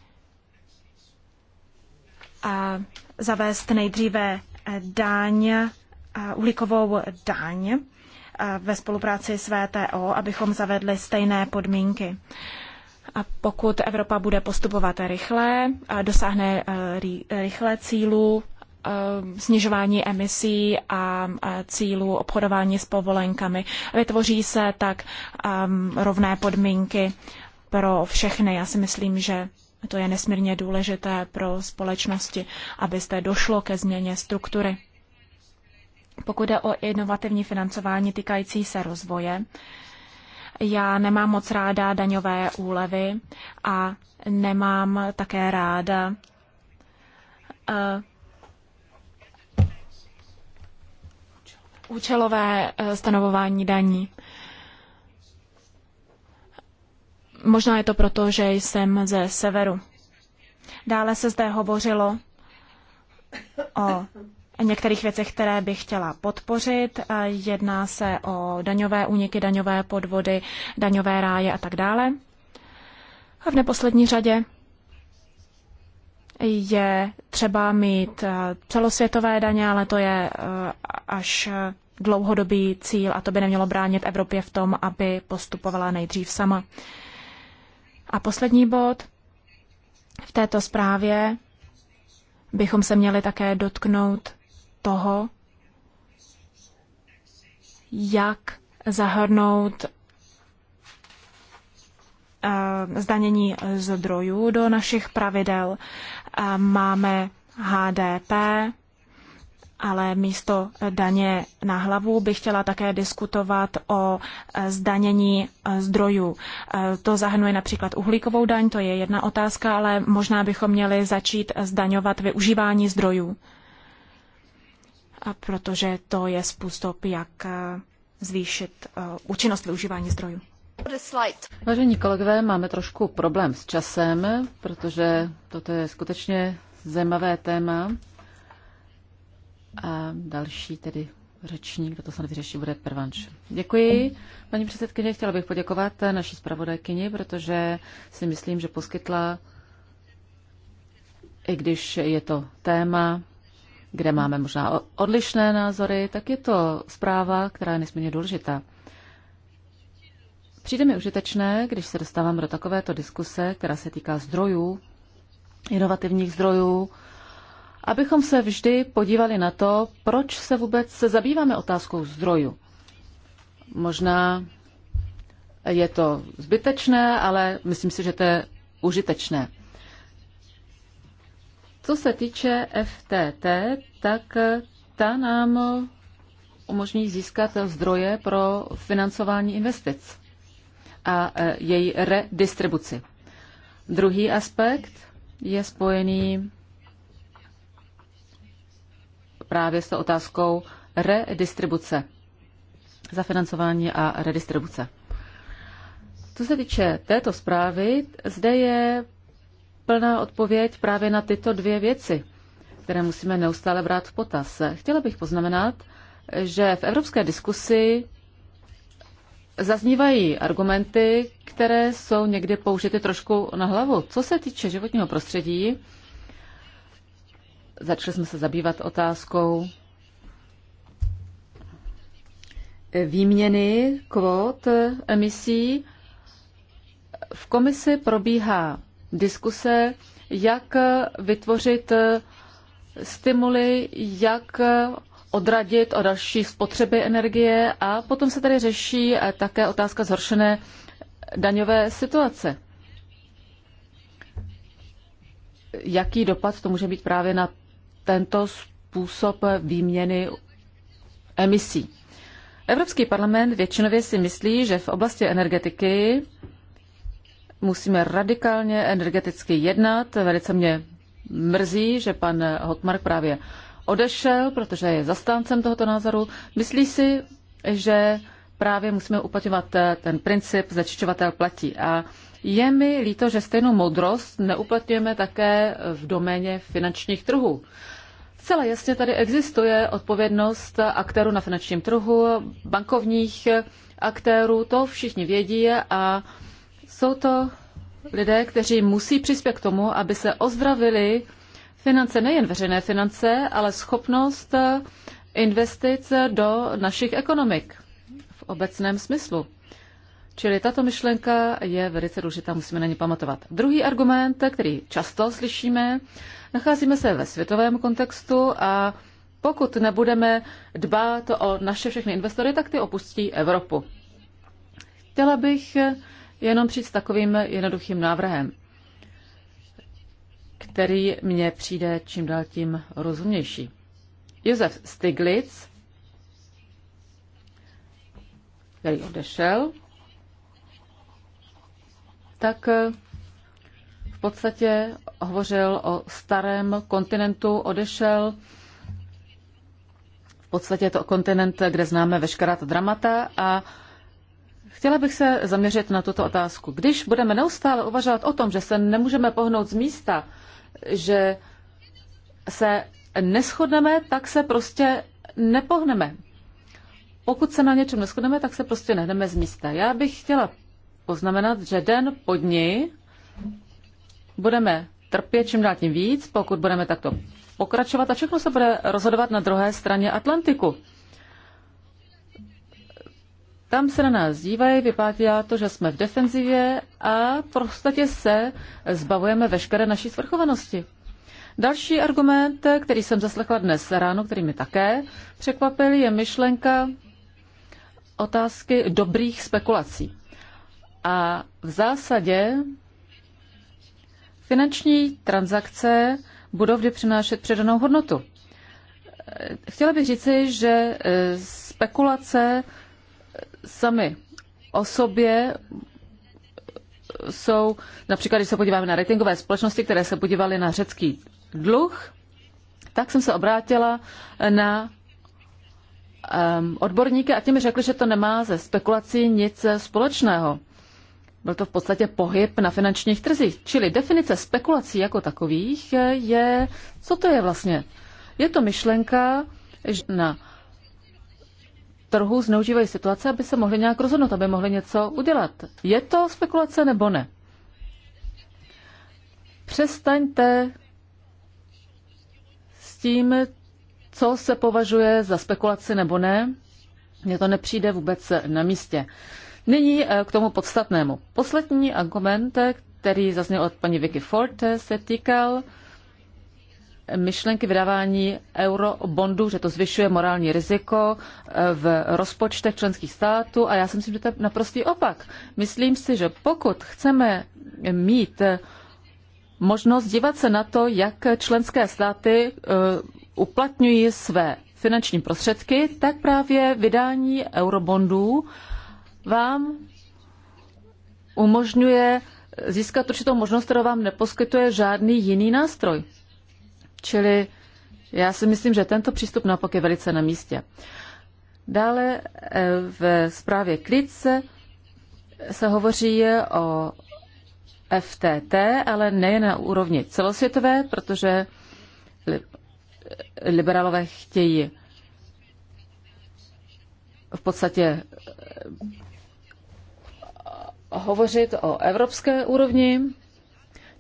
a zavést nejdříve e, daň, e, uhlíkovou daň e, ve spolupráci s VTO, abychom zavedli stejné podmínky. A pokud Evropa bude postupovat rychle, dosáhne eh, rychle cílu eh, snižování emisí a cílu obchodování s povolenkami. Vytvoří se tak ehm, rovné podmínky pro všechny. Já si myslím, že to je nesmírně důležité pro společnosti, aby zde došlo ke změně struktury. Pokud jde o inovativní financování týkající se rozvoje, já nemám moc ráda daňové úlevy a nemám také ráda uh, účelové eh, stanovování daní. Možná je to proto, že jsem ze severu. Dále se zde hovořilo o některých věcech, které bych chtěla podpořit. Jedná se o daňové úniky, daňové podvody, daňové ráje a tak dále. A v neposlední řadě je třeba mít eh, celosvětové daně, ale to je eh, až dlouhodobý cíl a to by nemělo bránit Evropě v tom, aby postupovala nejdřív sama. A poslední bod. V této zprávě bychom se měli také dotknout toho, jak zahrnout eh, zdanění zdrojů do našich pravidel. Eh, máme HDP, ale místo daně na hlavu bych chtěla také diskutovat o eh, zdanění zdrojů. To zahrnuje například uhlíkovou daň, to je jedna otázka, ale možná bychom měli začít zdaňovat využívání zdrojů protože to je způsob, jak eh, zvýšit eh, účinnost využívání zdrojů. Vážení kolegové, máme trošku problém s časem, protože toto je skutečně zajímavé téma. A další tedy řečník, kdo to snad vyřeší, bude Pervanš. Děkuji. Paní předsedkyně, chtěla bych poděkovat naší zpravodajkyni, protože si myslím, že poskytla, i když je to téma, kde máme možná odlišné názory, tak je to zpráva, která je nesmírně důležitá. Přijde mi užitečné, když se dostávám do takovéto diskuse, která se týká zdrojů, inovativních zdrojů, abychom se vždy podívali na to, proč se vůbec se zabýváme otázkou zdrojů. Možná je to zbytečné, ale myslím si, že to je užitečné. Co se týče FTT, tak ta nám umožní získat zdroje pro financování investic a e, její redistribuci. Druhý aspekt je spojený právě s otázkou redistribuce. Zafinancování a redistribuce. Co se týče této zprávy, zde je plná odpověď právě na tyto dvě věci, které musíme neustále brát v potaz. Chtěla bych poznamenat, že v evropské diskusi zaznívají argumenty, které jsou někdy použity trošku na hlavu. Co se týče životního prostředí, začali jsme se zabývat otázkou výměny kvót emisí. V komisi probíhá diskuse, jak vytvořit stimuly, jak odradit o další spotřeby energie a potom se tady řeší také otázka zhoršené daňové situace. Jaký dopad to může být právě na tento způsob výměny emisí? Evropský parlament většinově si myslí, že v oblasti energetiky musíme radikálně energeticky jednat. Velice mě mrzí, že pan Hotmark právě odešel, protože je zastáncem tohoto názoru. Myslí si, že právě musíme uplatňovat ten princip začičovatel platí. A je mi líto, že stejnou moudrost neuplatňujeme také v doméně finančních trhů. Zcela jasně tady existuje odpovědnost aktérů na finančním trhu, bankovních aktérů, to všichni vědí a jsou to lidé, kteří musí přispět k tomu, aby se ozdravili finance, nejen veřejné finance, ale schopnost investic do našich ekonomik v obecném smyslu. Čili tato myšlenka je velice důležitá, musíme na ní pamatovat. Druhý argument, který často slyšíme, nacházíme se ve světovém kontextu a pokud nebudeme dbát o naše všechny investory, tak ty opustí Evropu. Chtěla bych jenom přijít s takovým jednoduchým návrhem, který mně přijde čím dál tím rozumnější. Josef Stiglitz, který odešel, tak eh, v podstatě hovořil o starém kontinentu, odešel. V podstatě je to kontinent, kde známe veškerá ta dramata a Chtěla bych se zaměřit na tuto otázku. Když budeme neustále uvažovat o tom, že se nemůžeme pohnout z místa, že se neschodneme, tak se prostě nepohneme. Pokud se na něčem neschodneme, tak se prostě nehneme z místa. Já bych chtěla poznamenat, že den po dni budeme trpět čím dál tím víc, pokud budeme takto pokračovat a všechno se bude rozhodovat na druhé straně Atlantiku tam se na nás dívají, vypadá to, že jsme v defenzivě a v podstatě se zbavujeme veškeré naší svrchovanosti. Další argument, který jsem zaslechla dnes ráno, který mi také překvapil, je myšlenka otázky dobrých spekulací. A v zásadě finanční transakce budou vždy přinášet předanou hodnotu. Chtěla bych říci, že spekulace sami o sobě jsou, například když se podíváme na ratingové společnosti, které se podívaly na řecký dluh, tak jsem se obrátila na um, odborníky a ti mi řekli, že to nemá ze spekulací nic společného. Byl to v podstatě pohyb na finančních trzích. Čili definice spekulací jako takových je, je co to je vlastně? Je to myšlenka že na trhu zneužívají situace, aby se mohli nějak rozhodnout, aby mohli něco udělat. Je to spekulace nebo ne? Přestaňte s tím, co se považuje za spekulaci nebo ne. Mně to nepřijde vůbec na místě. Nyní eh, k tomu podstatnému. Poslední argument, eh, který zazněl od paní Vicky Forte, eh, se týkal myšlenky vydávání eurobondů, že to zvyšuje morální riziko eh, v rozpočtech členských států a já si myslím, že to je naprostý opak. Myslím si, že pokud chceme mít eh, možnost dívat se na to, jak členské státy eh, uplatňují své finanční prostředky, tak právě vydání eurobondů vám umožňuje získat určitou možnost, kterou vám neposkytuje žádný jiný nástroj. Čili já si myslím, že tento přístup naopak je velice na místě. Dále eh, v zprávě Klice se hovoří o FTT, ale nejen na úrovni celosvětové, protože eh, liberálové chtějí v podstatě eh, hovořit o evropské úrovni,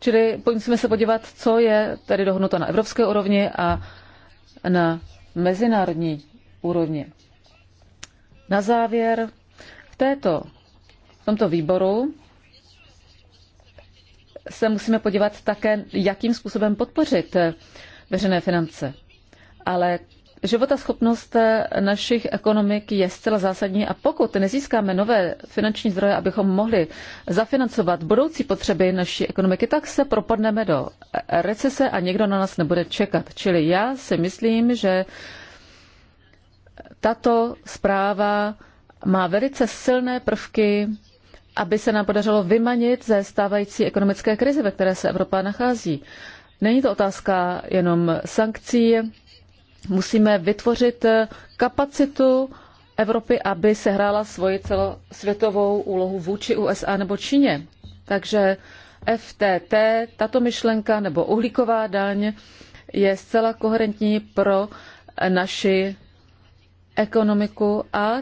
Čili musíme se podívat, co je tedy dohodnuto na evropské úrovni a na mezinárodní úrovni. Na závěr, v, této, v tomto výboru se musíme podívat také, jakým způsobem podpořit veřejné finance. Ale schopnost eh, našich ekonomik je zcela zásadní a pokud nezískáme nové finanční zdroje, abychom mohli zafinancovat budoucí potřeby naší ekonomiky, tak se propadneme do recese a někdo na nás nebude čekat. Čili já si myslím, že tato zpráva má velice silné prvky, aby se nám podařilo vymanit ze stávající ekonomické krize, ve které se Evropa nachází. Není to otázka jenom sankcí, musíme vytvořit eh, kapacitu Evropy, aby sehrála svoji celosvětovou úlohu vůči USA nebo Číně. Takže FTT, tato myšlenka nebo uhlíková daň je zcela koherentní pro naši ekonomiku a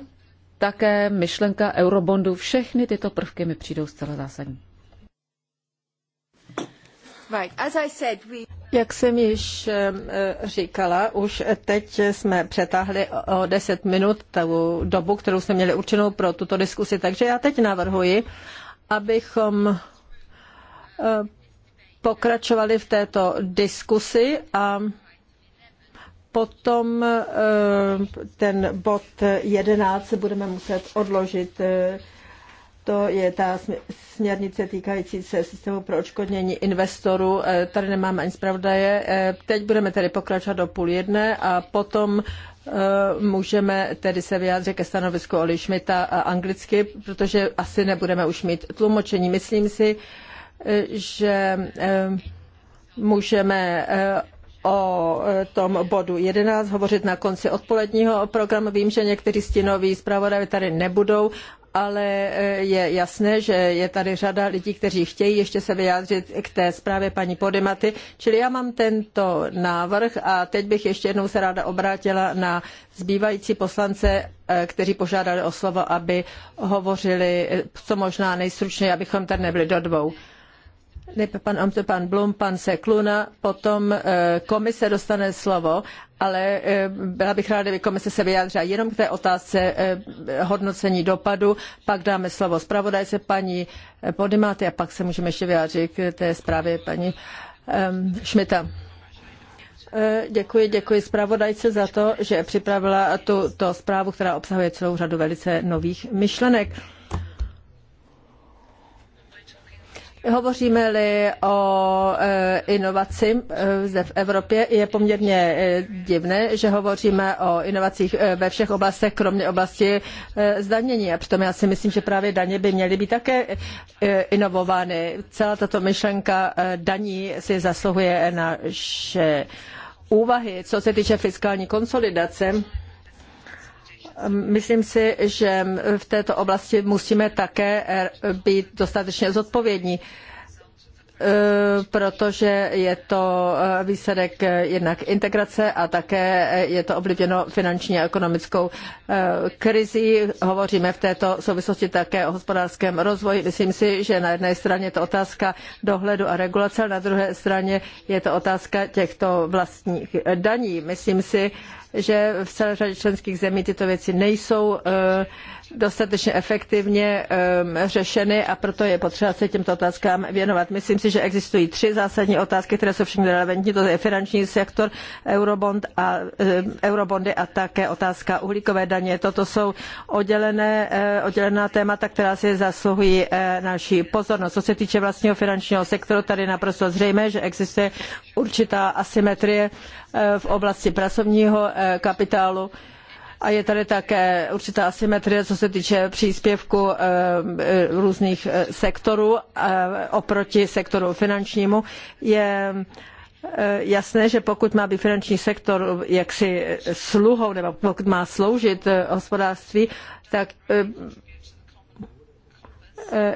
také myšlenka eurobondu. Všechny tyto prvky mi přijdou zcela zásadní. Jak jsem již eh, eh, říkala, už teď jsme přetáhli o 10 minut tu dobu, kterou jsme měli určenou pro tuto diskusi. Takže já teď navrhuji, abychom eh, pokračovali v této diskusi a potom ten bod 11 budeme muset odložit to je ta směrnice týkající se systému pro očkodnění investorů. Eh, tady nemáme ani zpravodaje. Eh, teď budeme tedy pokračovat do půl jedné a potom eh, můžeme tedy se vyjádřit ke stanovisku Oli Schmidta anglicky, protože asi nebudeme už mít tlumočení. Myslím si, že můžeme o tom bodu 11 hovořit na konci odpoledního programu. Vím, že někteří stínoví zpravodajové tady nebudou ale eh, je jasné, že je tady řada lidí, kteří chtějí ještě se vyjádřit k té zprávě paní Podimaty. Čili já mám tento návrh a teď bych ještě jednou se ráda obrátila na zbývající poslance, eh, kteří požádali o slovo, aby hovořili eh, co možná nejstručněji, abychom tady nebyli do dvou. Nejprve pan Omte, pan Blum, pan Sekluna, potom komise dostane slovo ale eh, byla bych ráda, kdyby komise se vyjádřila jenom k té otázce eh, hodnocení dopadu. Pak dáme slovo zpravodajce paní eh, Podimáty a pak se můžeme ještě vyjádřit k té zprávě paní ehm, Šmita. Děkuji, děkuji zpravodajce za to, že připravila tuto zprávu, která obsahuje celou řadu velice nových myšlenek. Hovoříme-li o e, inovaci e, zde v Evropě, je poměrně e, divné, že hovoříme o inovacích ve všech oblastech, kromě oblasti zdanění. A přitom já si myslím, že právě daně by měly být také inovovány. Celá tato myšlenka daní si zasluhuje naše úvahy. Co se týče fiskální konsolidace, Myslím si, že v této oblasti musíme také být dostatečně zodpovědní eh, protože je to eh, výsledek jednak integrace a také je to ovlivněno finanční a ekonomickou eh, krizí. Hovoříme v této souvislosti také o hospodářském rozvoji. Myslím si, že na jedné straně je to otázka dohledu a regulace, ale na druhé straně je to otázka těchto vlastních daní. Myslím si, že v celé řadě členských zemí tyto věci nejsou eh, dostatečně efektivně ehm, řešeny a proto je potřeba se těmto otázkám věnovat. Myslím si, že existují tři zásadní otázky, které jsou všechny relevantní. To je finanční sektor, eurobond a, ehm, eurobondy a také otázka uhlíkové daně. Toto jsou oddělené, eh, oddělená témata, která si zasluhují eh, naší pozornost. Co se týče vlastního finančního sektoru, tady naprosto zřejmé, že existuje určitá asymetrie v oblasti pracovního Eh, kapitálu. A je tady také určitá asymetrie, co se týče příspěvku eh, eh, různých sektorů oproti sektoru finančnímu. Je jasné, že pokud má být finanční sektor jaksi sluhou, nebo pokud má sloužit hospodářství, tak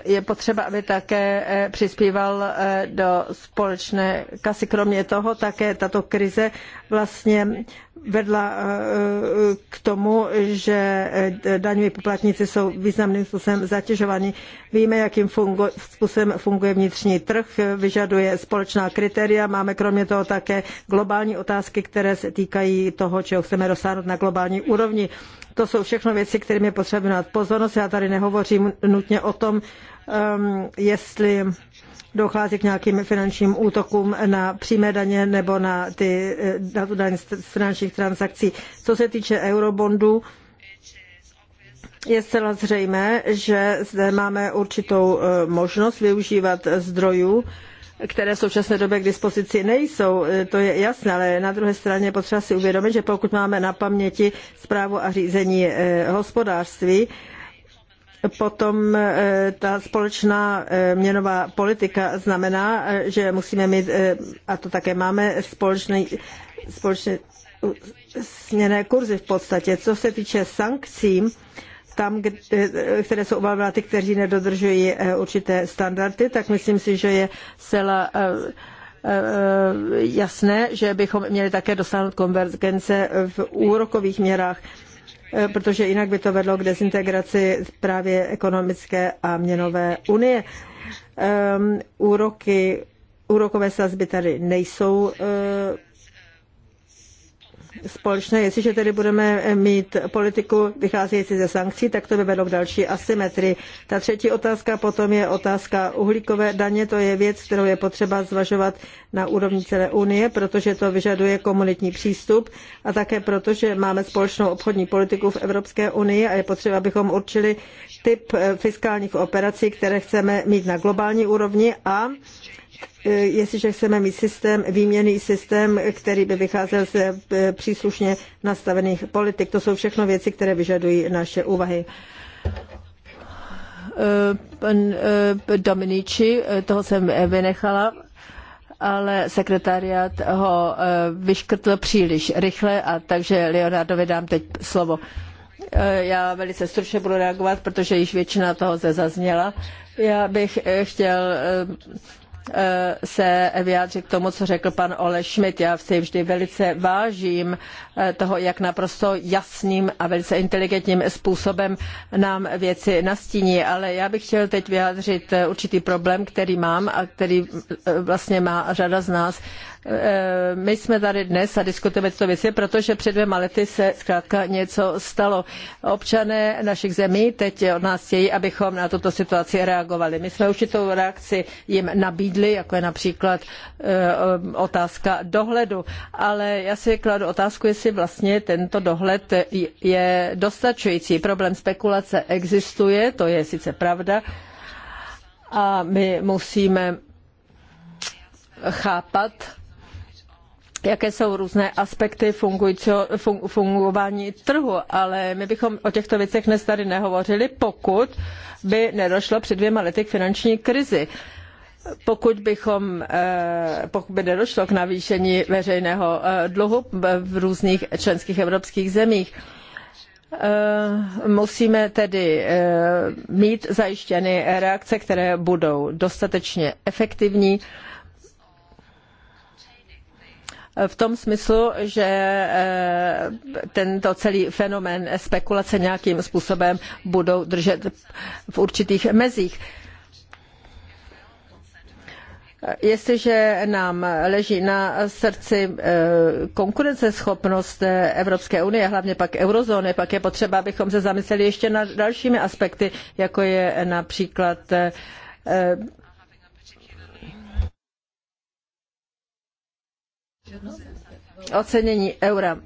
je potřeba, aby také přispíval do společné kasy. Kromě toho také tato krize vlastně vedla eh, eh, k tomu, že eh, daňoví poplatníci jsou významným způsobem zatěžováni. Víme, jakým fungu, způsobem funguje vnitřní trh, vyžaduje společná kritéria, máme kromě toho také globální otázky, které se týkají toho, čeho chceme dosáhnout na globální úrovni. To jsou všechno věci, kterým je potřeba dát pozornost. Já tady nehovořím nutně o tom, um, jestli dochází k nějakým finančním útokům na přímé daně nebo na, ty, na tu daň z finančních transakcí. Co se týče eurobondů, je zcela zřejmé, že zde máme určitou eh, možnost využívat zdrojů, které v současné době k dispozici nejsou, eh, to je jasné, ale na druhé straně potřeba si uvědomit, že pokud máme na paměti zprávu a řízení eh, hospodářství, Potom e, ta společná e, měnová politika znamená, e, že musíme mít, a to také máme, společný, společné směné kurzy v podstatě. Co se týče sankcí, tam, které jsou obávy na ty, kteří nedodržují určité standardy, tak myslím si, že je celá jasné, že bychom měli také dosáhnout konvergence v úrokových měrách. Eh, protože jinak by to vedlo k dezintegraci právě ekonomické a měnové unie. Um, úroky, úrokové sazby tady nejsou uh, společné. Jestliže tedy budeme eh, mít politiku vycházející ze sankcí, tak to by vedlo k další asymetrii. Ta třetí otázka potom je otázka uhlíkové daně. To je věc, kterou je potřeba zvažovat na úrovni celé Unie, protože to vyžaduje komunitní přístup a také proto, že máme společnou obchodní politiku v Evropské unii a je potřeba, abychom určili typ eh, fiskálních operací, které chceme mít na globální úrovni a Eh, jestliže chceme mít systém, výměný systém, který by vycházel ze eh, příslušně nastavených politik. To jsou všechno věci, které vyžadují naše úvahy. Eh, pan Dominici, toho jsem vynechala, ale sekretariat ho vyškrtl příliš rychle a takže Leonardovi dám teď slovo. Já velice stručně budu reagovat, protože již většina toho zde zazněla. Já bych chtěl Eh, se vyjádřit k tomu, co řekl pan Ole Schmidt. Já si vždy velice vážím eh, toho, jak naprosto jasným a velice inteligentním způsobem nám věci nastíní, ale já bych chtěl teď vyjádřit eh, určitý problém, který mám a který vlastně má řada z nás Eh, my jsme tady dnes a diskutujeme tyto věci, protože před dvěma lety se zkrátka něco stalo. Občané našich zemí teď od nás chtějí, abychom na tuto situaci reagovali. My jsme určitou reakci jim nabídli, jako je například eh, otázka dohledu. Ale já si kladu otázku, jestli vlastně tento dohled je dostačující. Problém spekulace existuje, to je sice pravda, a my musíme chápat jaké jsou různé aspekty fungování trhu, ale my bychom o těchto věcech dnes tady nehovořili, pokud by nedošlo před dvěma lety k finanční krizi. Pokud, bychom, eh, pokud by nedošlo k navýšení veřejného eh, dluhu v různých členských evropských zemích, eh, musíme tedy mít zajištěny reakce, které budou dostatečně efektivní v tom smyslu, že eh, tento celý fenomén spekulace nějakým způsobem budou držet v určitých mezích. Jestliže nám leží na srdci eh, konkurenceschopnost Evropské unie, hlavně pak eurozóny, pak je potřeba, abychom se zamysleli ještě nad dalšími aspekty, jako je například eh, No. ocenění eura.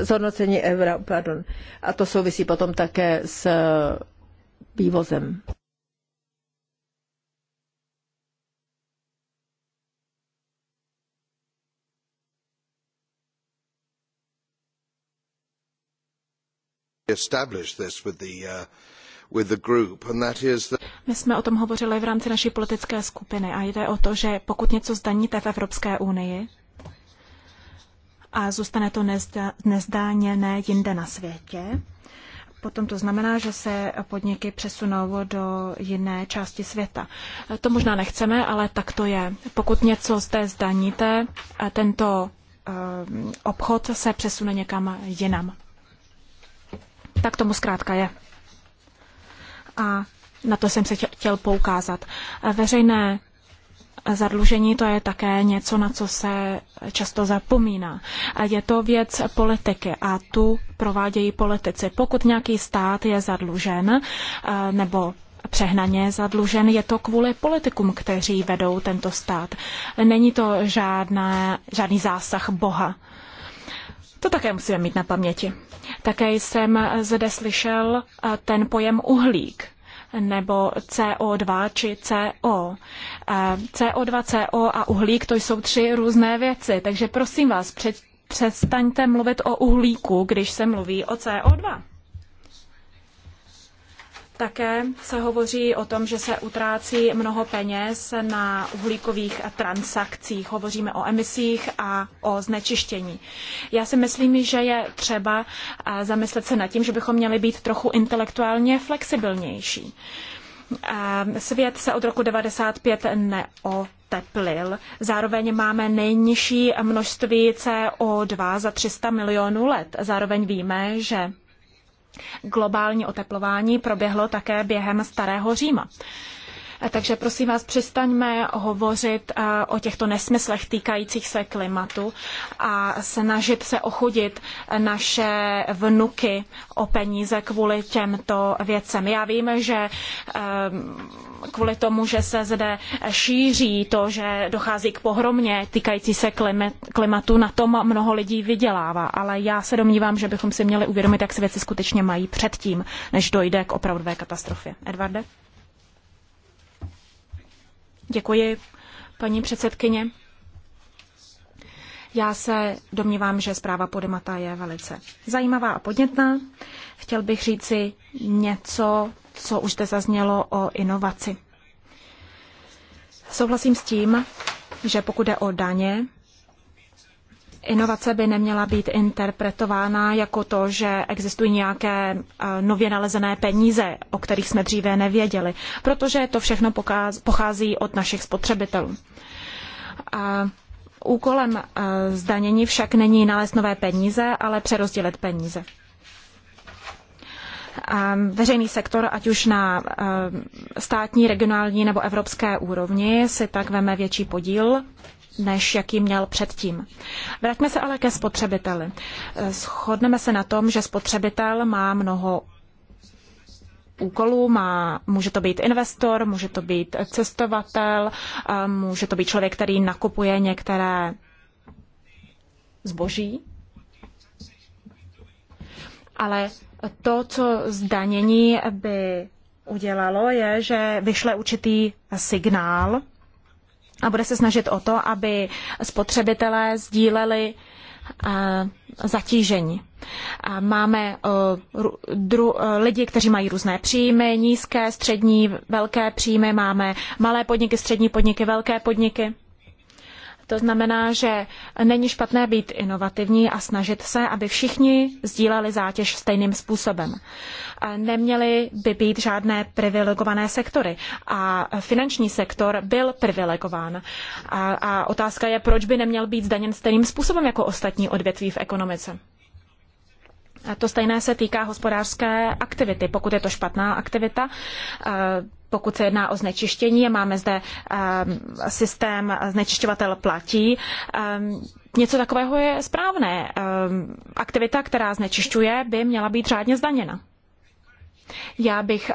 Zhodnocení eura, pardon. A to souvisí potom také s eh, vývozem. this with the uh, with the group, and that is that... My jsme o tom hovořili v rámci naší politické skupiny a jde o to, že pokud něco zdaníte v Evropské unii a zůstane to nezda, nezdáněné jinde na světě, Potom to znamená, že se podniky přesunou do jiné části světa. To možná nechceme, ale tak to je. Pokud něco zde zdaníte, tento ehm, obchod se přesune někam jinam. Tak tomu zkrátka je. A na to jsem se chtěl poukázat. Veřejné zadlužení to je také něco, na co se často zapomíná. Je to věc politiky a tu provádějí politici. Pokud nějaký stát je zadlužen eh, nebo přehnaně zadlužen, je to kvůli politikům, kteří vedou tento stát. Není to žádná, žádný zásah Boha. To také musíme mít na paměti. Také jsem zde slyšel eh, ten pojem uhlík nebo CO2 či CO. CO2, CO a uhlík to jsou tři různé věci, takže prosím vás, přestaňte mluvit o uhlíku, když se mluví o CO2. Také se hovoří o tom, že se utrácí mnoho peněz na uhlíkových transakcích. Hovoříme o emisích a o znečištění. Já si myslím, že je třeba eh, zamyslet se nad tím, že bychom měli být trochu intelektuálně flexibilnější. Eh, svět se od roku 95 neoteplil. Zároveň máme nejnižší množství CO2 za 300 milionů let. Zároveň víme, že Globální oteplování proběhlo také během Starého Říma. Takže prosím vás, přestaňme hovořit eh, o těchto nesmyslech týkajících se klimatu a snažit se ochudit naše vnuky o peníze kvůli těmto věcem. Já vím, že eh, kvůli tomu, že se zde šíří to, že dochází k pohromě týkající se klimatu, na tom mnoho lidí vydělává. Ale já se domnívám, že bychom si měli uvědomit, jak se věci skutečně mají předtím, než dojde k opravdové katastrofě. Edvarde? Děkuji, paní předsedkyně. Já se domnívám, že zpráva Podemata je velice zajímavá a podnětná. Chtěl bych říci něco co už zde zaznělo o inovaci. Souhlasím s tím, že pokud jde o daně, inovace by neměla být interpretována jako to, že existují nějaké eh, nově nalezené peníze, o kterých jsme dříve nevěděli, protože to všechno pochází od našich spotřebitelů. A úkolem eh, zdanění však není nalézt nové peníze, ale přerozdělit peníze veřejný sektor, ať už na eh, státní, regionální nebo evropské úrovni, si tak veme větší podíl než jaký měl předtím. Vraťme se ale ke spotřebiteli. Eh, shodneme se na tom, že spotřebitel má mnoho úkolů. Má, může to být investor, může to být cestovatel, eh, může to být člověk, který nakupuje některé zboží. Ale to, co zdanění by udělalo, je, že vyšle určitý signál a bude se snažit o to, aby spotřebitelé sdíleli eh, zatížení. Máme eh, dru, eh, lidi, kteří mají různé příjmy, nízké, střední, velké příjmy, máme malé podniky, střední podniky, velké podniky. To znamená, že není špatné být inovativní a snažit se, aby všichni sdíleli zátěž stejným způsobem. Neměly by být žádné privilegované sektory a finanční sektor byl privilegován. A, a otázka je, proč by neměl být zdaněn stejným způsobem jako ostatní odvětví v ekonomice. To stejné se týká hospodářské aktivity. Pokud je to špatná aktivita, eh, pokud se jedná o znečištění, máme zde eh, systém znečišťovatel platí. Eh, něco takového je správné. Aktivita, která znečišťuje, by měla být řádně zdaněna. Já bych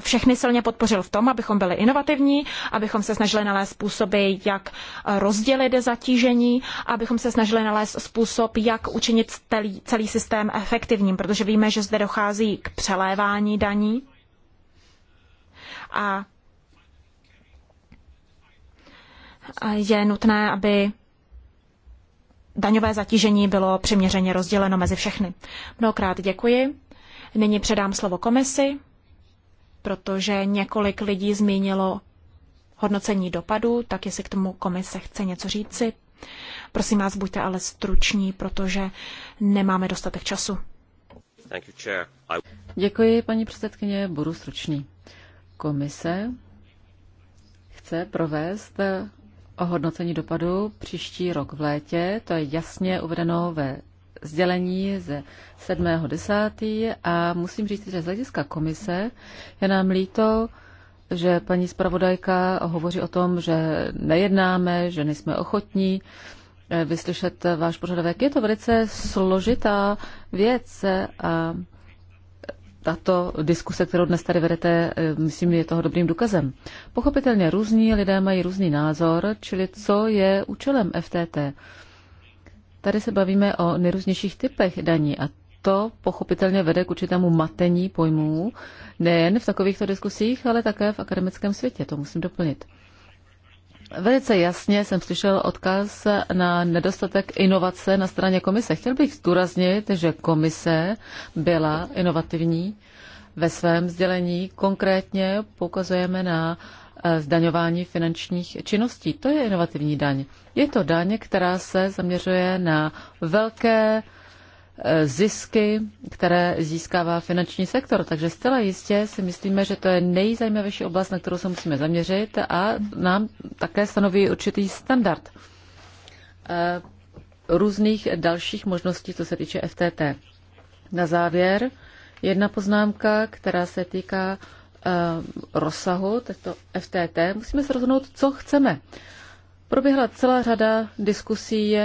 všechny silně podpořil v tom, abychom byli inovativní, abychom se snažili nalézt způsoby, jak rozdělit zatížení, abychom se snažili nalézt způsob, jak učinit celý, celý systém efektivním, protože víme, že zde dochází k přelévání daní. A je nutné, aby daňové zatížení bylo přiměřeně rozděleno mezi všechny. Mnohokrát děkuji. Nyní předám slovo komisi protože několik lidí zmínilo hodnocení dopadu, tak jestli k tomu komise chce něco říci. Prosím vás, buďte ale struční, protože nemáme dostatek času. Děkuji, paní předsedkyně, budu stručný. Komise chce provést o hodnocení dopadu příští rok v létě. To je jasně uvedeno ve sdělení ze 7.10. a musím říct, že z hlediska komise je nám líto, že paní zpravodajka hovoří o tom, že nejednáme, že nejsme ochotní eh, vyslyšet váš požadavek. Je to velice složitá věc a tato diskuse, kterou dnes tady vedete, eh, myslím, je toho dobrým důkazem. Pochopitelně různí lidé mají různý názor, čili co je účelem FTT. Tady se bavíme o nejrůznějších typech daní a to pochopitelně vede k určitému matení pojmů, nejen v takovýchto diskusích, ale také v akademickém světě. To musím doplnit. Velice jasně jsem slyšel odkaz na nedostatek inovace na straně komise. Chtěl bych zdůraznit, že komise byla inovativní ve svém sdělení. Konkrétně poukazujeme na Eh, zdaňování finančních činností. To je inovativní daň. Je to daň, která se zaměřuje na velké eh, zisky, které získává finanční sektor. Takže zcela jistě si myslíme, že to je nejzajímavější oblast, na kterou se musíme zaměřit a nám také stanoví určitý standard eh, různých dalších možností, co se týče FTT. Na závěr jedna poznámka, která se týká Eh, rozsahu této FTT, musíme se rozhodnout, co chceme. Proběhla celá řada diskusí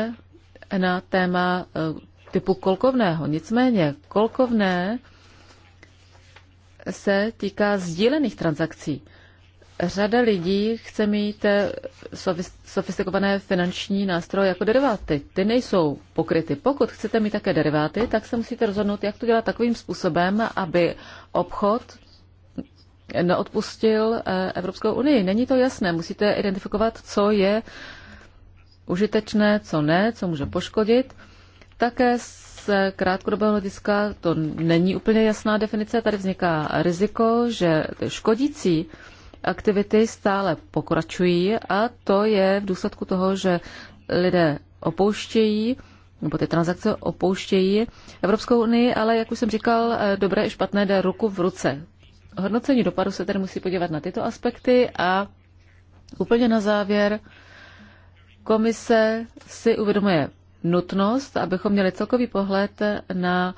na téma eh, typu kolkovného. Nicméně kolkovné se týká sdílených transakcí. Řada lidí chce mít eh, sofistikované finanční nástroje jako deriváty. Ty nejsou pokryty. Pokud chcete mít také deriváty, tak se musíte rozhodnout, jak to dělat takovým způsobem, aby obchod neodpustil eh, Evropskou unii. Není to jasné. Musíte identifikovat, co je užitečné, co ne, co může poškodit. Také z krátkodobého hlediska to není úplně jasná definice. Tady vzniká riziko, že škodící aktivity stále pokračují a to je v důsledku toho, že lidé opouštějí nebo ty transakce opouštějí Evropskou unii, ale jak už jsem říkal, eh, dobré i špatné jde ruku v ruce hodnocení dopadu se tedy musí podívat na tyto aspekty a úplně na závěr komise si uvědomuje nutnost, abychom měli celkový pohled na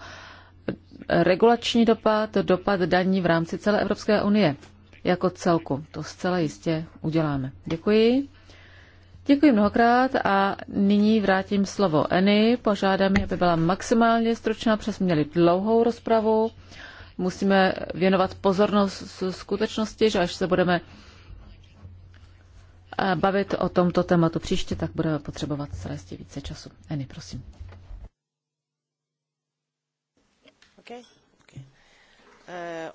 regulační dopad, dopad daní v rámci celé Evropské unie jako celku. To zcela jistě uděláme. Děkuji. Děkuji mnohokrát a nyní vrátím slovo Eny. Požádám ji, aby byla maximálně stručná, přes měli dlouhou rozpravu musíme věnovat pozornost skutečnosti, že až se budeme eh, bavit o tomto tématu příště, tak budeme potřebovat celé více času. Eny, prosím. Okay. Eh,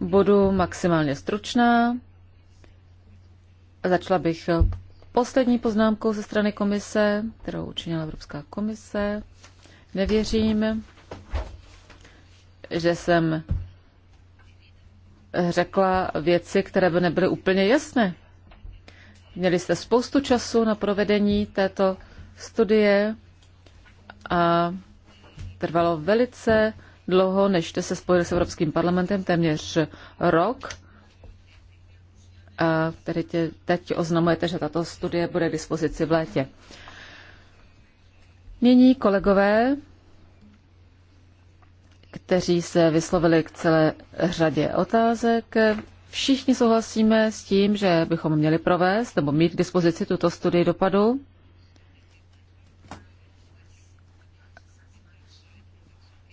Budu maximálně stručná. Začala bych eh, poslední poznámkou ze strany komise, kterou učinila Evropská komise. Nevěřím, že jsem řekla věci, které by nebyly úplně jasné. Měli jste spoustu času na provedení této studie a trvalo velice dlouho, než jste se spojili s Evropským parlamentem, téměř rok. A tedy tě, teď oznamujete, že tato studie bude k dispozici v létě. Mění kolegové, kteří se vyslovili k celé řadě otázek, všichni souhlasíme s tím, že bychom měli provést nebo mít k dispozici tuto studii dopadu.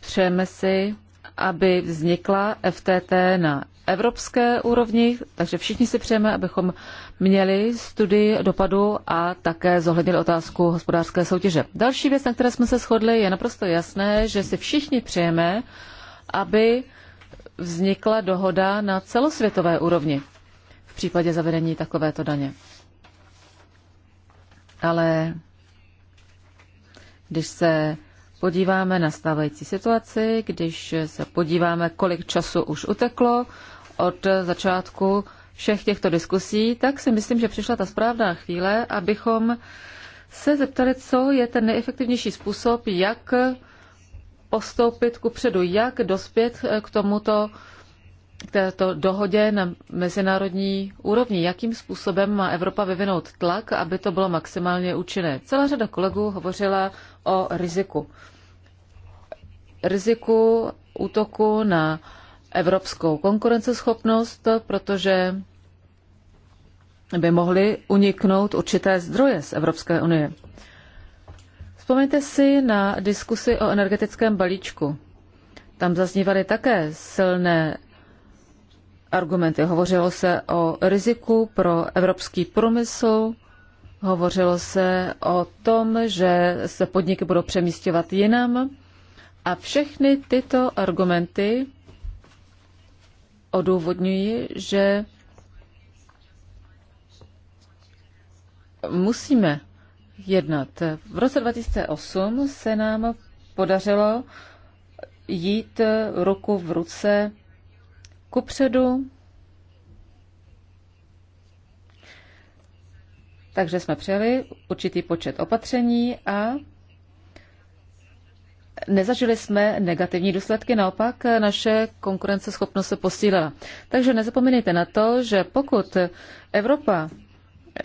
Přejeme si, aby vznikla FTT na evropské úrovni, takže všichni si přejeme, abychom měli studii dopadu a také zohlednili otázku hospodářské soutěže. Další věc, na které jsme se shodli, je naprosto jasné, že si všichni přejeme, aby vznikla dohoda na celosvětové úrovni v případě zavedení takovéto daně. Ale když se podíváme na stávající situaci, když se podíváme, kolik času už uteklo od začátku všech těchto diskusí, tak si myslím, že přišla ta správná chvíle, abychom se zeptali, co je ten nejefektivnější způsob, jak postoupit ku předu, jak dospět eh, k tomuto k této dohodě na mezinárodní úrovni. Jakým způsobem má Evropa vyvinout tlak, aby to bylo maximálně účinné? Celá řada kolegů hovořila o riziku. Riziku útoku na evropskou konkurenceschopnost, protože by mohly uniknout určité zdroje z Evropské unie. Vzpomeňte si na diskusi o energetickém balíčku. Tam zaznívaly také silné argumenty. Hovořilo se o riziku pro evropský průmysl, hovořilo se o tom, že se podniky budou přemístěvat jinam. A všechny tyto argumenty odůvodňuji, že musíme jednat. V roce 2008 se nám podařilo jít ruku v ruce kupředu. Takže jsme přijali určitý počet opatření a Nezažili jsme negativní důsledky, naopak naše konkurenceschopnost se posílila. Takže nezapomeňte na to, že pokud Evropa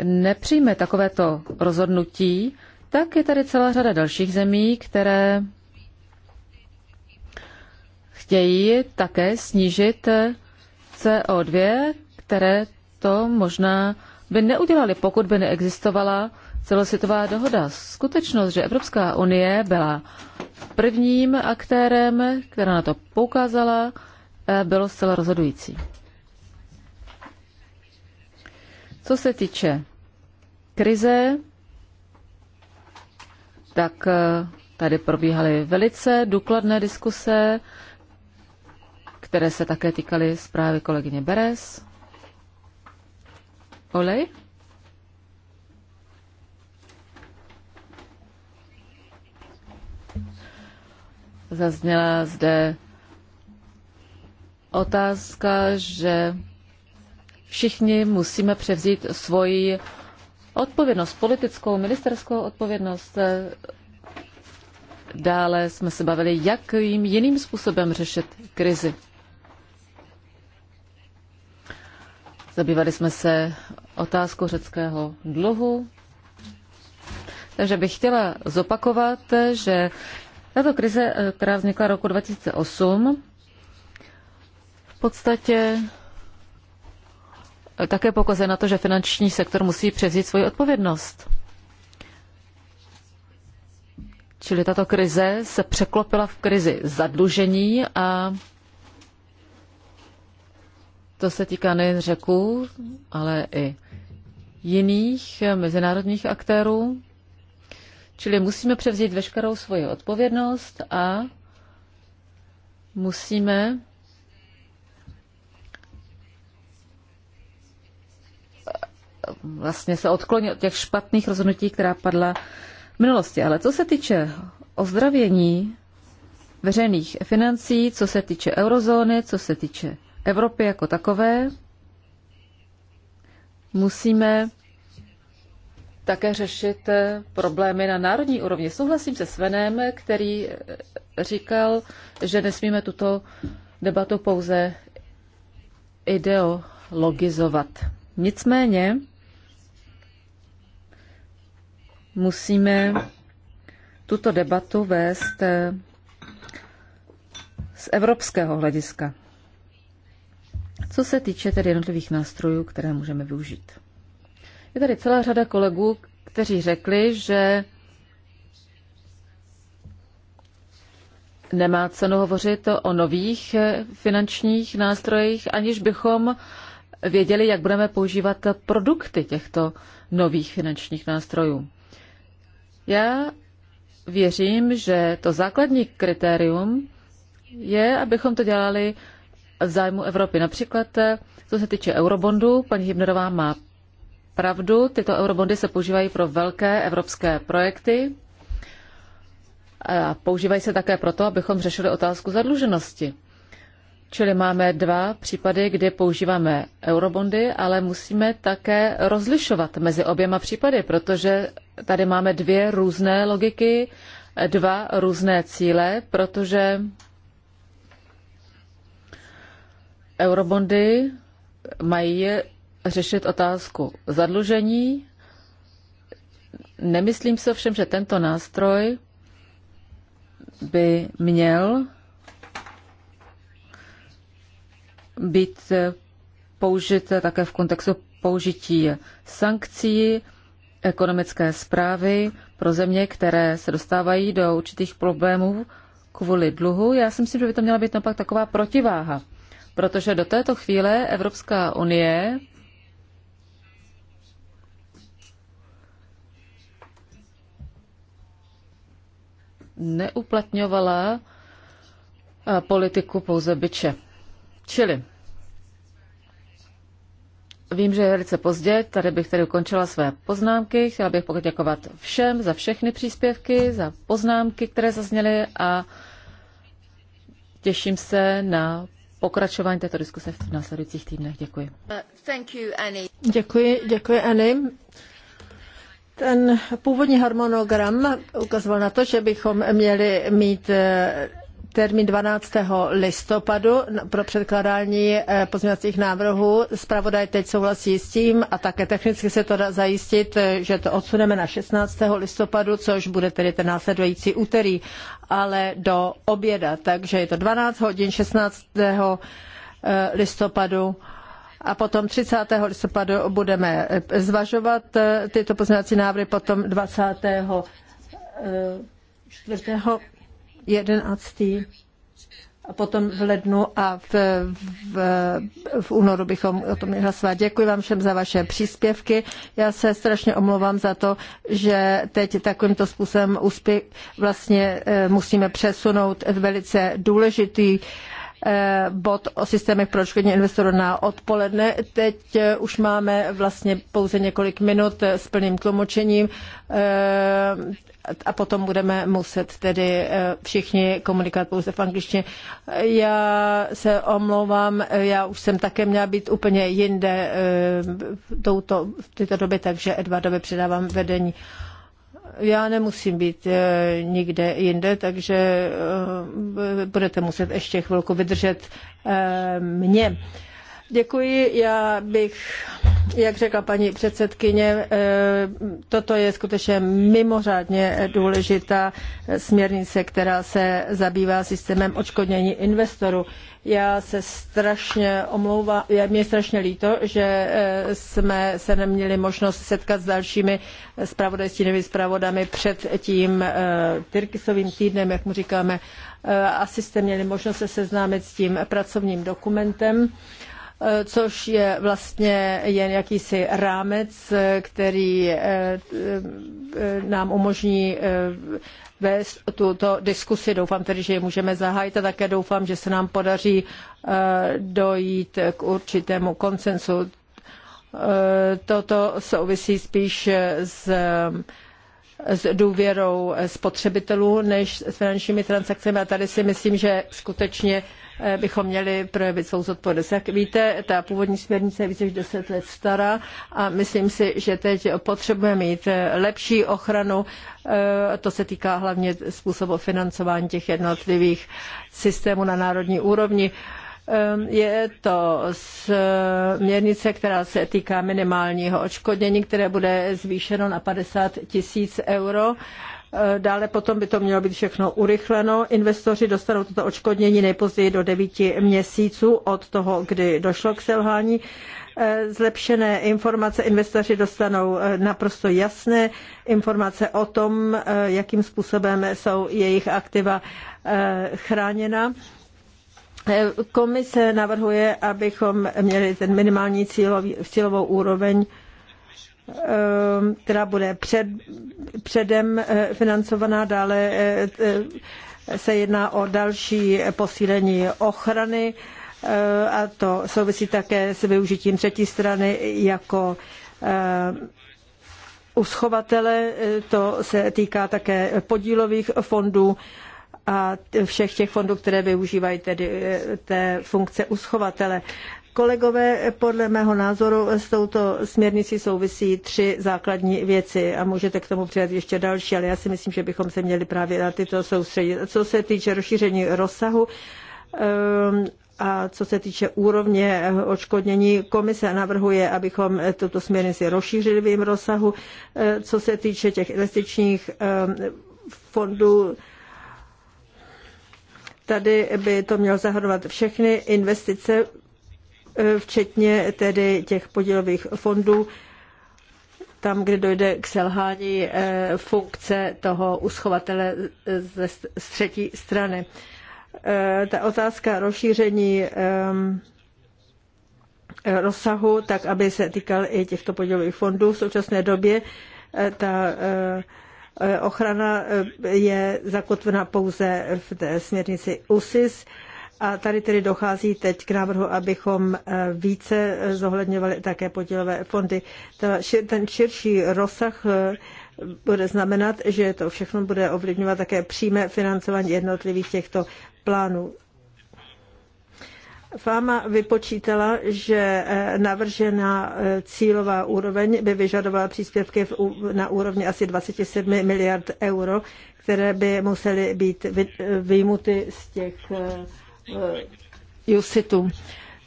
nepřijme takovéto rozhodnutí, tak je tady celá řada dalších zemí, které chtějí také snížit CO2, které to možná by neudělali, pokud by neexistovala celosvětová dohoda. Skutečnost, že Evropská unie byla prvním aktérem, která na to poukázala, eh, bylo zcela rozhodující. Co se týče krize, tak eh, tady probíhaly velice důkladné diskuse, které se také týkaly zprávy kolegyně Beres. Olej? Zazněla zde otázka, že všichni musíme převzít svoji odpovědnost, politickou, ministerskou odpovědnost. Dále jsme se bavili, jakým jiným způsobem řešit krizi. Zabývali jsme se otázkou řeckého dluhu. Takže bych chtěla zopakovat, že tato krize, eh, která vznikla roku 2008, v podstatě eh, také pokazuje na to, že finanční sektor musí převzít svoji odpovědnost. Čili tato krize se překlopila v krizi zadlužení a to se týká nejen řeků, ale i jiných mezinárodních aktérů. Čili musíme převzít veškerou svoji odpovědnost a musíme vlastně se odklonit od těch špatných rozhodnutí, která padla v minulosti. Ale co se týče ozdravění veřejných financí, co se týče eurozóny, co se týče Evropy jako takové, musíme také řešit eh, problémy na národní úrovni. Souhlasím se Svenem, který eh, říkal, že nesmíme tuto debatu pouze ideologizovat. Nicméně musíme tuto debatu vést eh, z evropského hlediska. Co se týče tedy jednotlivých nástrojů, které můžeme využít. Je tady celá řada kolegů, kteří řekli, že nemá cenu hovořit o nových finančních nástrojích, aniž bychom věděli, jak budeme používat produkty těchto nových finančních nástrojů. Já věřím, že to základní kritérium je, abychom to dělali v zájmu Evropy. Například, co se týče eurobondů, paní Hybnerová má pravdu. Tyto eurobondy se používají pro velké evropské projekty. A používají se také proto, abychom řešili otázku zadluženosti. Čili máme dva případy, kdy používáme eurobondy, ale musíme také rozlišovat mezi oběma případy, protože tady máme dvě různé logiky, dva různé cíle, protože eurobondy mají řešit otázku zadlužení. Nemyslím se všem, že tento nástroj by měl být použit také v kontextu použití sankcí, ekonomické zprávy pro země, které se dostávají do určitých problémů kvůli dluhu. Já si myslím, že by to měla být naopak taková protiváha, protože do této chvíle Evropská unie neuplatňovala eh, politiku pouze byče. Čili Vím, že je velice pozdě, tady bych tady ukončila své poznámky. Chtěla bych poděkovat všem za všechny příspěvky, za poznámky, které zazněly a těším se na pokračování této diskuse v následujících týdnech. Děkuji. thank you, Annie. Děkuji, děkuji, Annie. Ten původní harmonogram ukazoval na to, že bychom měli mít eh, termín 12. listopadu pro předkládání eh, pozměňovacích návrhů. Spravodaj teď souhlasí s tím a také technicky se to dá zajistit, eh, že to odsuneme na 16. listopadu, což bude tedy ten následující úterý, ale do oběda. Takže je to 12 hodin 16. listopadu a potom 30. listopadu budeme eh, zvažovat eh, tyto pozměňovací návrhy, potom 20. 4. 11. a potom v lednu a v, v, v únoru bychom o tom měli hlasovat. Děkuji vám všem za vaše příspěvky. Já se strašně omlouvám za to, že teď takovýmto způsobem úspěch vlastně eh, musíme přesunout velice důležitý Eh, bod o systémech pro odškodnění investorů na odpoledne. Teď eh, už máme vlastně pouze několik minut eh, s plným tlumočením a potom budeme muset tedy všichni komunikovat pouze v angličtině. Já se omlouvám, já už jsem také měla být úplně jinde touto, v této době, takže Edvardovi předávám vedení já nemusím být eh, nikde jinde, takže eh, budete muset ještě chvilku vydržet eh, mě. Děkuji. Já bych, jak řekla paní předsedkyně, toto je skutečně mimořádně důležitá směrnice, která se zabývá systémem odškodnění investorů. Já se strašně omlouvám, je mě strašně líto, že eh, jsme se neměli možnost setkat s dalšími spravodajstínými spravodami před tím eh, Tyrkisovým týdnem, jak mu říkáme. Eh, asi jste měli možnost se seznámit s tím pracovním dokumentem což je vlastně jen jakýsi rámec, který nám umožní vést tuto diskusi. Doufám tedy, že ji můžeme zahájit a také doufám, že se nám podaří eh, dojít k určitému konsensu. Eh, toto souvisí spíš s s důvěrou spotřebitelů než s finančními transakcemi. A tady si myslím, že skutečně Eh, bychom měli projevit svou zodpovědnost. Jak víte, ta původní směrnice je více než 10 let stará a myslím si, že teď potřebujeme mít eh, lepší ochranu. Eh, to se týká hlavně způsobu financování těch jednotlivých systémů na národní úrovni. Ehm, je to směrnice, která se týká minimálního odškodnění, které bude zvýšeno na 50 tisíc euro. Eh, dále potom by to mělo být všechno urychleno. Investoři dostanou toto očkodnění nejpozději do 9 měsíců od toho, kdy došlo k selhání. Eh, zlepšené informace investoři dostanou eh, naprosto jasné informace o tom, jakým způsobem jsou jejich aktiva chráněna. Komise navrhuje, abychom měli ten minimální cílový, cílovou úroveň Ehm, která bude před, předem eh, financovaná, dále eh, se jedná o další posílení ochrany eh, a to souvisí také s využitím třetí strany jako uschovatele. To se týká také podílových fondů a všech těch fondů, které využívají tedy té funkce uschovatele. Kolegové, podle mého názoru s touto směrnicí souvisí tři základní věci a můžete k tomu přidat ještě další, ale já si myslím, že bychom se měli právě na tyto soustředit. Co se týče rozšíření rozsahu, ehm, a co se týče úrovně očkodnění, komise navrhuje, abychom tuto směrnici rozšířili v jejím rozsahu. Ehm, co se týče těch investičních ehm, fondů, tady by to mělo zahrnovat všechny investice včetně tedy těch podílových fondů, tam, kde dojde k selhání eh, funkce toho uschovatele ze třetí strany. Eh, ta otázka rozšíření eh, rozsahu, tak aby se týkal i těchto podílových fondů v současné době, ta ochrana je zakotvena pouze v té směrnici USIS. A tady tedy dochází teď k návrhu, abychom eh, více eh, zohledňovali také podílové fondy. Ten širší rozsah eh, bude znamenat, že to všechno bude ovlivňovat také přímé financování jednotlivých těchto plánů. Fáma vypočítala, že navržená cílová úroveň by vyžadovala příspěvky na úrovni asi 27 miliard euro, které by musely být vyjmuty z těch Eh, Jusitu.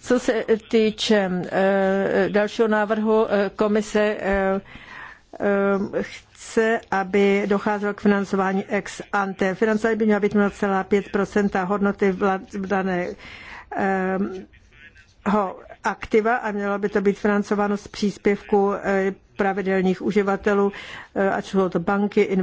Co se týče eh, dalšího návrhu eh, komise, chce, aby docházelo k financování ex ante. Financování by mělo být 0,5 hodnoty daného aktiva a mělo by to být financováno z příspěvku eh, pravidelných uživatelů, eh, ať jsou to banky,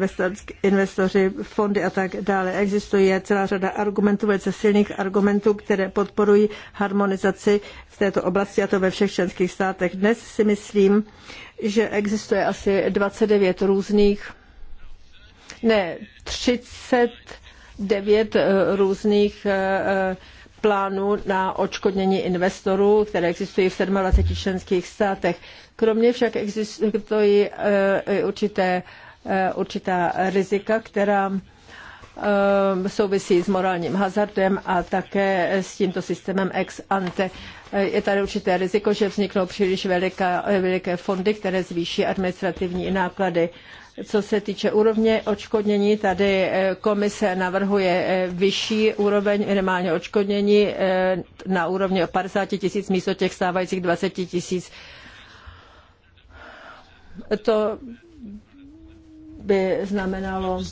investoři, fondy a tak dále. Existuje celá řada argumentů, velice silných argumentů, které podporují harmonizaci v této oblasti a to ve všech členských státech. Dnes si myslím, že existuje asi 29 různých, ne, 39 eh, různých plánu na očkodnění investorů, které existují v 27 členských státech. Kromě však existují eh, určité, eh, určitá rizika, která eh, souvisí s morálním hazardem a také s tímto systémem ex ante. Je tady určité riziko, že vzniknou příliš veliká, veliké fondy, které zvýší administrativní náklady. Co se týče úrovně odškodnění, tady eh, komise navrhuje eh, vyšší úroveň minimálně odškodnění eh, na úrovni 50 tisíc místo těch stávajících 20 tisíc. To by znamenalo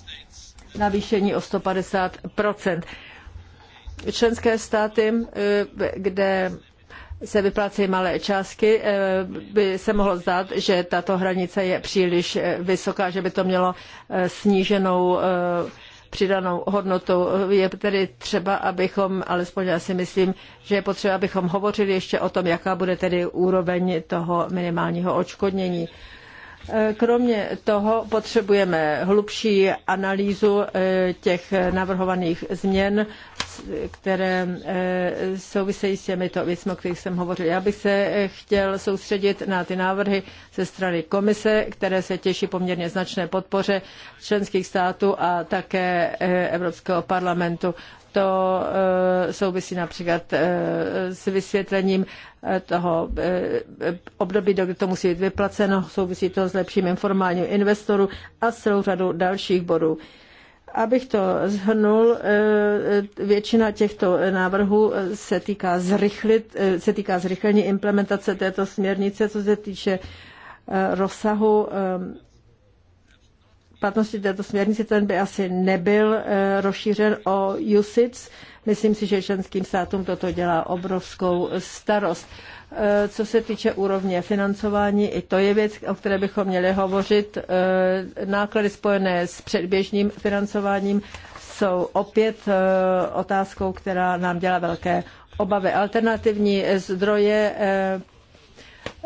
navýšení o 150 Členské státy, kde se vyplácejí malé částky, eh, by se mohlo zdát, že tato hranice je příliš eh, vysoká, že by to mělo eh, sníženou přidanou hodnotu. Je tedy třeba, abychom, alespoň já si myslím, že je potřeba, abychom hovořili ještě o tom, jaká bude tedy úroveň toho minimálního odškodnění. Eh, kromě toho potřebujeme hlubší analýzu eh, těch navrhovaných změn, které eh, souvisejí s těmito věcmi, o kterých jsem hovořil. Já bych se chtěl soustředit na ty návrhy ze strany komise, které se těší poměrně značné podpoře členských států a také Evropského parlamentu to eh, souvisí například eh, s vysvětlením eh, toho období, do kdy to musí být vyplaceno, souvisí to s lepším informáním investorů a celou řadu dalších bodů. Abych to zhrnul, většina těchto návrhů se týká, zrychlit, se týká zrychlení implementace této směrnice, co se týče rozsahu platnosti této směrnice, ten by asi nebyl eh, rozšířen o USIC. Myslím si, že členským státům toto dělá obrovskou starost. Eh, co se týče úrovně financování, i to je věc, o které bychom měli hovořit. Eh, náklady spojené s předběžným financováním jsou opět otázkou, která nám dělá velké obavy. Alternativní zdroje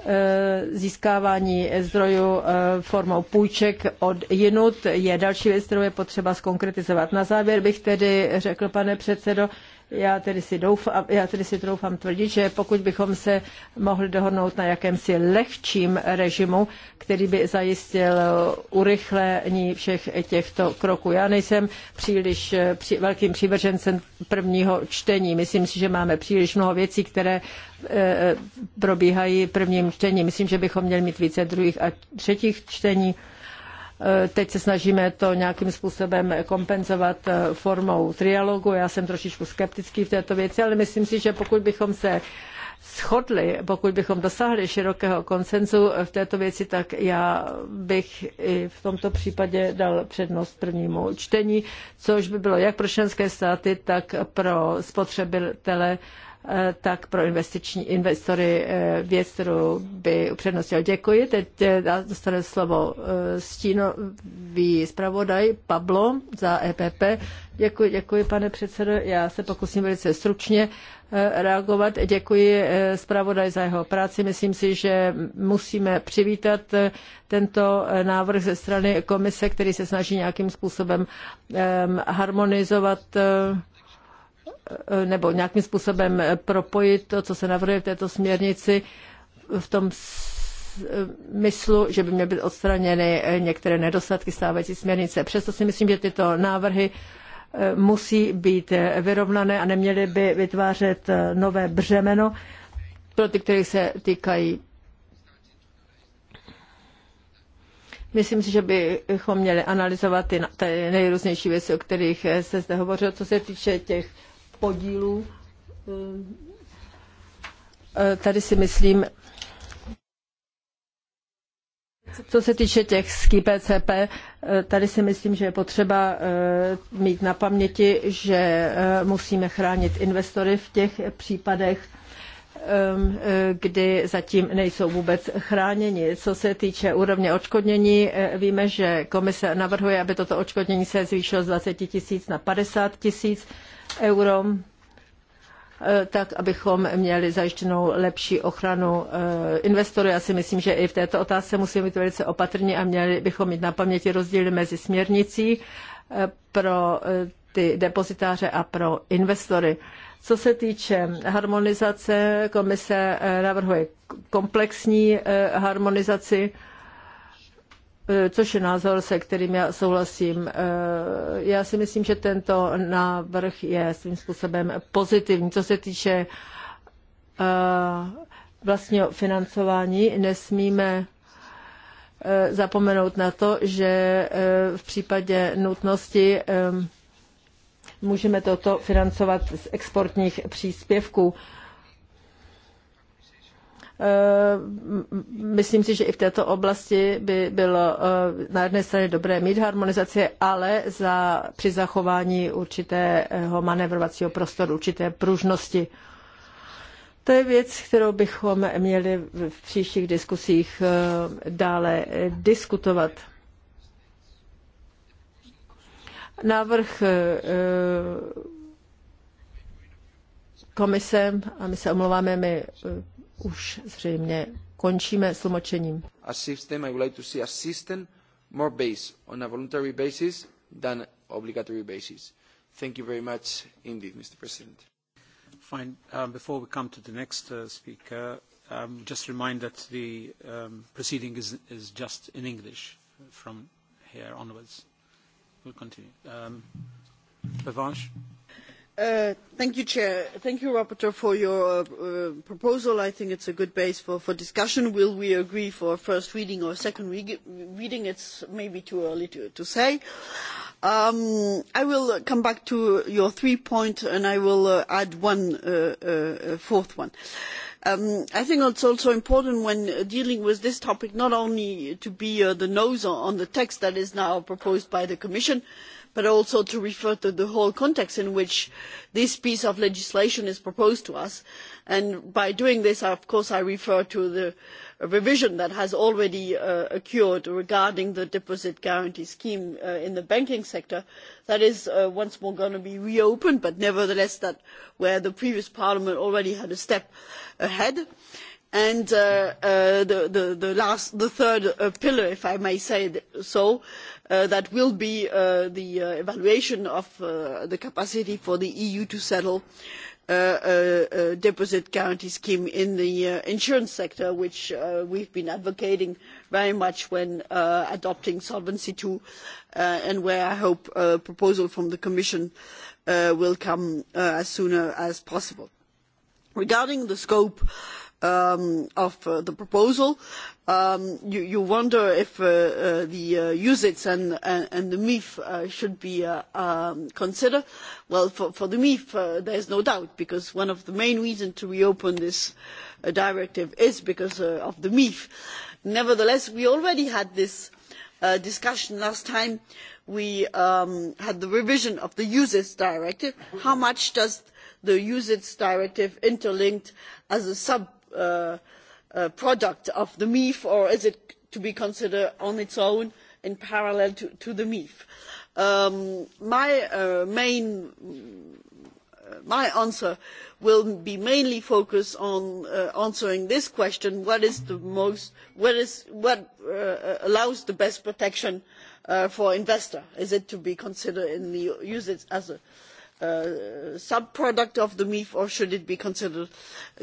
Eh, získávání zdrojů eh, formou půjček od jinut je další věc, kterou je potřeba skonkretizovat. Na závěr bych tedy řekl, pane předsedo, já tedy, si doufám, já tedy si doufám tvrdit, že pokud bychom se mohli dohodnout na jakémsi lehčím režimu, který by zajistil urychlení všech těchto kroků. Já nejsem příliš při, velkým přívržencem prvního čtení. Myslím si, že máme příliš mnoho věcí, které e, probíhají prvním čtení. Myslím, že bychom měli mít více druhých a třetích čtení. Eh, teď se snažíme to nějakým způsobem kompenzovat eh, formou trialogu. Já jsem trošičku skeptický v této věci, ale myslím si, že pokud bychom se shodli, pokud bychom dosáhli širokého konsenzu v této věci, tak já bych i v tomto případě dal přednost prvnímu čtení, což by bylo jak pro členské státy, tak pro spotřebitele Eh, tak pro investiční investory eh, věc, kterou by upřednostil. Děkuji. Teď eh, dostane slovo stínový zpravodaj Pablo za EPP. Děkuji, děkuji, pane předsedo. Já se pokusím velice stručně reagovat. Děkuji zpravodaj za jeho práci. Myslím si, že musíme přivítat tento návrh ze strany komise, který se snaží nějakým způsobem harmonizovat Eh, nebo nějakým způsobem eh, propojit to, co se navrhuje v této směrnici v tom smyslu, eh, že by měly být odstraněny některé nedostatky stávající směrnice. Přesto si myslím, že tyto návrhy musí být vyrovnané a neměly by vytvářet nové břemeno pro ty, které se týkají. Myslím si, že bychom měli analyzovat ty, ty nejrůznější věci, o kterých se zde hovořilo, co se týče těch podílů. Eh, tady si myslím, co se týče těch z eh, tady si myslím, že je potřeba eh, mít na paměti, že musíme chránit investory v těch případech, ehm, kdy zatím nejsou vůbec chráněni. Co se týče úrovně odškodnění, víme, že komise navrhuje, aby toto odškodnění se zvýšilo z 20 tisíc na 50 tisíc euro, eh, tak abychom měli zajištěnou lepší ochranu eh, investorů. Já si myslím, že i v této otázce musíme být velice opatrní a měli bychom mít na paměti rozdíly mezi směrnicí eh, pro ty depozitáře a pro investory. Co se týče harmonizace, komise navrhuje komplexní harmonizaci Eh, což je názor, se kterým já souhlasím. Eh, já si myslím, že tento návrh je svým způsobem pozitivní. Co se týče eh, vlastního financování, nesmíme zapomenout na to, že v případě nutnosti můžeme toto financovat z exportních příspěvků. Eh, myslím si, že i v této oblasti by bylo eh, na jedné straně dobré mít harmonizaci, ale za, při zachování určitého manevrovacího prostoru, určité pružnosti. To je věc, kterou bychom měli v příštích diskusích eh, dále diskutovat. Návrh komise, a my se omlouváme, my už zřejmě končíme s tlumočením. Thank you very much indeed, Mr. President. Fine. Um, before we come to the next uh, speaker, um, just remind that the um, proceeding is, is just in English from here onwards. We'll continue. Um, Uh, thank you chair thank you rapporteur for your uh, proposal i think it is a good base for, discussion will we agree for a first reading or a second reading? it is maybe too early to, say um, i will come back to your three points and i will uh, add one fourth one um, I think it is also important when dealing with this topic not only to be the nose on the text that is now proposed by the Commission, uh, but also to refer to the whole context in which this piece of legislation is proposed to us. And by doing this, of course, I refer to the revision that has already uh, occurred regarding the deposit guarantee scheme uh, in the banking sector. That is uh, once more going to be reopened, but nevertheless, that where the previous parliament already had a step ahead and uh, uh, the, the, the, last, the third uh, pillar if i may say so Uh, that will be uh, the uh, evaluation of the capacity for the eu to settle a deposit guarantee scheme in the insurance sector which we have been advocating very much when adopting solvency ii and where i hope a proposal from the commission will come as soon as possible. regarding the scope of um, of uh, the proposal, um, you, you, wonder if uh, uh, the uh, USITS and, and, and the MIF uh, should be uh, um, considered. Well, for, for the MIF, uh, there is no doubt, because one of the main reasons to reopen this uh, directive is because uh, of the MIF. Nevertheless, we already had this uh, discussion last time we um, had the revision of the USITS directive. How much does the USITS directive interlinked as a sub Uh, uh, product of the mif or is it to be considered on its own in parallel to, to the mif? Um, my uh, main my answer will be mainly focused on uh, answering this question what is the most what is what uh, allows the best protection uh, for investor is it to be considered in the usage as a Uh, sub product of the mif or should it be considered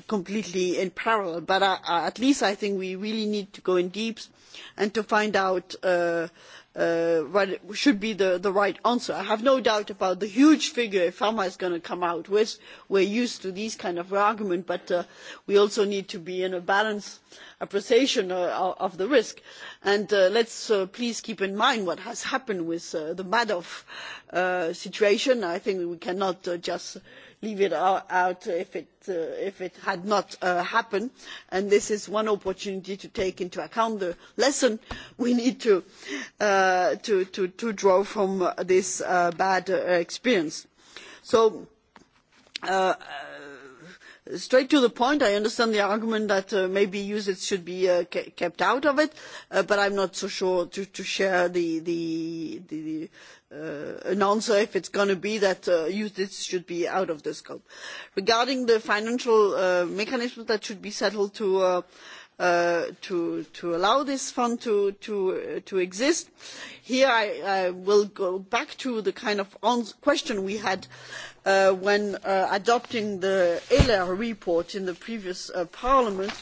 completely in parallel but uh, uh, at least i think we really need to go in deep and to find out what Uh, what should be the, right answer. i have no doubt about the huge figure efama is going to come out with. we are used to these kinds of arguments but uh, we also need to be in a balanced appreciation uh, of the risk. and let us please keep in mind what has happened with the madoff situation. i think we cannot just leave it out uh, if it, had not uh, happened and this is one opportunity to take into account the lesson we need to, uh, draw from this bad experience. so straight to the point i understand the argument that maybe ucits should be kept out of it but i am not so sure to, share the, Uh, an answer if it's going to be that uh, UCITS should be out of the scope. Regarding the financial uh, mechanisms that should be settled to, uh, uh, to, to allow this fund to, to, uh, to exist, here I, I, will go back to the kind of question we had uh, when adopting the ELER report in the previous parliament,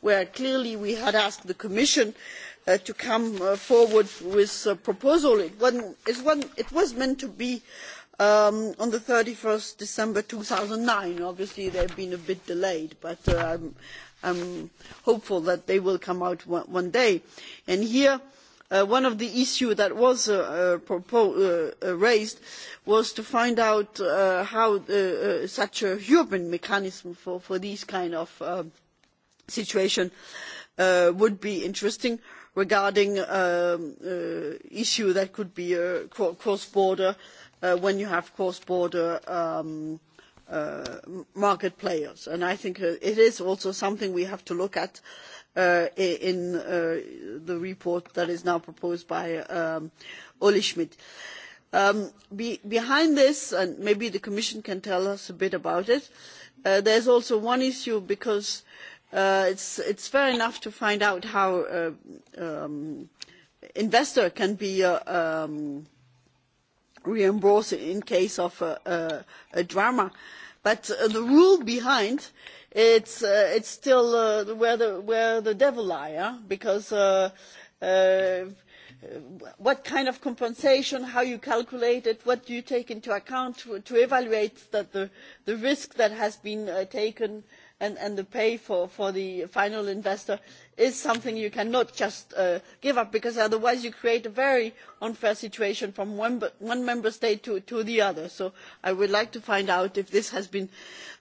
where clearly we had asked the Commission uh, Uh, to come uh, forward with a proposal. It, was meant to be um, on thirty one december two thousand and nine Obviously, they have been a bit delayed, but uh, i am hopeful that they will come out one, day. And here, one of the issues that was raised was to find out how such a human mechanism for, these kinds of situations would be interesting regarding um, uh, issue that could be uh, cross-border uh, when you have cross-border um, uh, market players. And I think uh, it is also something we have to look at uh, in uh, the report that is now proposed by um, Schmidt. Um, be, behind this, and maybe the Commission can tell us a bit about it, uh, there's also one issue because uh, Uh, it is fair enough to find out how an uh, um, investor can be uh, um, reimbursed in the case of a, drama, but the rule behind it is still where the devil lies, because. what kind of compensation, how you calculate it, what you take into account to, evaluate the, risk that has been taken and, the pay for, the final investor is something you cannot just uh, give up because otherwise you create a very unfair situation from one, member state to, the other. so i would like to find out if this has been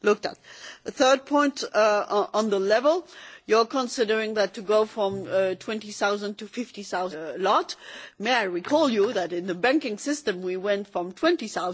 looked at. the third point uh, on the level you are considering that to go from uh, twenty zero to fifty zero a lot. may i recall you that in the banking system we went from twenty zero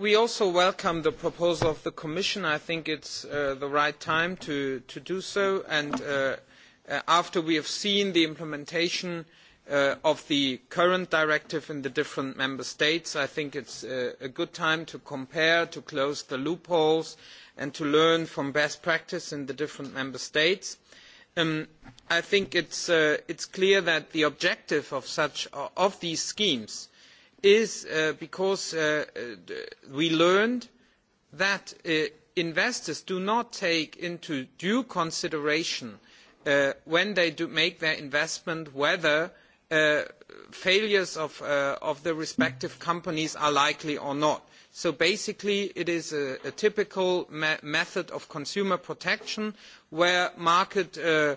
we also welcome the proposal of the Commission. I think it is uh, the right time to, do so. And uh, uh, after we have seen the implementation of the current directive in the different member states, I think it is a good time to compare, to close the loopholes, and to learn from best practice in the different member states. Um, I think it is clear that the objective of these schemes is uh, because uh, uh we learned that uh, investors do not take into due consideration uh, when they make their investment whether failures of, of the respective companies are likely or not so basically it is a, a typical me method of consumer protection where market uh,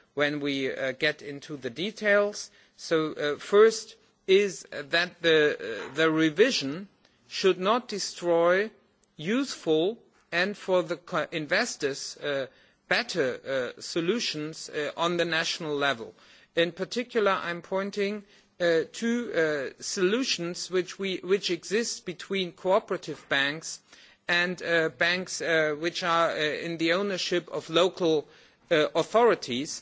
when we uh, get into the details. So uh, first is that the, uh, the revision should not destroy useful and for the investors uh, better uh, solutions uh, on the national level. In particular, I'm pointing to solutions which, we, which exist between cooperative banks and banks which are in the ownership of local authorities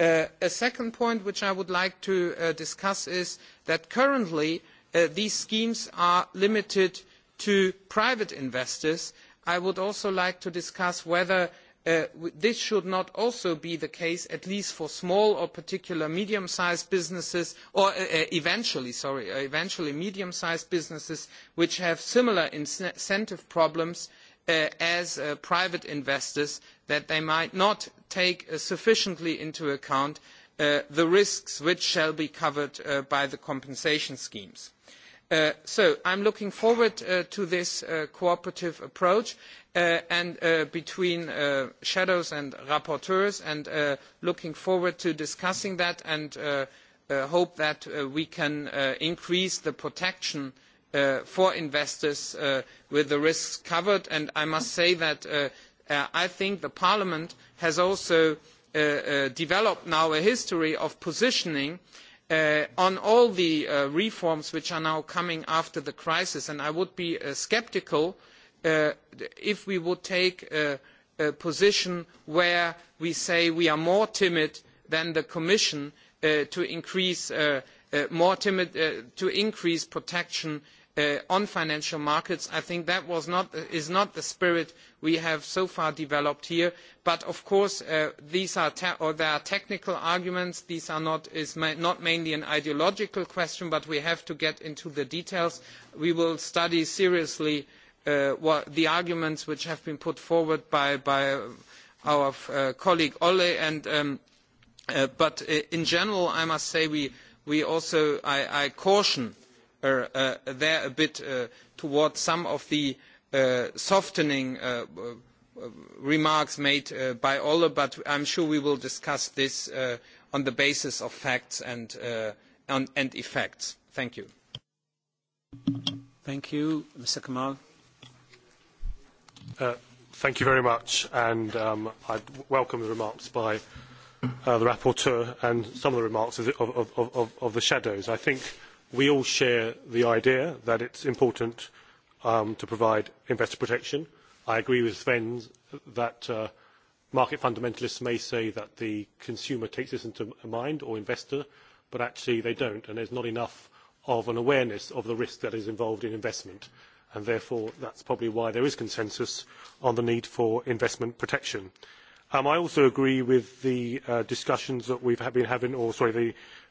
Uh, a second point which I would like to uh, discuss is that currently uh, these schemes are limited to private investors. I would also like to discuss whether uh, this should not also be the case at least for small or particular medium sized businesses or uh, uh, eventually sorry eventually medium sized businesses which have similar incentive problems as private investors that they might not take uh, sufficiently into account uh, the risks which shall be covered uh, by the compensation schemes. so i am looking forward to this cooperative approach and between shadows and rapporteurs and i looking forward to discussing that and hope that we can increase the protection for investors with the risks covered and i must say that Uh, I think the Parliament has also uh, uh, developed now a history of positioning on all the reforms which are now coming after the crisis, and I would be sceptical if we would take a, position where we say we are more timid than the Commission to increase to increase protection Uh, on financial markets i think that is not the spirit we have so far developed here but of course uh, these are there are technical arguments this is not mainly an ideological question but we have to get into the details. we will study seriously uh, the arguments which have been put forward by, our colleague olle um, but in general i must say we, also, i caution Uh, uh, there a bit uh, towards some of the softening remarks made by Olle, but am sure we will discuss this on the basis of facts and, effects. Thank you. Thank you. Mr. Kamal. Uh, thank you very much, and um, I welcome the remarks by the rapporteur and some of the remarks of the, of the shadows. I think we all share the idea that it's important um, to provide investor protection. I agree with Sven that uh, market fundamentalists may say that the consumer takes this into mind or investor, but actually they don't, and there's not enough of an awareness of the risk that is involved in investment. And therefore, that's probably why there is consensus on the need for investment protection. Um, I also agree with the uh, discussions that we've been having, or sorry, the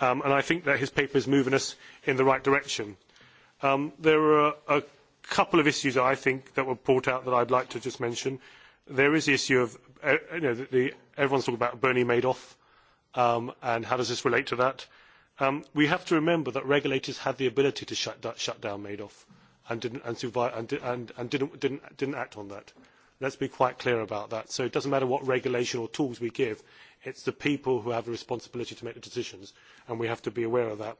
Um, and I think that his paper is moving us in the right direction. Um, there are a, couple of issues I think that were brought out that I'd like to just mention. There is the issue of, uh, you know, the, the, everyone's talking about Bernie Madoff um, and how does this relate to that. Um, we have to remember that regulators had the ability to shut, shut down Madoff and didn't, and, and, and, and didn't, didn't, didn't act on that. Let's be quite clear about that. So it doesn't matter what regulation or tools we give, it's the people who have the responsibility to make the decisions, and we have to be aware of that.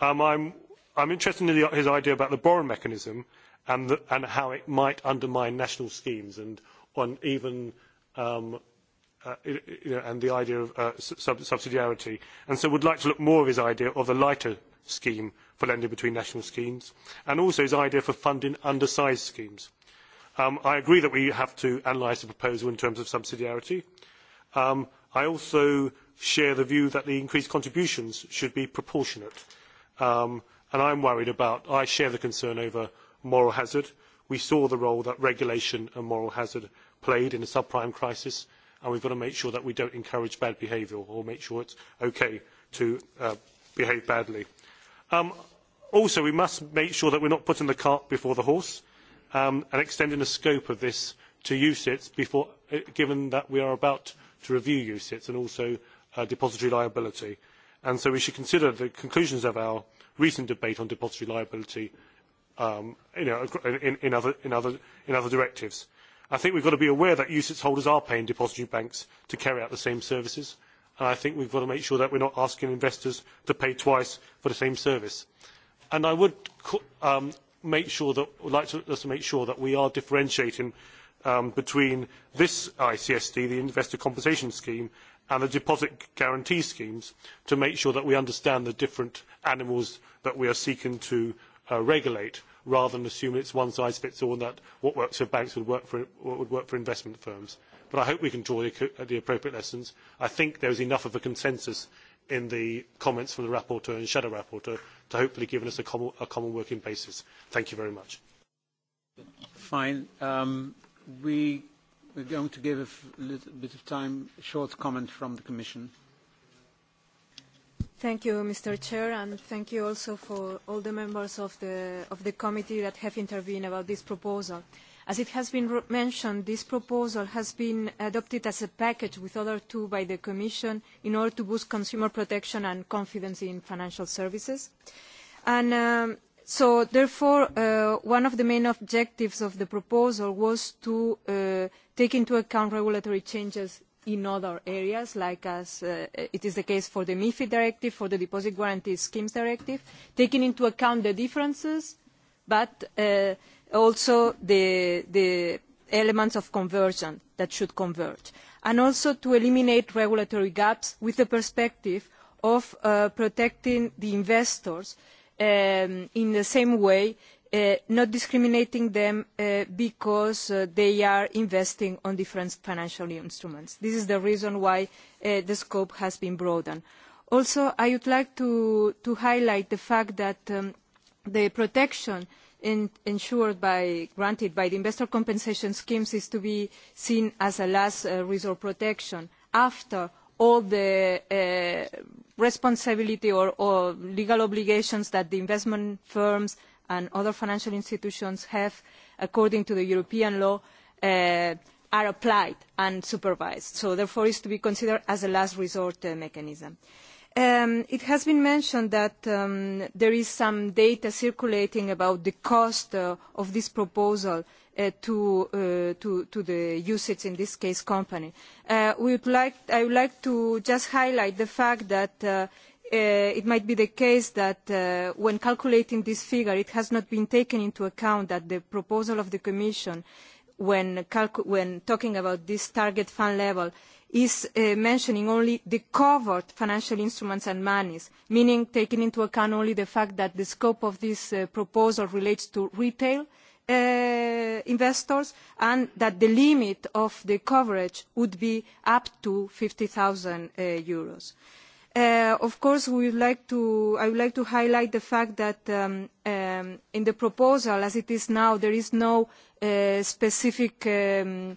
Um, I'm, I'm interested in the, his idea about the borrowing mechanism and, the, and how it might undermine national schemes and on even um, uh, you know, and the idea of uh, sub subsidiarity. And so would like to look more of his idea of the lighter scheme for lending between national schemes and also his idea for funding undersized schemes Um, I agree that we have to analyse the proposal in terms of subsidiarity. Um, I also share the view that the increased contributions should be proportionate. Um, and I'm worried about, I share the concern over moral hazard. We saw the role that regulation and moral hazard played in the subprime crisis, and we've got to make sure that we don't encourage bad behaviour or make sure it's okay to uh, behave badly. Um, also, we must make sure that we're not putting the cart before the horse Um, and extending the scope of this to UCITS, uh, given that we are about to review UCITS and also uh, depository liability. And so we should consider the conclusions of our recent debate on depository liability um, you know, in, other, directives. I think we've got to be aware that UCITS holders are paying depository banks to carry out the same services. And I think we've got to make sure that we're not asking investors to pay twice for the same service. I would um, make sure that would like to, us to make sure that we are differentiating um, between this ICSD, the Investor Compensation Scheme, and the deposit guarantee schemes to make sure that we understand the different animals that we are seeking to uh, regulate rather than assume it's one size fits all and that what works for banks would work for, would work for investment firms. But I hope we can draw the, the appropriate lessons. I think there is enough of a consensus in the comments from the rapporteur and shadow rapporteur to hopefully give us a common, a common working basis. Thank you very much. Fine. Um, we, are going to give a little bit of time, a short comment from the Commission. Thank you, Mr. Chair, and thank you also for all the members of the, of the committee that have intervened about this proposal. Uh, As it has been mentioned, this proposal has been adopted as a package with other two by the Commission in order to boost consumer protection and confidence in financial services. And um, so, therefore, uh, one of the main objectives of the proposal was to uh, take into account regulatory changes in other areas, like as uh, it is the case for the MIFID directive, for the Deposit Guarantee Schemes directive, taking into account the differences, but uh, also the, the elements of conversion that should converge, and also to eliminate regulatory gaps with the perspective of uh, protecting the investors um, in the same way, uh, not discriminating them uh, because uh, they are investing on different financial instruments. This is the reason why uh, the scope has been broadened. Also, I would like to, to highlight the fact that um, the protection uh, in, ensured by, granted by the investor compensation schemes is to be seen as a last uh, resort protection after all the uh, responsibility or, or, legal obligations that the investment firms and other financial institutions have according to the European law uh, are applied and supervised. So therefore it is to be considered as a last resort uh, mechanism. Uh, Um, it has been mentioned that um, there is some data circulating about the cost uh, of this proposal uh, to, uh, to, to, the usage, in this case, company. Uh, we would like, I would like to just highlight the fact that uh, uh, it might be the case that when calculating this figure, it has not been taken into account that the proposal of the Commission, when, when talking about this target fund level, is uh, mentioning only the covered financial instruments and monies, meaning taking into account only the fact that the scope of this uh, proposal relates to retail uh, investors and that the limit of the coverage would be up to 50,000 uh, euros. Uh, of course, we would like to, I would like to highlight the fact that um, um, in the proposal, as it is now, there is no uh, specific um,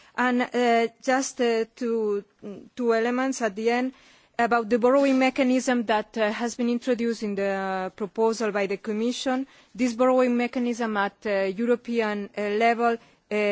And uh, just uh, two, two elements at the end about the borrowing mechanism that uh, has been introduced in the proposal by the Commission. This borrowing mechanism at uh, European uh, level, uh,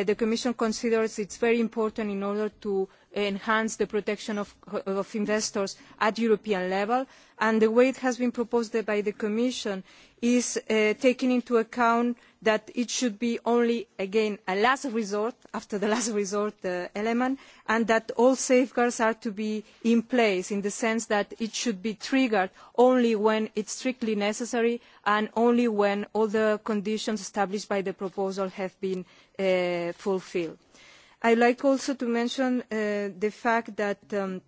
the Commission considers it's very important in order to enhance the protection of, of investors at European level. And the way it has been proposed by the Commission is uh, taking into account that it should be only, again, a last resort, after the last resort uh, element, and that all safeguards are to be in place in the sense that it should be triggered only when it's strictly necessary and only when all the conditions established by the proposal have been uh, fulfilled. I like also to mention uh, the fact that um,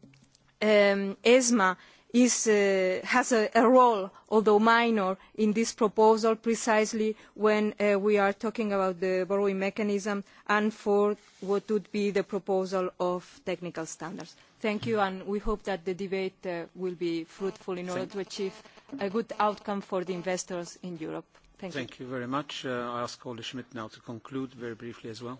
um, ESMA is, uh, has a, a, role, although minor, in this proposal precisely when uh, we are talking about the borrowing mechanism and for what would be the proposal of technical standards. Thank you, and we hope that the debate uh, will be fruitful in order Thank to achieve a good outcome for the investors in Europe. Thank, Thank you. you. very much. Uh, I ask Ole Schmidt now to conclude very briefly as well.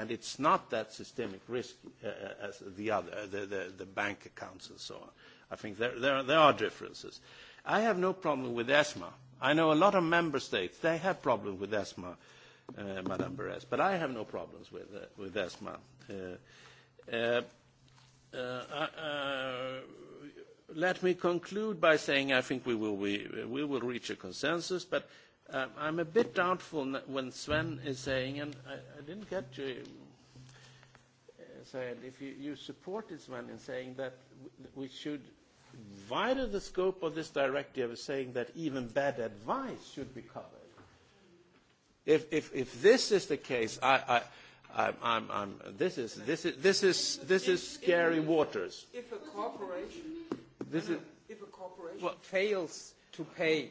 and it's not that systemic risk uh, uh, as the other, the, bank accounts and so on. I think there, are differences. I have no problem with ESMA. I know a lot of member states, they have problems with ESMA, uh, Madame Beres, but I have no problems with, uh, ESMA. let me conclude by saying I think we will reach a consensus, but Uh, I'm a bit doubtful when Sven is saying, and I, I didn't get to uh, say it, if you, you supported Sven in saying that we should widen the scope of this directive is saying that even bad advice should be covered. If, if, if this is the case, I, I, I'm, I'm, I'm, this is this is this is this is scary if, waters. If a corporation, this no, no, is, if a corporation well, fails to pay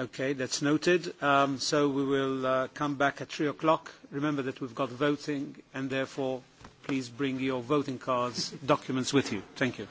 Okay, that's noted. Um, so we will uh, come back at 3 o'clock. Remember that we've got voting, and therefore, please bring your voting cards, documents with you. Thank you.